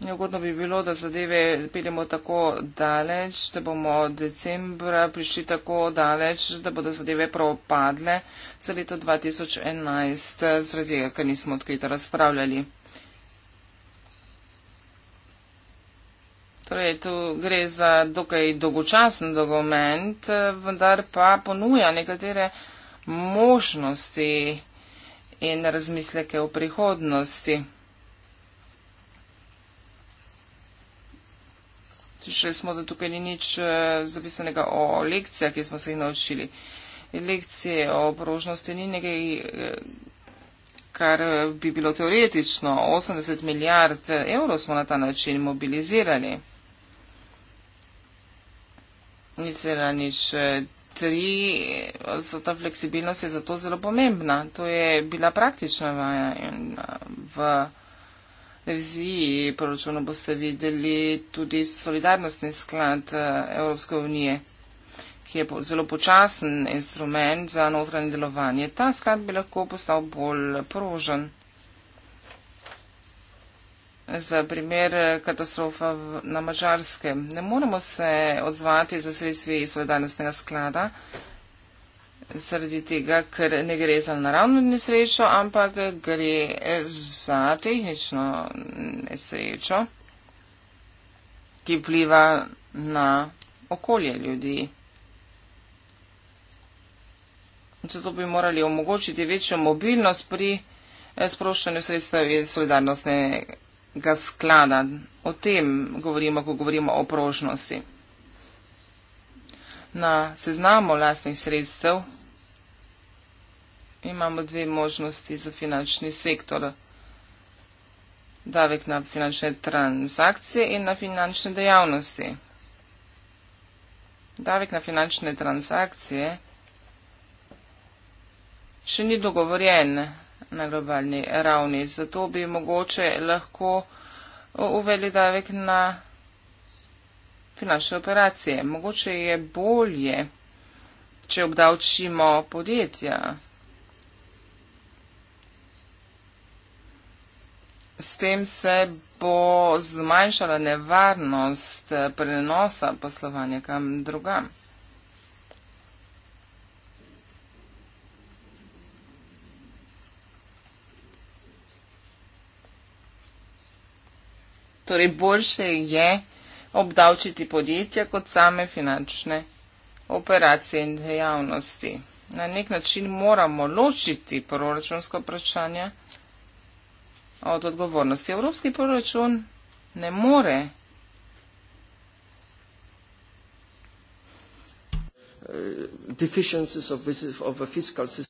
Neugodno bi bilo, da zadeve peljemo tako daleč, da bomo od decembra prišli tako daleč, da bodo zadeve propadle za leto 2011, zaradi tega, ker nismo odkrito razpravljali. Torej, tu gre za dokaj dolgočasen dokument, vendar pa ponuja nekatere možnosti in razmisleke o prihodnosti. Slišali smo, da tukaj ni nič eh, zapisanega o lekcijah, ki smo se jih naučili. Lekcije o prožnosti ni nekaj, eh, kar eh, bi bilo teoretično. 80 milijard evrov smo na ta način mobilizirali mislila nič. Eh, tri, eh, so ta fleksibilnost je zato zelo pomembna. To je bila praktična vaja in eh, v reviziji proračuna boste videli tudi solidarnostni sklad Evropske unije, ki je zelo počasen instrument za notranje delovanje. Ta sklad bi lahko postal bolj prožen za primer eh, katastrofa na Mačarskem. Ne moremo se odzvati za sredstvi iz solidarnostnega sklada, zaradi tega, ker ne gre za naravno nesrečo, ampak gre eh, za tehnično nesrečo, ki vpliva na okolje ljudi. Zato bi morali omogočiti večjo mobilnost pri eh, sproščanju sredstev iz solidarnostnega ga sklada. O tem govorimo, ko govorimo o prožnosti. Na seznamu lastnih sredstev imamo dve možnosti za finančni sektor. Davek na finančne transakcije in na finančne dejavnosti. Davek na finančne transakcije še ni dogovorjen na globalni ravni. Zato bi mogoče lahko uveli davek na finančne operacije. Mogoče je bolje, če obdavčimo podjetja. S tem se bo zmanjšala nevarnost prenosa poslovanja kam drugam. Torej, boljše je obdavčiti podjetja kot same finančne operacije in dejavnosti. Na nek način moramo ločiti proračunsko vprašanje od odgovornosti. Evropski proračun ne more. Eh, deficiencies of, of a fiscal system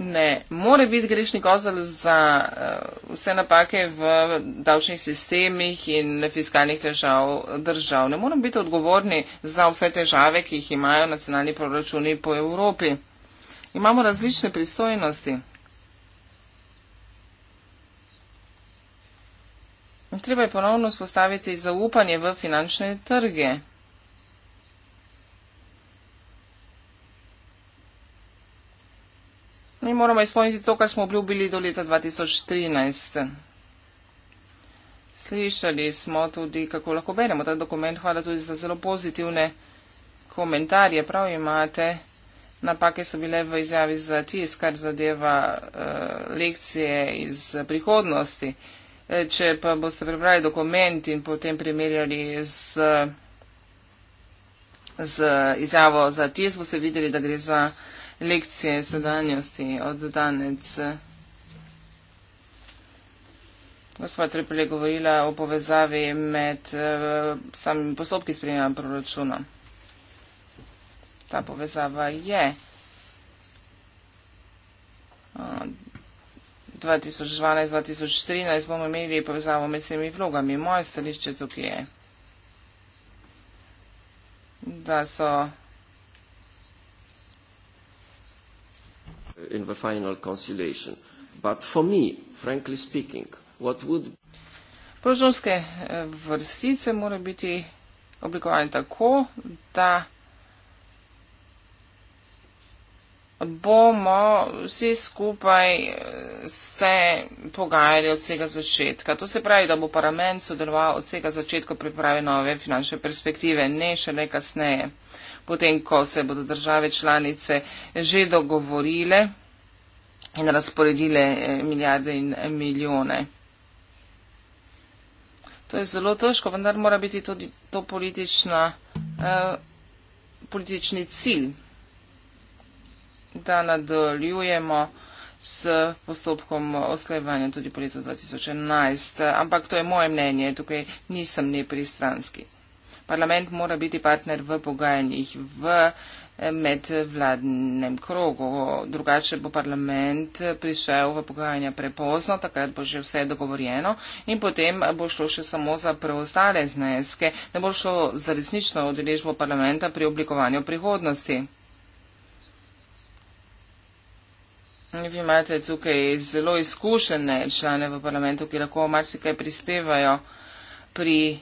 ne more biti grešni kozel za uh, vse napake v davčnih sistemih in fiskalnih težav držav. Ne moramo biti odgovorni za vse težave, ki jih imajo nacionalni proračuni po Evropi. Imamo različne pristojnosti. Treba je ponovno spostaviti zaupanje v finančne trge. Mi moramo izpolniti to, kar smo obljubili do leta 2013. Slišali smo tudi, kako lahko beremo ta dokument. Hvala tudi za zelo pozitivne komentarje. Prav imate, napake so bile v izjavi za tisk, kar zadeva uh, lekcije iz prihodnosti. Eh, če pa boste prebrali dokument in potem primerjali z, z izjavo za tisk, boste videli, da gre za lekcije zadanjosti od danes. Gospod Trepel je govorila o povezavi med uh, samimi postopki sprejema proračuna. Ta povezava je. Uh, eh, 2012-2013 bomo imeli povezavo med vsemi vlogami. Moje stališče tukaj je, da so in the final conciliation. But for me, frankly speaking, what would Proračunske eh, vrstice morajo biti oblikovane tako, da bomo vsi skupaj eh, se pogajali od vsega začetka. To se pravi, da bo parlament sodeloval od vsega začetka priprave nove finančne perspektive, ne šele kasneje, potem, ko se bodo države članice že dogovorile in razporedile eh, milijarde in eh, milijone. To je zelo težko, vendar mora biti tudi to politična, eh, politični cilj, da nadaljujemo s postopkom osklevanja tudi po letu 2011. Ampak to je moje mnenje, tukaj nisem nepristranski. Parlament mora biti partner v pogajanjih, v med vladnem krogu. Drugače bo parlament prišel v pogajanja prepozno, takrat bo že vse dogovorjeno in potem bo šlo še samo za preostale zneske, da bo šlo za resnično odeležbo parlamenta pri oblikovanju prihodnosti. Vi imate tukaj zelo izkušene člane v parlamentu, ki lahko marsikaj prispevajo pri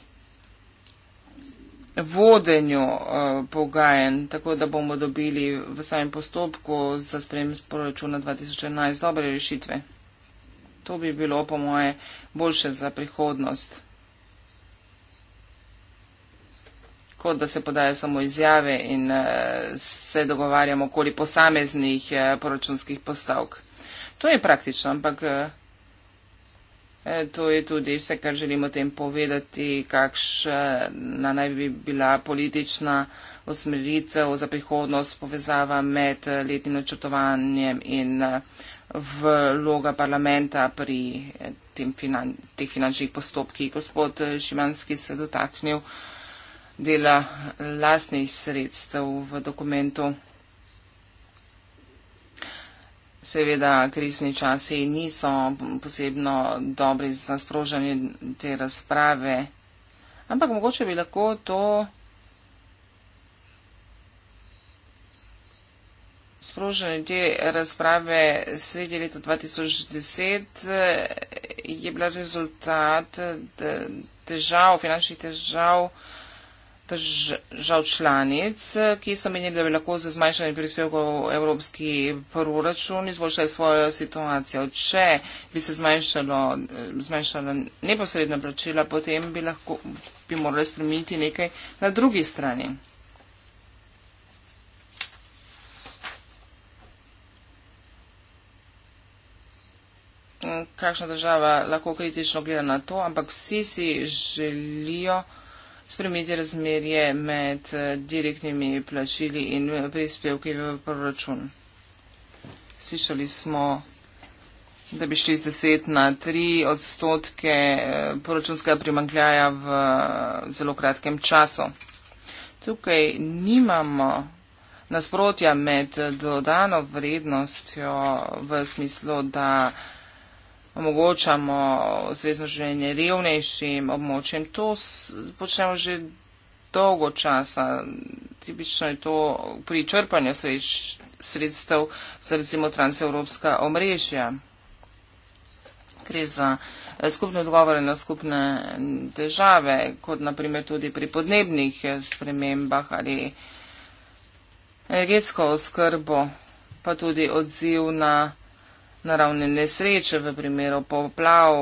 vodenju eh, pogajen, tako da bomo dobili v samem postopku za sprejem proračuna 2011 dobre rešitve. To bi bilo, po moje, boljše za prihodnost. Kot da se podajo samo izjave in eh, se dogovarjamo okoli posameznih eh, proračunskih postavk. To je praktično, ampak E, to je tudi vse, kar želim o tem povedati, kakšna naj bi bila politična usmeritev za prihodnost povezava med letnim načrtovanjem in e, vloga parlamenta pri e, tem finan teh finančnih postopkih. Gospod Šimanski se dotaknil dela lastnih sredstev v dokumentu. Seveda, krizni časi niso posebno dobri za sprožanje te razprave, ampak mogoče bi lahko to sprožanje te razprave sredi leta 2010 eh, je bila rezultat eh, težav, finančnih težav držav članic, ki so menili, da bi lahko z zmanjšanjem prispevkov v evropski proračun izboljšali svojo situacijo. Če bi se zmanjšalo, zmanjšalo neposredno plačila, potem bi, lahko, bi morali spremeniti nekaj na drugi strani. Kakšna država lahko kritično gleda na to, ampak vsi si želijo, spremeniti razmerje med eh, direktnimi plačili in eh, prispevki v proračun. Slišali smo, da bi 60 na 3 odstotke eh, proračunskega primankljaja v zelo kratkem času. Tukaj nimamo nasprotja med dodano vrednostjo v smislu, da omogočamo zvezno življenje revnejšim območjem. To počnemo že dolgo časa. Tipično je to pri črpanju sreč, sredstev za recimo transevropska omrežja. Gre za eh, skupne odgovore na skupne težave, kot naprimer tudi pri podnebnih eh, spremembah ali energetsko oskrbo, pa tudi odziv na naravne nesreče, v primeru poplav,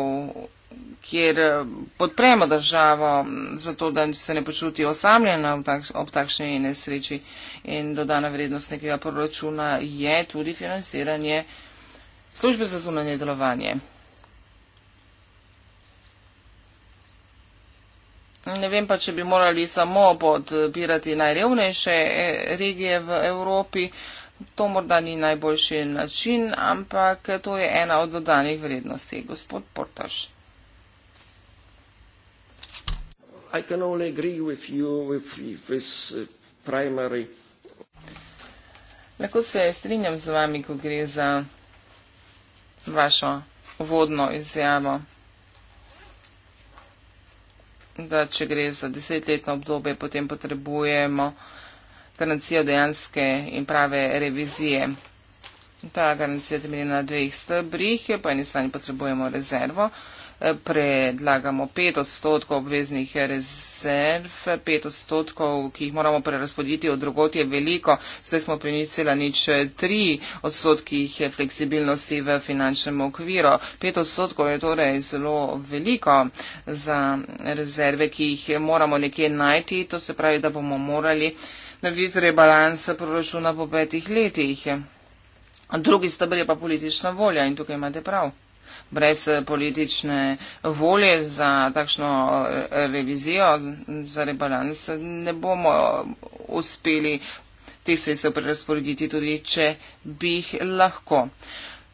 kjer eh, podpremo državo, zato da se ne počuti osamljena ob takšni nesreči. In dodana vrednost nekega proračuna je tudi financiranje službe za zunanje delovanje. Ne vem pa, če bi morali samo podpirati najrevnejše eh, regije v Evropi, To morda ni najboljši način, ampak to je ena od dodanih vrednosti, gospod Portaš. Uh, Lahko se strinjam z vami, ko gre za vašo vodno izjavo, da če gre za desetletno obdobje, potem potrebujemo uh, garancijo dejanske in prave revizije. Ta garancija temelji na dveh stebrih, po eni strani potrebujemo rezervo, eh, predlagamo 5 odstotkov obveznih rezerv, 5 odstotkov, ki jih moramo prerazpoditi od drugot je veliko, zdaj smo pri nič cela nič 3 odstotkih fleksibilnosti v finančnem okviru. 5 odstotkov je torej zelo veliko za rezerve, ki jih moramo nekje najti, to se pravi, da bomo morali na vid rebalansa proračuna po petih letih. Drugi stebr je pa politična volja in tukaj imate prav. Brez eh, politične volje za takšno eh, revizijo, za rebalans, ne bomo eh, uspeli te sredstva prerasporediti, tudi če bi jih lahko.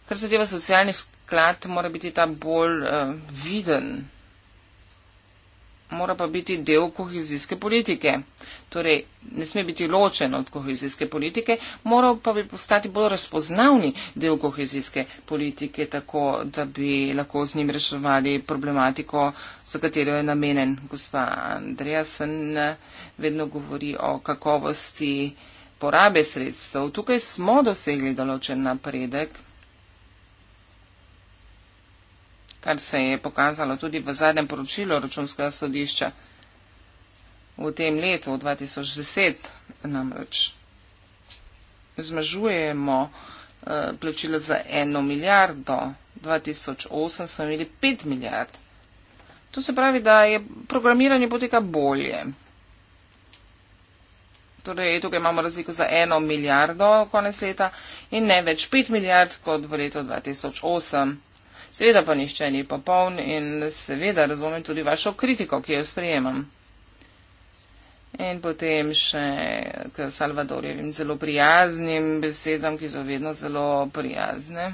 Kar zadeva socialni sklad, mora biti ta bolj uh, viden mora pa biti del kohezijske politike. Torej, ne sme biti ločen od kohezijske politike, mora pa bi postati bolj razpoznavni del kohezijske politike, tako da bi lahko z njim reševali problematiko, za katero je namenen. Gospa Andreja Sen vedno govori o kakovosti porabe sredstev. Tukaj smo dosegli določen napredek. kar se je pokazalo tudi v zadnjem poročilu računskega sodišča v tem letu, v 2010 namreč. Zmažujemo uh, plačila za eno milijardo, 2008 smo imeli pet milijard. To se pravi, da je programiranje poteka bolje. Torej, tukaj imamo razliko za eno milijardo konec leta in ne več pet milijard kot v letu 2008. Seveda pa nišče ni popoln in seveda razumem tudi vašo kritiko, ki jo sprejemam. In potem še k Salvadorjevim zelo prijaznim besedam, ki so vedno zelo prijazne.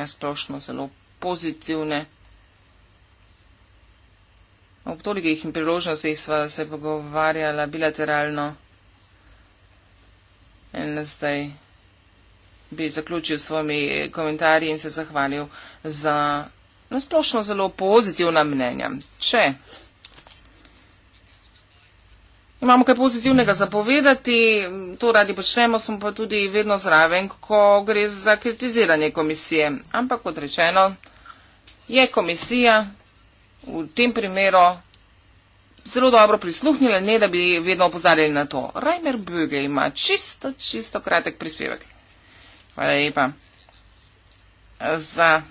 Nasplošno zelo pozitivne. Ob tolikih in priložnostih sva se pogovarjala bilateralno. In zdaj bi zaključil s svojimi komentarji in se zahvalil za nasplošno zelo pozitivna mnenja. Če imamo kaj pozitivnega zapovedati, to radi počnemo, smo pa tudi vedno zraven, ko gre za kritiziranje komisije. Ampak kot rečeno, je komisija v tem primeru zelo dobro prisluhnila, ne da bi vedno opozarjali na to. Rajmer Böge ima čisto, čisto kratek prispevek. Hvala lepa za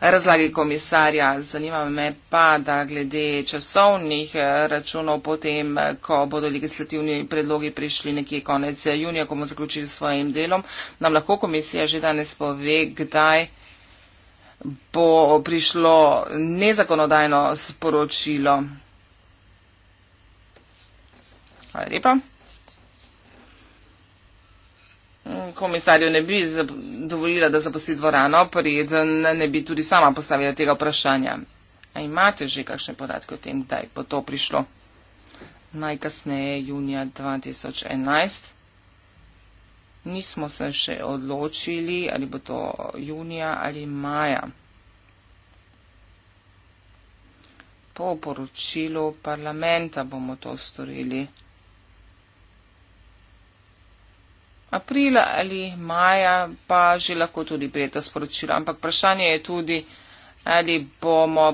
razlage komisarja. Zanima me pa, da glede časovnih eh, računov potem, eh, ko bodo legislativni predlogi prišli nekje konec eh, junija, ko bomo zaključili s svojim delom, nam lahko komisija že danes pove, kdaj bo prišlo nezakonodajno sporočilo. Hvala lepa. Komisarju ne bi dovolila, da zaposli dvorano, preden ne bi tudi sama postavila tega vprašanja. A imate že kakšne podatke o tem, kdaj bo to prišlo? Najkasneje junija 2011. Nismo se še odločili, ali bo to junija ali maja. Po poročilu parlamenta bomo to storili. aprila ali maja, pa že lahko tudi prijeta sporočila. Ampak vprašanje je tudi, ali bomo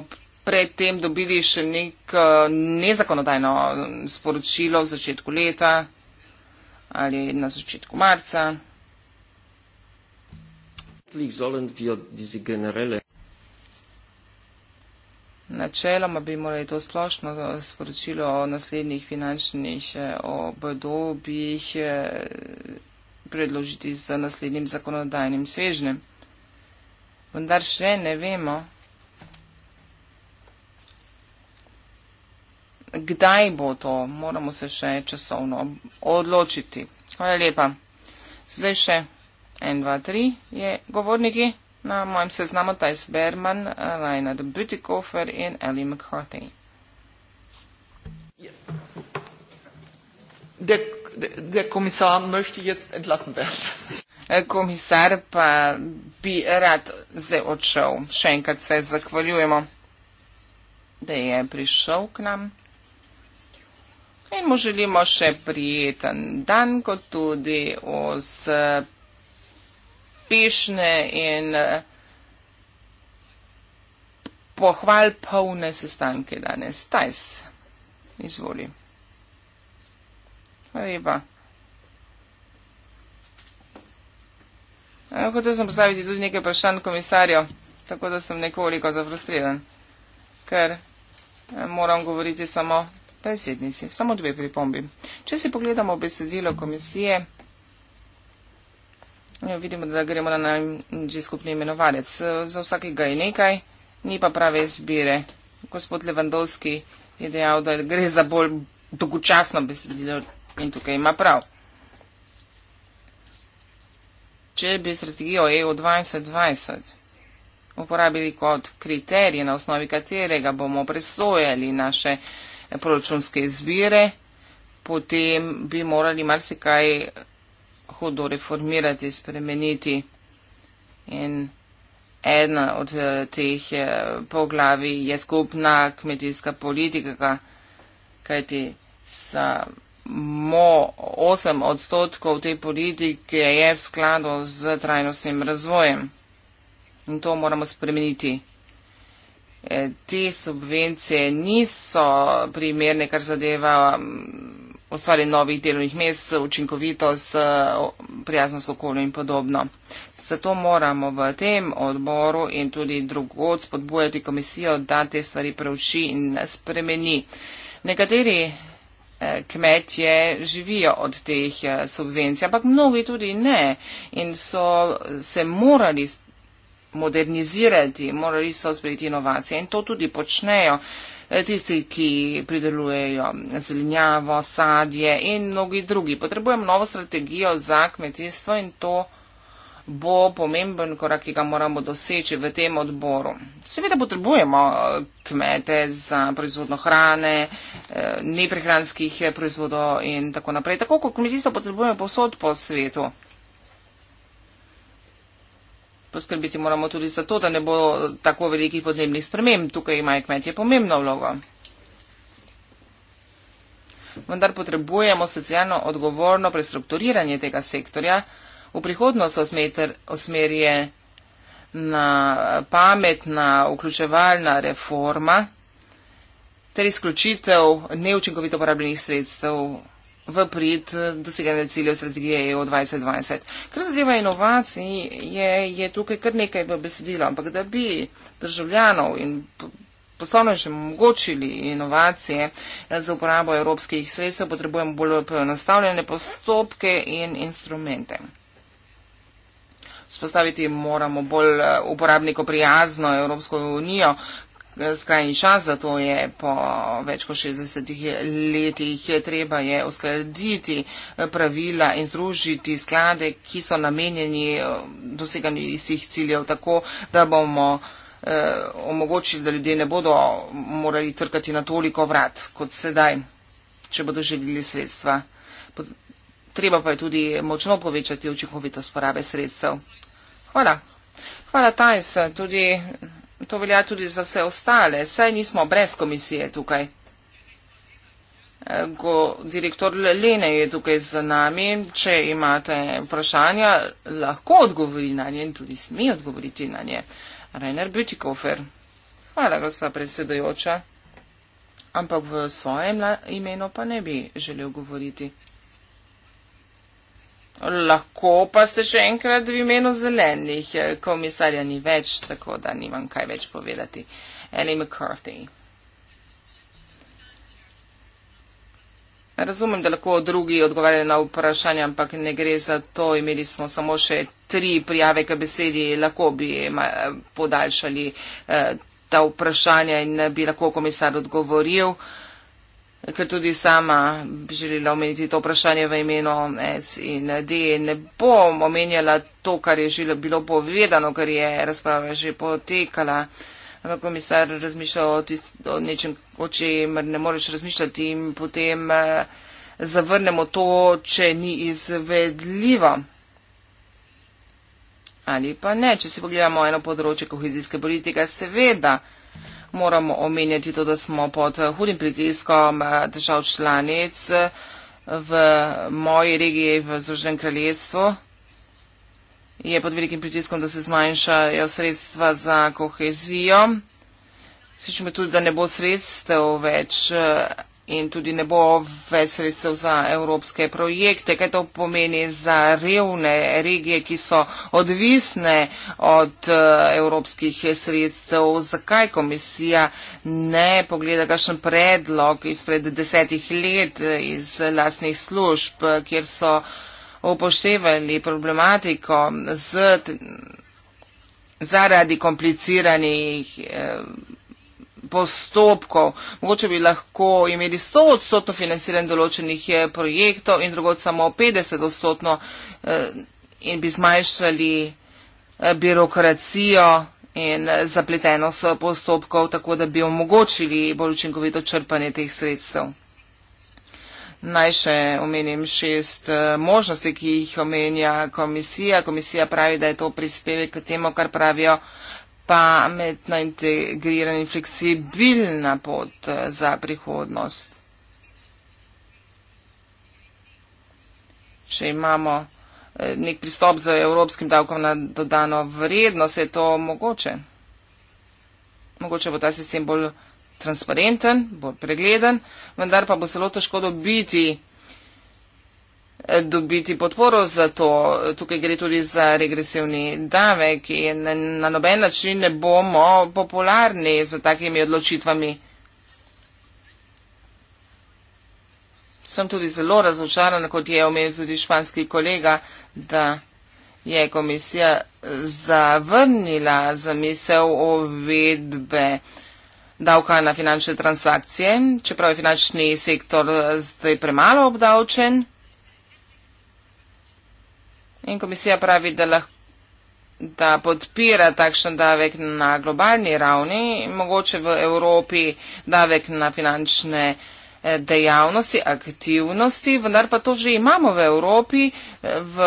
predtem dobili še nek eh, nezakonodajno sporočilo v začetku leta ali na začetku marca. Načeloma bi morali to splošno eh, sporočilo o naslednjih finančnih eh, obdobjih predložiti z naslednjim zakonodajnim svežnem. Vendar še ne vemo, kdaj bo to, moramo se še časovno odločiti. Hvala lepa. Zdaj še 1, 2, 3 je govorniki na mojem seznamu, taj Sberman, Reinhard Butikofer in Ellie McCarthy. Yeah der Kommissar möchte jetzt entlassen werden. Eh, Kommissar pa bi rad zdaj odšel. Še enkrat se zahvaljujemo, da je prišel k nam. In mu želimo še prijeten dan, kot tudi uspešne in eh, pohval polne sestanke danes. Tajs, izvolim. Riba. E, eh, hotel sem postaviti tudi nekaj vprašanj komisarju, tako da sem nekoliko zafrustriran, ker e, moram govoriti samo predsednici, samo dve pripombi. Če si pogledamo besedilo komisije, eh, vidimo, da gremo na najnižji skupni imenovalec. Za vsakega je nekaj, ni pa prave izbire. Gospod Levandovski je dejal, da gre za bolj dolgočasno besedilo in tukaj ima prav. Če bi strategijo EU 2020 uporabili kot kriterije, na osnovi katerega bomo presojali naše proračunske izbire, potem bi morali marsikaj hudo reformirati, spremeniti. In ena od eh, teh eh, poglavi je skupna kmetijska politika, kajti sa mo, 8 odstotkov te politike je v skladu z trajnostnim razvojem. In to moramo spremeniti. E, te subvencije niso primerne, kar zadeva ustvarjen novih delovnih mest, učinkovitost, e, prijaznost okolju in podobno. Zato moramo v tem odboru in tudi drugod spodbujati komisijo, da te stvari preuči in spremeni. Nekateri kmetje živijo od teh eh, subvencij, ampak mnogi tudi ne in so se morali modernizirati, morali so sprejeti inovacije in to tudi počnejo eh, tisti, ki pridelujejo zelenjavo, sadje in mnogi drugi. Potrebujem novo strategijo za kmetijstvo in to bo pomemben korak, ki ga moramo doseči v tem odboru. Seveda potrebujemo eh, kmete za proizvodno hrane, eh, neprehranskih eh, proizvodov in tako naprej, tako kot kmetijstvo potrebujemo posod po svetu. Poskrbiti moramo tudi za to, da ne bo tako velikih podnebnih sprememb. Tukaj imajo kmetje pomembno vlogo. Vendar potrebujemo socialno odgovorno prestrukturiranje tega sektorja, v prihodnost osmerje na pametna vključevalna reforma ter izključitev neučinkovito porabljenih sredstev v prid doseganja ciljev strategije EU 2020. Kar zadeva inovacij, je, je tukaj kar nekaj v besedilu, ampak da bi državljanov in poslovno že omogočili inovacije eh, za uporabo evropskih sredstev, potrebujemo bolj poenostavljene postopke in instrumente spostaviti moramo bolj eh, uporabniko prijazno Evropsko unijo. Skrajni čas za to je po več kot 60 letih. Treba je uskladiti eh, pravila in združiti sklade, ki so namenjeni eh, doseganju istih ciljev, tako da bomo eh, omogočili, da ljudje ne bodo morali trkati na toliko vrat kot sedaj, če bodo želili sredstva. Treba pa je tudi močno povečati učinkovitost porabe sredstev. Hvala. Hvala, Tajs. Tudi, to velja tudi za vse ostale. Saj nismo brez komisije tukaj. Go, direktor Lene je tukaj z nami. Če imate vprašanja, lahko odgovori na nje in tudi smi odgovoriti na nje. Rainer Bütikofer. Hvala, gospa predsedojoča. Ampak v svojem imenu pa ne bi želel govoriti. Lahko pa ste še enkrat v imenu zelenih, komisarja ni več, tako da nimam kaj več povedati. Annie McCarthy. Razumem, da lahko drugi odgovarjajo na vprašanje, ampak ne gre za to. Imeli smo samo še tri prijave k besedi, lahko bi eh, podaljšali eh, ta vprašanja in bi lahko komisar odgovoril. Eh, ker tudi sama bi želela omeniti to vprašanje v imenu S in D. Ne bom omenjala to, kar je žilo, bilo povedano, ker je razprava že potekala. Ampak komisar razmišlja o, o nečem, o čemer ne moreš razmišljati in potem eh, zavrnemo to, če ni izvedljivo. Ali pa ne, če si pogledamo eno področje kohezijske politike, seveda moramo omenjati to, da smo pod hudim pritiskom eh, držav članic eh, v moji regiji v Združenem kraljestvu. Je pod velikim pritiskom, da se zmanjšajo sredstva za kohezijo. Slišimo tudi, da ne bo sredstev več eh, in tudi ne bo več sredstev za evropske projekte. Kaj to pomeni za revne regije, ki so odvisne od eh, evropskih sredstev? Zakaj komisija ne pogleda kakšen predlog izpred desetih let eh, iz lastnih služb, kjer so upoštevali problematiko z, zaradi kompliciranih. Eh, postopkov. Mogoče bi lahko imeli 100 odstotno financiranje določenih eh, projektov in drugod samo 50 odstotno eh, in bi zmanjšali eh, birokracijo in zapletenost postopkov, tako da bi omogočili bolj učinkovito črpanje teh sredstev. Naj še omenim šest možnosti, ki jih omenja komisija. Komisija pravi, da je to prispevek k temu, kar pravijo pametna, integrirana in fleksibilna pot eh, za prihodnost. Če imamo eh, nek pristop z evropskim davkom na dodano vrednost, je to mogoče. Mogoče bo ta sistem bolj transparenten, bolj pregleden, vendar pa bo zelo težko dobiti dobiti podporo za to. Tukaj gre tudi za regresivni davek in na noben način ne bomo popularni z takimi odločitvami. Sem tudi zelo razočaran, kot je omenil tudi španski kolega, da je komisija zavrnila zamisel o vedbe davka na finančne transakcije, čeprav je finančni sektor zdaj premalo obdavčen. In komisija pravi, da, lahko, da podpira takšen davek na globalni ravni, mogoče v Evropi davek na finančne eh, dejavnosti, aktivnosti, vendar pa to že imamo v Evropi, v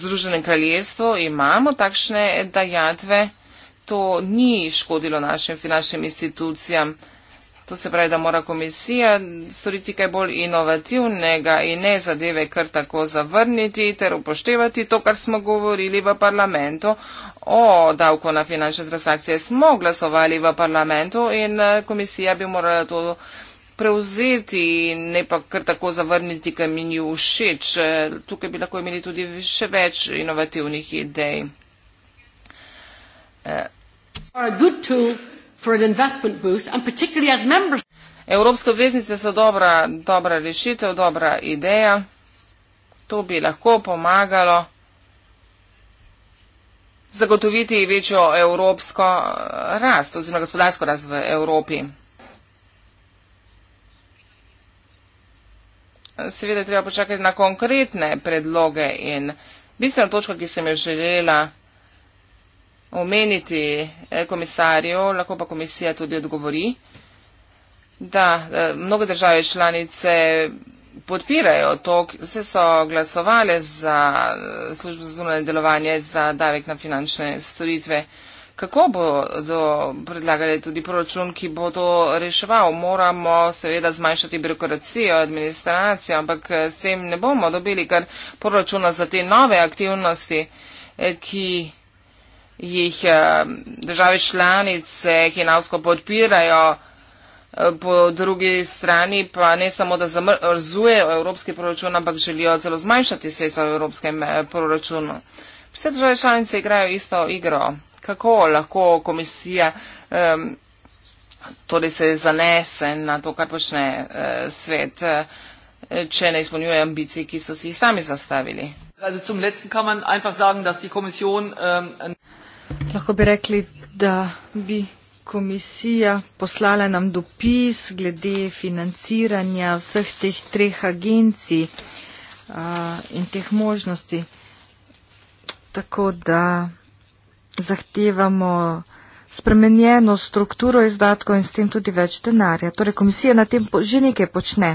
Združenem kraljestvu imamo takšne dajatve. To ni škodilo našim finančnim institucijam. To se pravi, da mora komisija storiti kaj bolj inovativnega in ne zadeve kar tako zavrniti ter upoštevati to, kar smo govorili v parlamentu o davko na finančne transakcije. Smo glasovali v parlamentu in eh, komisija bi morala to prevzeti in ne pa kar tako zavrniti, kar mi ni všeč. Eh, tukaj bi lahko imeli tudi še več inovativnih idej. Uh for an investment boost and particularly as members. Evropske obveznice so dobra, dobra rešitev, dobra ideja. To bi lahko pomagalo zagotoviti večjo evropsko eh, rast oziroma gospodarsko rast v Evropi. Seveda treba počakati na konkretne predloge in bistvena točka, ki sem jo želela omeniti eh, komisarju, lahko pa komisija tudi odgovori, da eh, mnogo države članice podpirajo to, vse so glasovale za eh, službo za zunanje delovanje za davek na finančne storitve. Kako bodo predlagali tudi proračun, ki bo to reševal? Moramo seveda zmanjšati birokracijo, administracijo, ampak s tem ne bomo dobili kar proračuna za te nove aktivnosti, ki jih eh, države članice hinavsko podpirajo, eh, po drugi strani pa ne samo, da zamrzujejo evropski proračun, ampak želijo celo zmanjšati sredstva v evropskem eh, proračunu. Vse države članice igrajo isto igro. Kako lahko komisija um, torej se zanese na to, kar počne uh, svet, uh, če ne izpolnjuje ambicij, ki so si jih sami zastavili? Also zum letzten kann man einfach sagen, dass die Kommission ähm, Lahko bi rekli, da bi komisija poslala nam dopis glede financiranja vseh teh treh agencij uh, in teh možnosti. Tako da zahtevamo spremenjeno strukturo izdatkov in s tem tudi več denarja. Torej, komisija na tem po, že nekaj počne.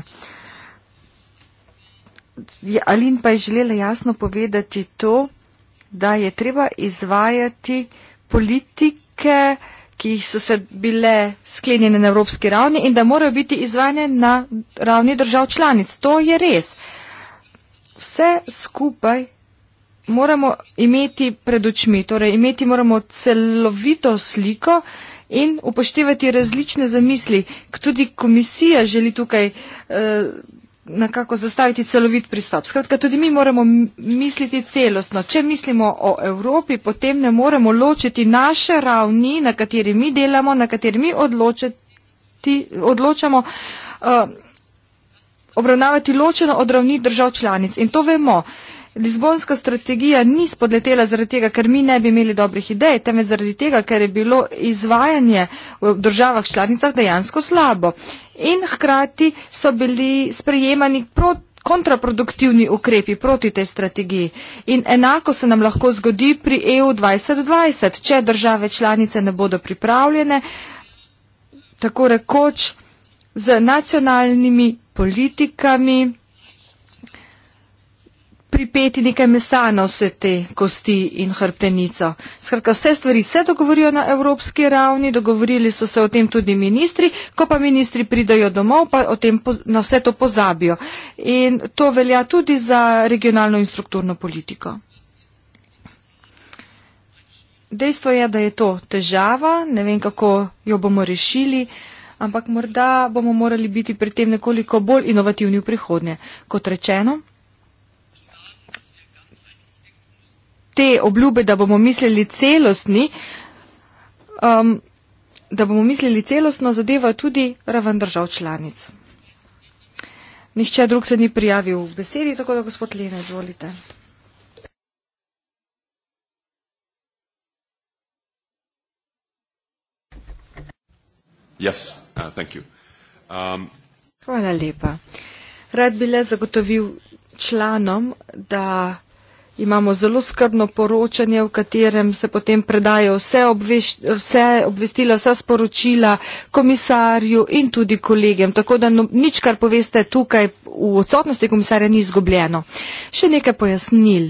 Je, Alin pa je želela jasno povedati to, da je treba izvajati politike, ki so se bile sklenjene na evropski ravni in da morajo biti izvajane na ravni držav članic. To je res. Vse skupaj moramo imeti pred očmi, torej imeti moramo celovito sliko in upoštevati različne zamisli. Tudi komisija želi tukaj. Eh, nekako zastaviti celovit pristop. Skratka, tudi mi moramo misliti celostno. Če mislimo o Evropi, potem ne moremo ločiti naše ravni, na kateri mi delamo, na kateri mi odločiti, odločamo, uh, obravnavati ločeno od ravni držav članic. In to vemo. Uh, Lizbonska strategija ni spodletela zaradi tega, ker mi ne bi imeli dobrih idej, temveč zaradi tega, ker je bilo izvajanje v državah članicah dejansko slabo. In hkrati so bili sprejemani proti kontraproduktivni ukrepi proti tej strategiji. In enako se nam lahko zgodi pri EU 2020, če države članice ne bodo pripravljene tako rekoč z nacionalnimi politikami pripeti nekaj mesa na vse te kosti in hrpenico. Skratka, vse stvari se dogovorijo na evropski ravni, dogovorili so se o tem tudi ministri, ko pa ministri pridajo domov, pa o tem na vse to pozabijo. In to velja tudi za regionalno in strukturno politiko. Dejstvo je, da je to težava, ne vem, kako jo bomo rešili, ampak morda bomo morali biti pri tem nekoliko bolj inovativni v prihodnje. Kot rečeno, te obljube, da bomo mislili celostni, um, da bomo mislili celostno, zadeva tudi raven držav članic. Nihče drug se ni prijavil v besedi, tako da gospod Lena, izvolite. Yes, uh, um, Hvala lepa. Rad bi le zagotovil članom, da imamo zelo skrbno poročanje, v katerem se potem predajo vse, obveš, vse obvestila, vsa sporočila komisarju in tudi kolegem. Tako da no, nič, kar poveste tukaj v odsotnosti komisarja, ni izgubljeno. Še nekaj pojasnil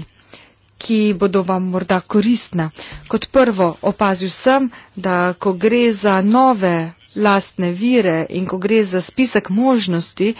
ki bodo vam morda koristna. Kot prvo, opazil sem, da ko gre za nove lastne vire in ko gre za spisek možnosti,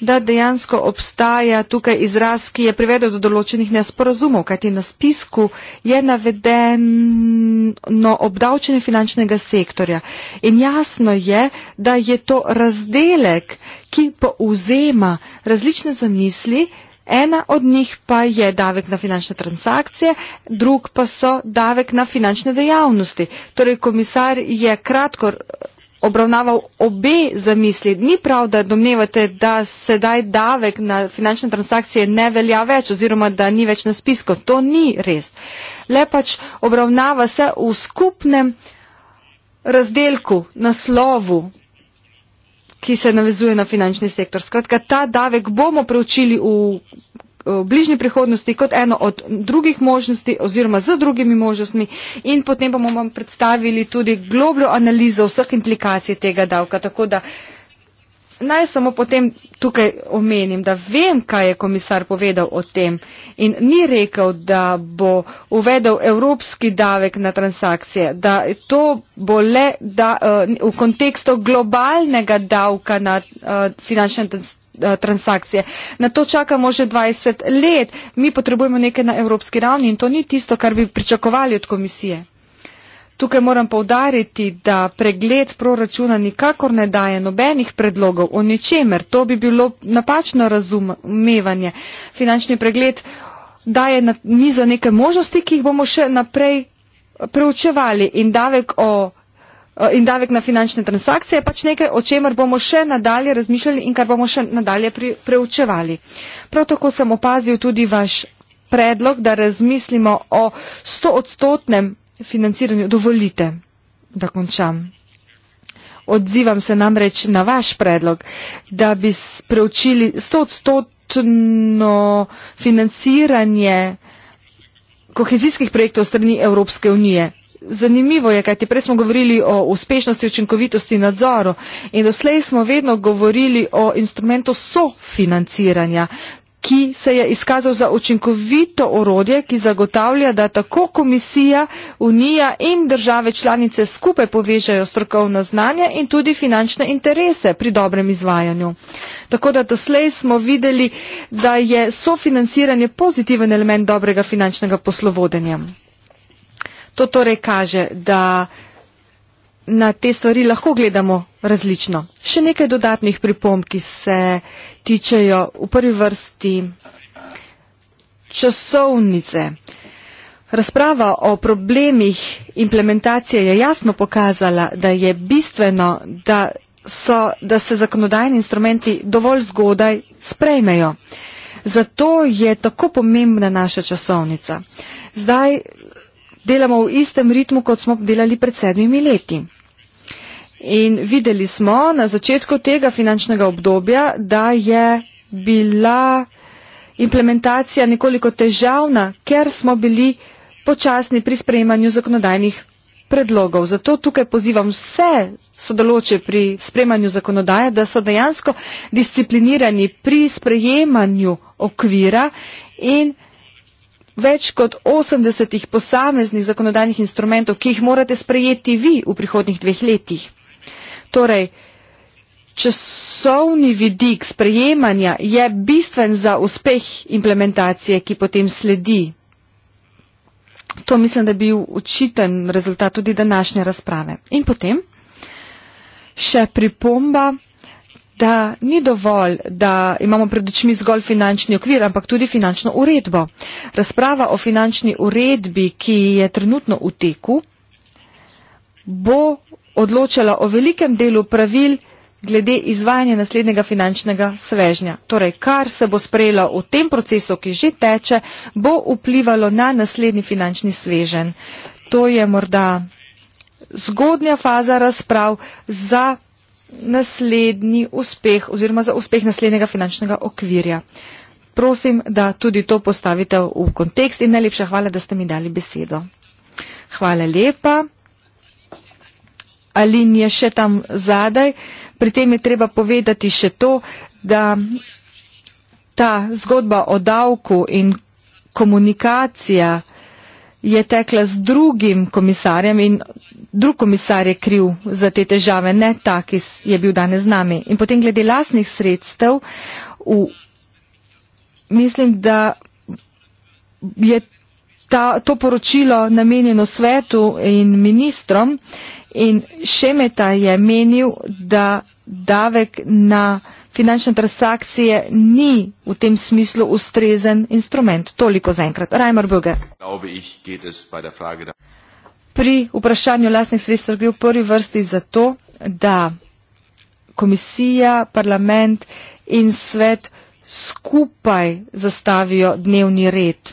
da dejansko obstaja tukaj izraz, ki je privedel do določenih nesporazumov, kajti na spisku je navedeno obdavčenje finančnega sektorja. In jasno je, da je to razdelek, ki povzema različne zamisli. Ena od njih pa je davek na finančne transakcije, drug pa so davek na finančne dejavnosti. Torej, komisar je kratko obravnaval obe zamisli. Ni prav, da domnevate, da sedaj davek na finančne transakcije ne velja več oziroma da ni več na spisko. To ni res. Le pač obravnava se v skupnem razdelku, naslovu, ki se navezuje na finančni sektor. Skratka, ta davek bomo preučili v v eh, bližnji prihodnosti kot eno od drugih možnosti oziroma z drugimi možnostmi in potem bomo vam predstavili tudi globljo analizo vseh implikacij tega davka. Tako da naj samo potem tukaj omenim, da vem, kaj je komisar povedal o tem in ni rekel, da bo uvedel evropski davek na transakcije, da to bo le da, uh, v kontekstu globalnega davka na uh, finančne transakcije Eh, transakcije. Na to čakamo že 20 let. Mi potrebujemo nekaj na evropski ravni in to ni tisto, kar bi pričakovali od komisije. Tukaj moram povdariti, da pregled proračuna nikakor ne daje nobenih predlogov o ničemer. To bi bilo napačno razumevanje. Finančni pregled daje mizo neke možnosti, ki jih bomo še naprej preučevali in davek o Eh, in davek na finančne transakcije je pač nekaj, o čemer bomo še nadalje razmišljali in kar bomo še nadalje preučevali. Prav tako sem opazil tudi vaš predlog, da razmislimo o 100 odstotnem financiranju. Dovolite, da končam. Odzivam se namreč na vaš predlog, da bi preučili 100 odstotno financiranje kohezijskih projektov strani Evropske unije zanimivo je, kajti prej smo govorili o uspešnosti, učinkovitosti in nadzoru in doslej smo vedno govorili o instrumentu sofinanciranja ki se je izkazal za učinkovito orodje, ki zagotavlja, da tako komisija, unija in države članice skupaj povežajo strokovno znanje in tudi finančne interese pri dobrem izvajanju. Tako da doslej smo videli, da je sofinanciranje pozitiven element dobrega finančnega poslovodenja. To torej kaže, da na te stvari lahko gledamo različno. Še nekaj dodatnih pripomb, ki se tičejo v prvi vrsti časovnice. Razprava o problemih implementacije je jasno pokazala, da je bistveno, da, so, da se zakonodajni instrumenti dovolj zgodaj sprejmejo. Zato je tako pomembna naša časovnica. Zdaj delamo v istem ritmu, kot smo delali pred sedmimi leti. In videli smo na začetku tega finančnega obdobja, da je bila implementacija nekoliko težavna, ker smo bili počasni pri sprejemanju zakonodajnih predlogov. Zato tukaj pozivam vse sodeloče pri sprejemanju zakonodaje, da so dejansko disciplinirani pri sprejemanju okvira in več kot 80 posameznih zakonodajnih instrumentov, ki jih morate sprejeti vi v prihodnjih dveh letih. Torej, časovni vidik sprejemanja je bistven za uspeh implementacije, ki potem sledi. To mislim, da bi bil očiten rezultat tudi današnje razprave. In potem še pripomba da ni dovolj, da imamo pred očmi zgolj finančni okvir, ampak tudi finančno uredbo. Razprava o finančni uredbi, ki je trenutno v teku, bo odločala o velikem delu pravil glede izvajanja naslednjega finančnega svežnja. Torej, kar se bo sprejelo v tem procesu, ki že teče, bo vplivalo na naslednji finančni svežen. To je morda zgodnja faza razprav za naslednji uspeh oziroma za uspeh naslednjega finančnega okvirja. Prosim, da tudi to postavite v kontekst in najlepša hvala, da ste mi dali besedo. Hvala lepa. Alin je še tam zadaj. Pri tem je treba povedati še to, da ta zgodba o davku in komunikacija je tekla z drugim komisarjem in drug komisar je kriv za te težave, ne ta, ki je bil danes z nami. In potem glede lasnih sredstev, v, mislim, da je ta, to poročilo namenjeno svetu in ministrom in Šemeta je menil, da davek na finančne transakcije ni v tem smislu ustrezen instrument. Toliko zaenkrat. Rajmar Böge. Glaube ich, geht es bei der Frage da pri vprašanju lasnih sredstev gre v prvi vrsti za to, da komisija, parlament in svet skupaj zastavijo dnevni red.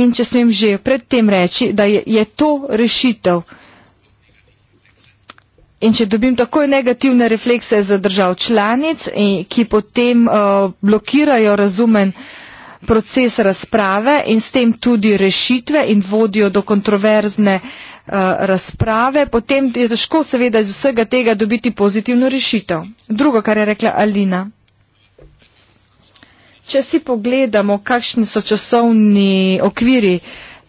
In če smem že predtem reči, da je, je to rešitev. In če dobim takoj negativne reflekse za držav članic, eh, ki potem uh, blokirajo razumen uh, proces razprave in s tem tudi rešitve in vodijo do kontroverzne eh, razprave, potem je težko seveda iz vsega tega dobiti pozitivno rešitev. Drugo, kar je rekla Alina. Če si pogledamo, kakšni so časovni okviri uh,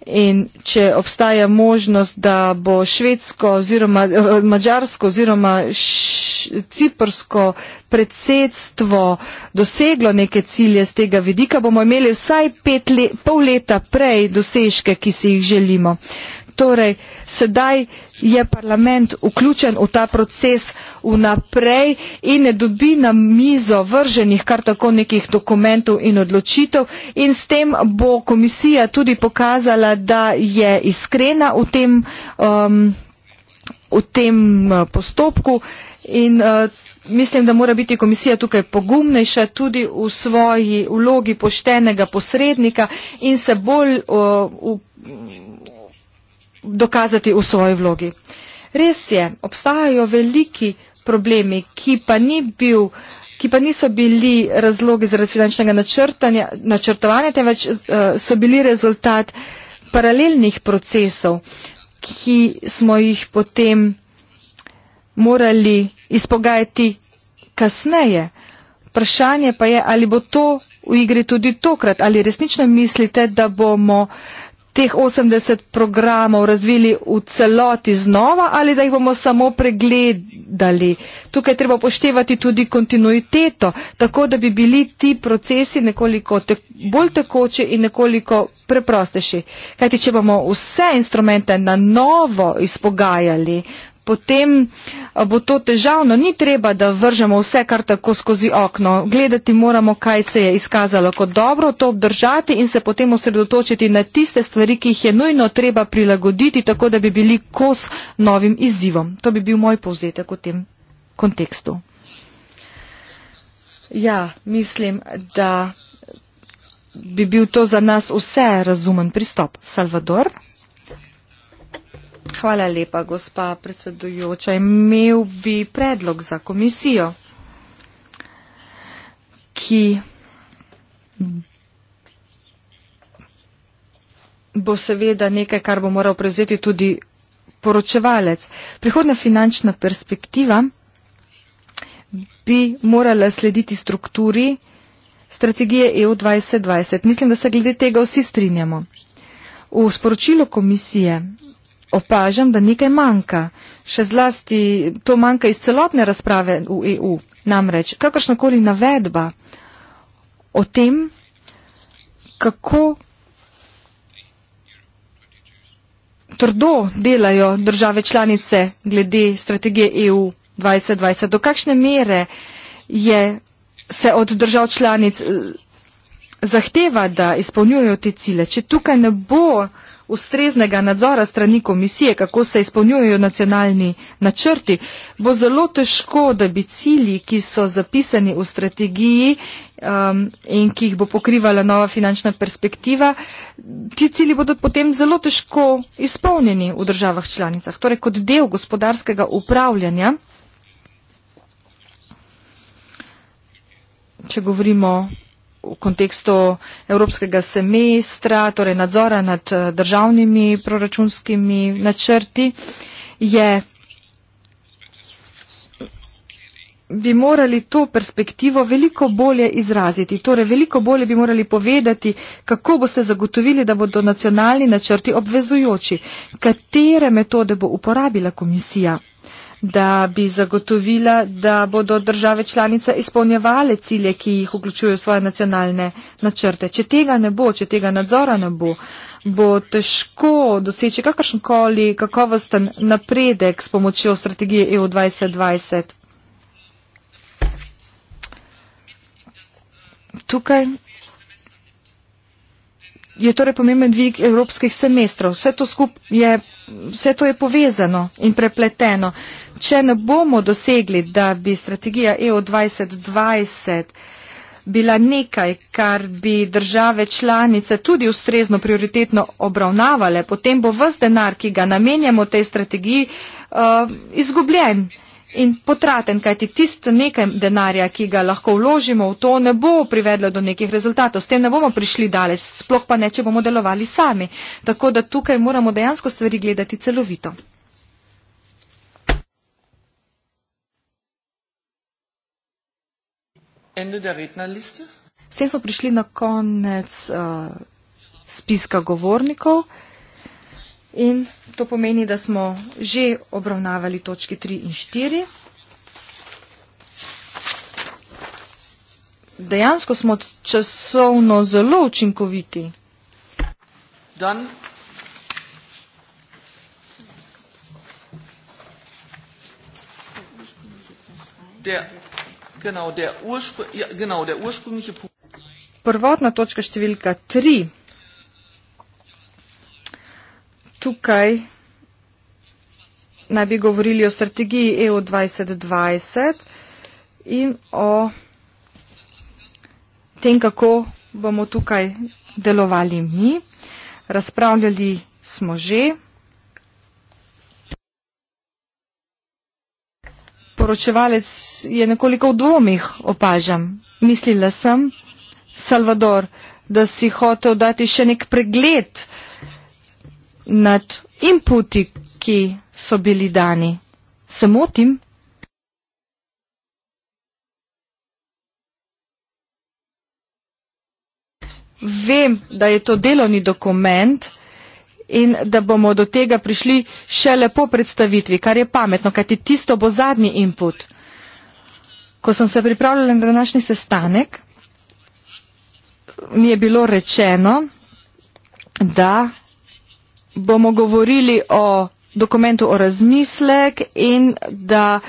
in če obstaja možnost, da bo švedsko oziroma eh, mađarsko oziroma ciprsko predsedstvo doseglo neke cilje z tega vidika, bomo imeli vsaj let, pol leta prej dosežke, ki si jih želimo. Torej, sedaj je parlament vključen v ta proces vnaprej in ne dobi na mizo vrženih kar tako nekih dokumentov in odločitev in s tem bo komisija tudi pokazala, da je iskrena v tem, um, v tem uh, postopku in uh, Mislim, da mora biti komisija tukaj pogumnejša tudi v svoji vlogi poštenega posrednika in se bolj uh, dokazati v svoji vlogi. Res je, obstajajo veliki problemi, ki pa, ni bil, ki pa niso bili razlogi zaradi finančnega načrtovanja, temveč eh, so bili rezultat paralelnih procesov, ki smo jih potem morali izpogajati kasneje. Vprašanje pa je, ali bo to v igri tudi tokrat, ali resnično mislite, da bomo teh 80 programov razvili v celoti znova ali da jih bomo samo pregledali. Tukaj treba poštevati tudi kontinuiteto, tako da bi bili ti procesi nekoliko te bolj tekoči in nekoliko preprostejši. Kajti, če bomo vse instrumente na novo izpogajali, potem eh, bo to težavno. Ni treba, da vržemo vse kar tako skozi okno. Gledati moramo, kaj se je izkazalo kot dobro, to obdržati in se potem osredotočiti na tiste stvari, ki jih je nujno treba prilagoditi, tako da bi bili kos novim izzivom. To bi bil moj povzetek v tem kontekstu. Ja, mislim, da bi bil to za nas vse razumen pristop. Salvador. Hvala lepa, gospa predsedujoča. Imel bi predlog za komisijo, ki bo seveda nekaj, kar bo moral prevzeti tudi poročevalec. Prihodna finančna perspektiva bi morala slediti strukturi strategije EU 2020. Mislim, da se glede tega vsi strinjamo. V sporočilu komisije opažam, da nekaj manjka. Še zlasti to manjka iz celotne razprave v EU. Namreč kakršnakoli navedba o tem, kako trdo delajo države članice glede strategije EU 2020, do kakšne mere je se od držav članic eh, zahteva, da izpolnjujejo te cile. Če tukaj ne bo ustreznega nadzora strani komisije, kako se izpolnjujejo nacionalni načrti, bo zelo težko, da bi cilji, ki so zapisani v strategiji um, in ki jih bo pokrivala nova finančna perspektiva, ti cilji bodo potem zelo težko izpolnjeni v državah članicah. Torej, kot del gospodarskega upravljanja, če govorimo v kontekstu evropskega semestra, torej nadzora nad eh, državnimi proračunskimi načrti, je, bi morali to perspektivo veliko bolje izraziti. Torej, veliko bolje bi morali povedati, kako boste zagotovili, da bodo nacionalni načrti obvezujoči, katere metode bo uporabila komisija da bi zagotovila, da bodo države članice izpolnjevale cilje, ki jih vključujejo svoje nacionalne načrte. Če tega ne bo, če tega nadzora ne bo, bo težko doseči kakršenkoli kakovosten napredek s pomočjo strategije EU 2020. Tukaj je torej pomemben dvig evropskih semestrov. Vse to, je, vse to je povezano in prepleteno. Če ne bomo dosegli, da bi strategija EU 2020 bila nekaj, kar bi države članice tudi ustrezno prioritetno obravnavale, potem bo vse denar, ki ga namenjamo tej strategiji, uh, izgubljen in potraten, kajti tisto nekaj denarja, ki ga lahko vložimo v to, ne bo privedlo do nekih rezultatov. S tem ne bomo prišli daleč, sploh pa ne, če bomo delovali sami. Tako da tukaj moramo dejansko stvari gledati celovito. S tem smo prišli na konec uh, spiska govornikov in To pomeni, da smo že obravnavali točki 3 in 4. Dejansko smo časovno zelo učinkoviti. Dan. Der, genau, der ja, genau, der ursprüngliche Punkt. Prvotna točka številka 3. tukaj naj bi govorili o strategiji EU 2020 in o tem, kako bomo tukaj delovali mi. Razpravljali smo že. Poročevalec je nekoliko v dvomih opažam. Mislila sem, Salvador, da si hotel dati še nek pregled uh, nad inputi, ki so bili dani. Se motim? Vem, da je to delovni dokument in da bomo do tega prišli še lepo predstavitvi, kar je pametno, kajti tisto bo zadnji input. Ko sem se pripravljala na današnji sestanek, mi je bilo rečeno, da bomo govorili o dokumentu o razmislek in da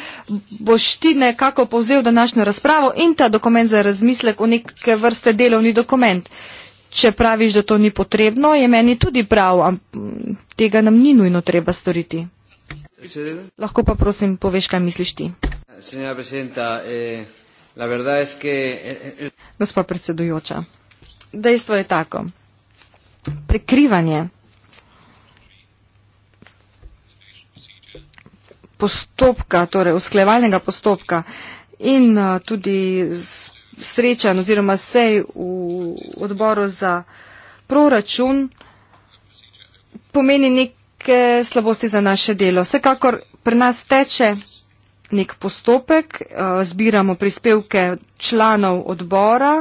boš ti nekako povzel današnjo razpravo in ta dokument za razmislek v neke vrste delovni dokument. Če praviš, da to ni potrebno, je meni tudi prav, ampak tega nam ni nujno treba storiti. Lahko pa prosim poveš, kaj misliš ti. Eh, eh, eh, Gospa predsedujoča, dejstvo je tako. Prekrivanje postopka, torej usklevalnega postopka in uh, tudi srečan oziroma sej v odboru za proračun pomeni neke slabosti za naše delo. Vsekakor pri nas teče nek postopek, uh, zbiramo prispevke članov odbora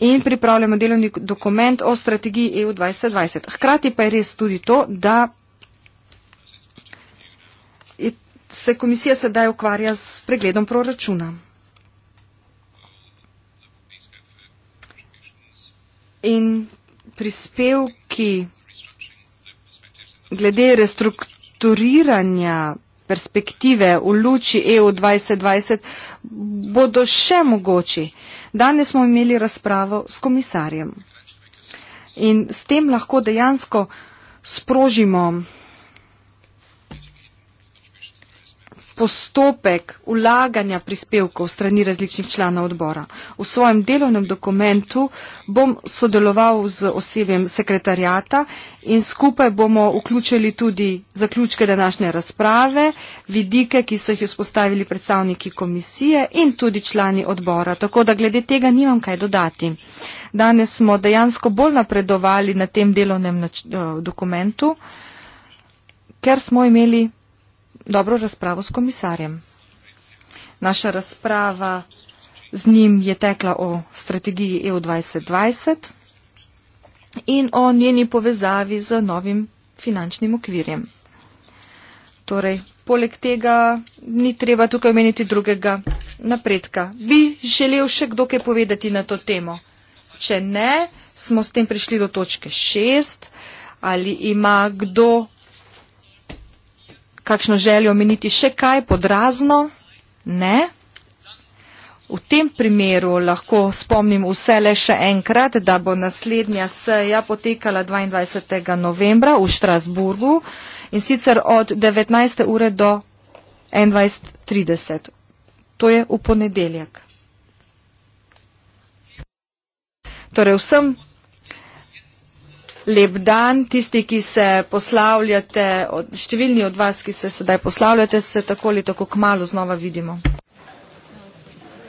in pripravljamo delovni dokument o strategiji EU 2020. Hkrati pa je res tudi to, da se komisija sedaj ukvarja s pregledom proračuna. In prispevki glede restrukturiranja perspektive v luči EU 2020 bodo še mogoči. Danes smo imeli razpravo s komisarjem. In s tem lahko dejansko sprožimo postopek ulaganja prispevkov strani različnih članov odbora. V svojem delovnem dokumentu bom sodeloval z osebjem sekretarjata in skupaj bomo vključili tudi zaključke današnje razprave, vidike, ki so jih vzpostavili predstavniki komisije in tudi člani odbora. Tako da glede tega nimam kaj dodati. Danes smo dejansko bolj napredovali na tem delovnem eh, dokumentu, ker smo imeli dobro razpravo s komisarjem. Naša razprava z njim je tekla o strategiji EU 2020 in o njeni povezavi z novim finančnim okvirjem. Torej, poleg tega ni treba tukaj omeniti drugega napredka. Bi želel še kdo kaj povedati na to temo? Če ne, smo s tem prišli do točke šest. Ali ima kdo kakšno željo omeniti še kaj podrazno? Ne. V tem primeru lahko spomnim vse le še enkrat, da bo naslednja seja potekala 22. novembra v Štrasburgu in sicer od 19. ure do 21.30. To je v ponedeljek. Torej vsem lep dan. Tisti, ki se poslavljate, številni od vas, ki se sedaj poslavljate, se tako ali tako k malu znova vidimo.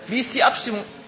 Wie ist die Abstimmung?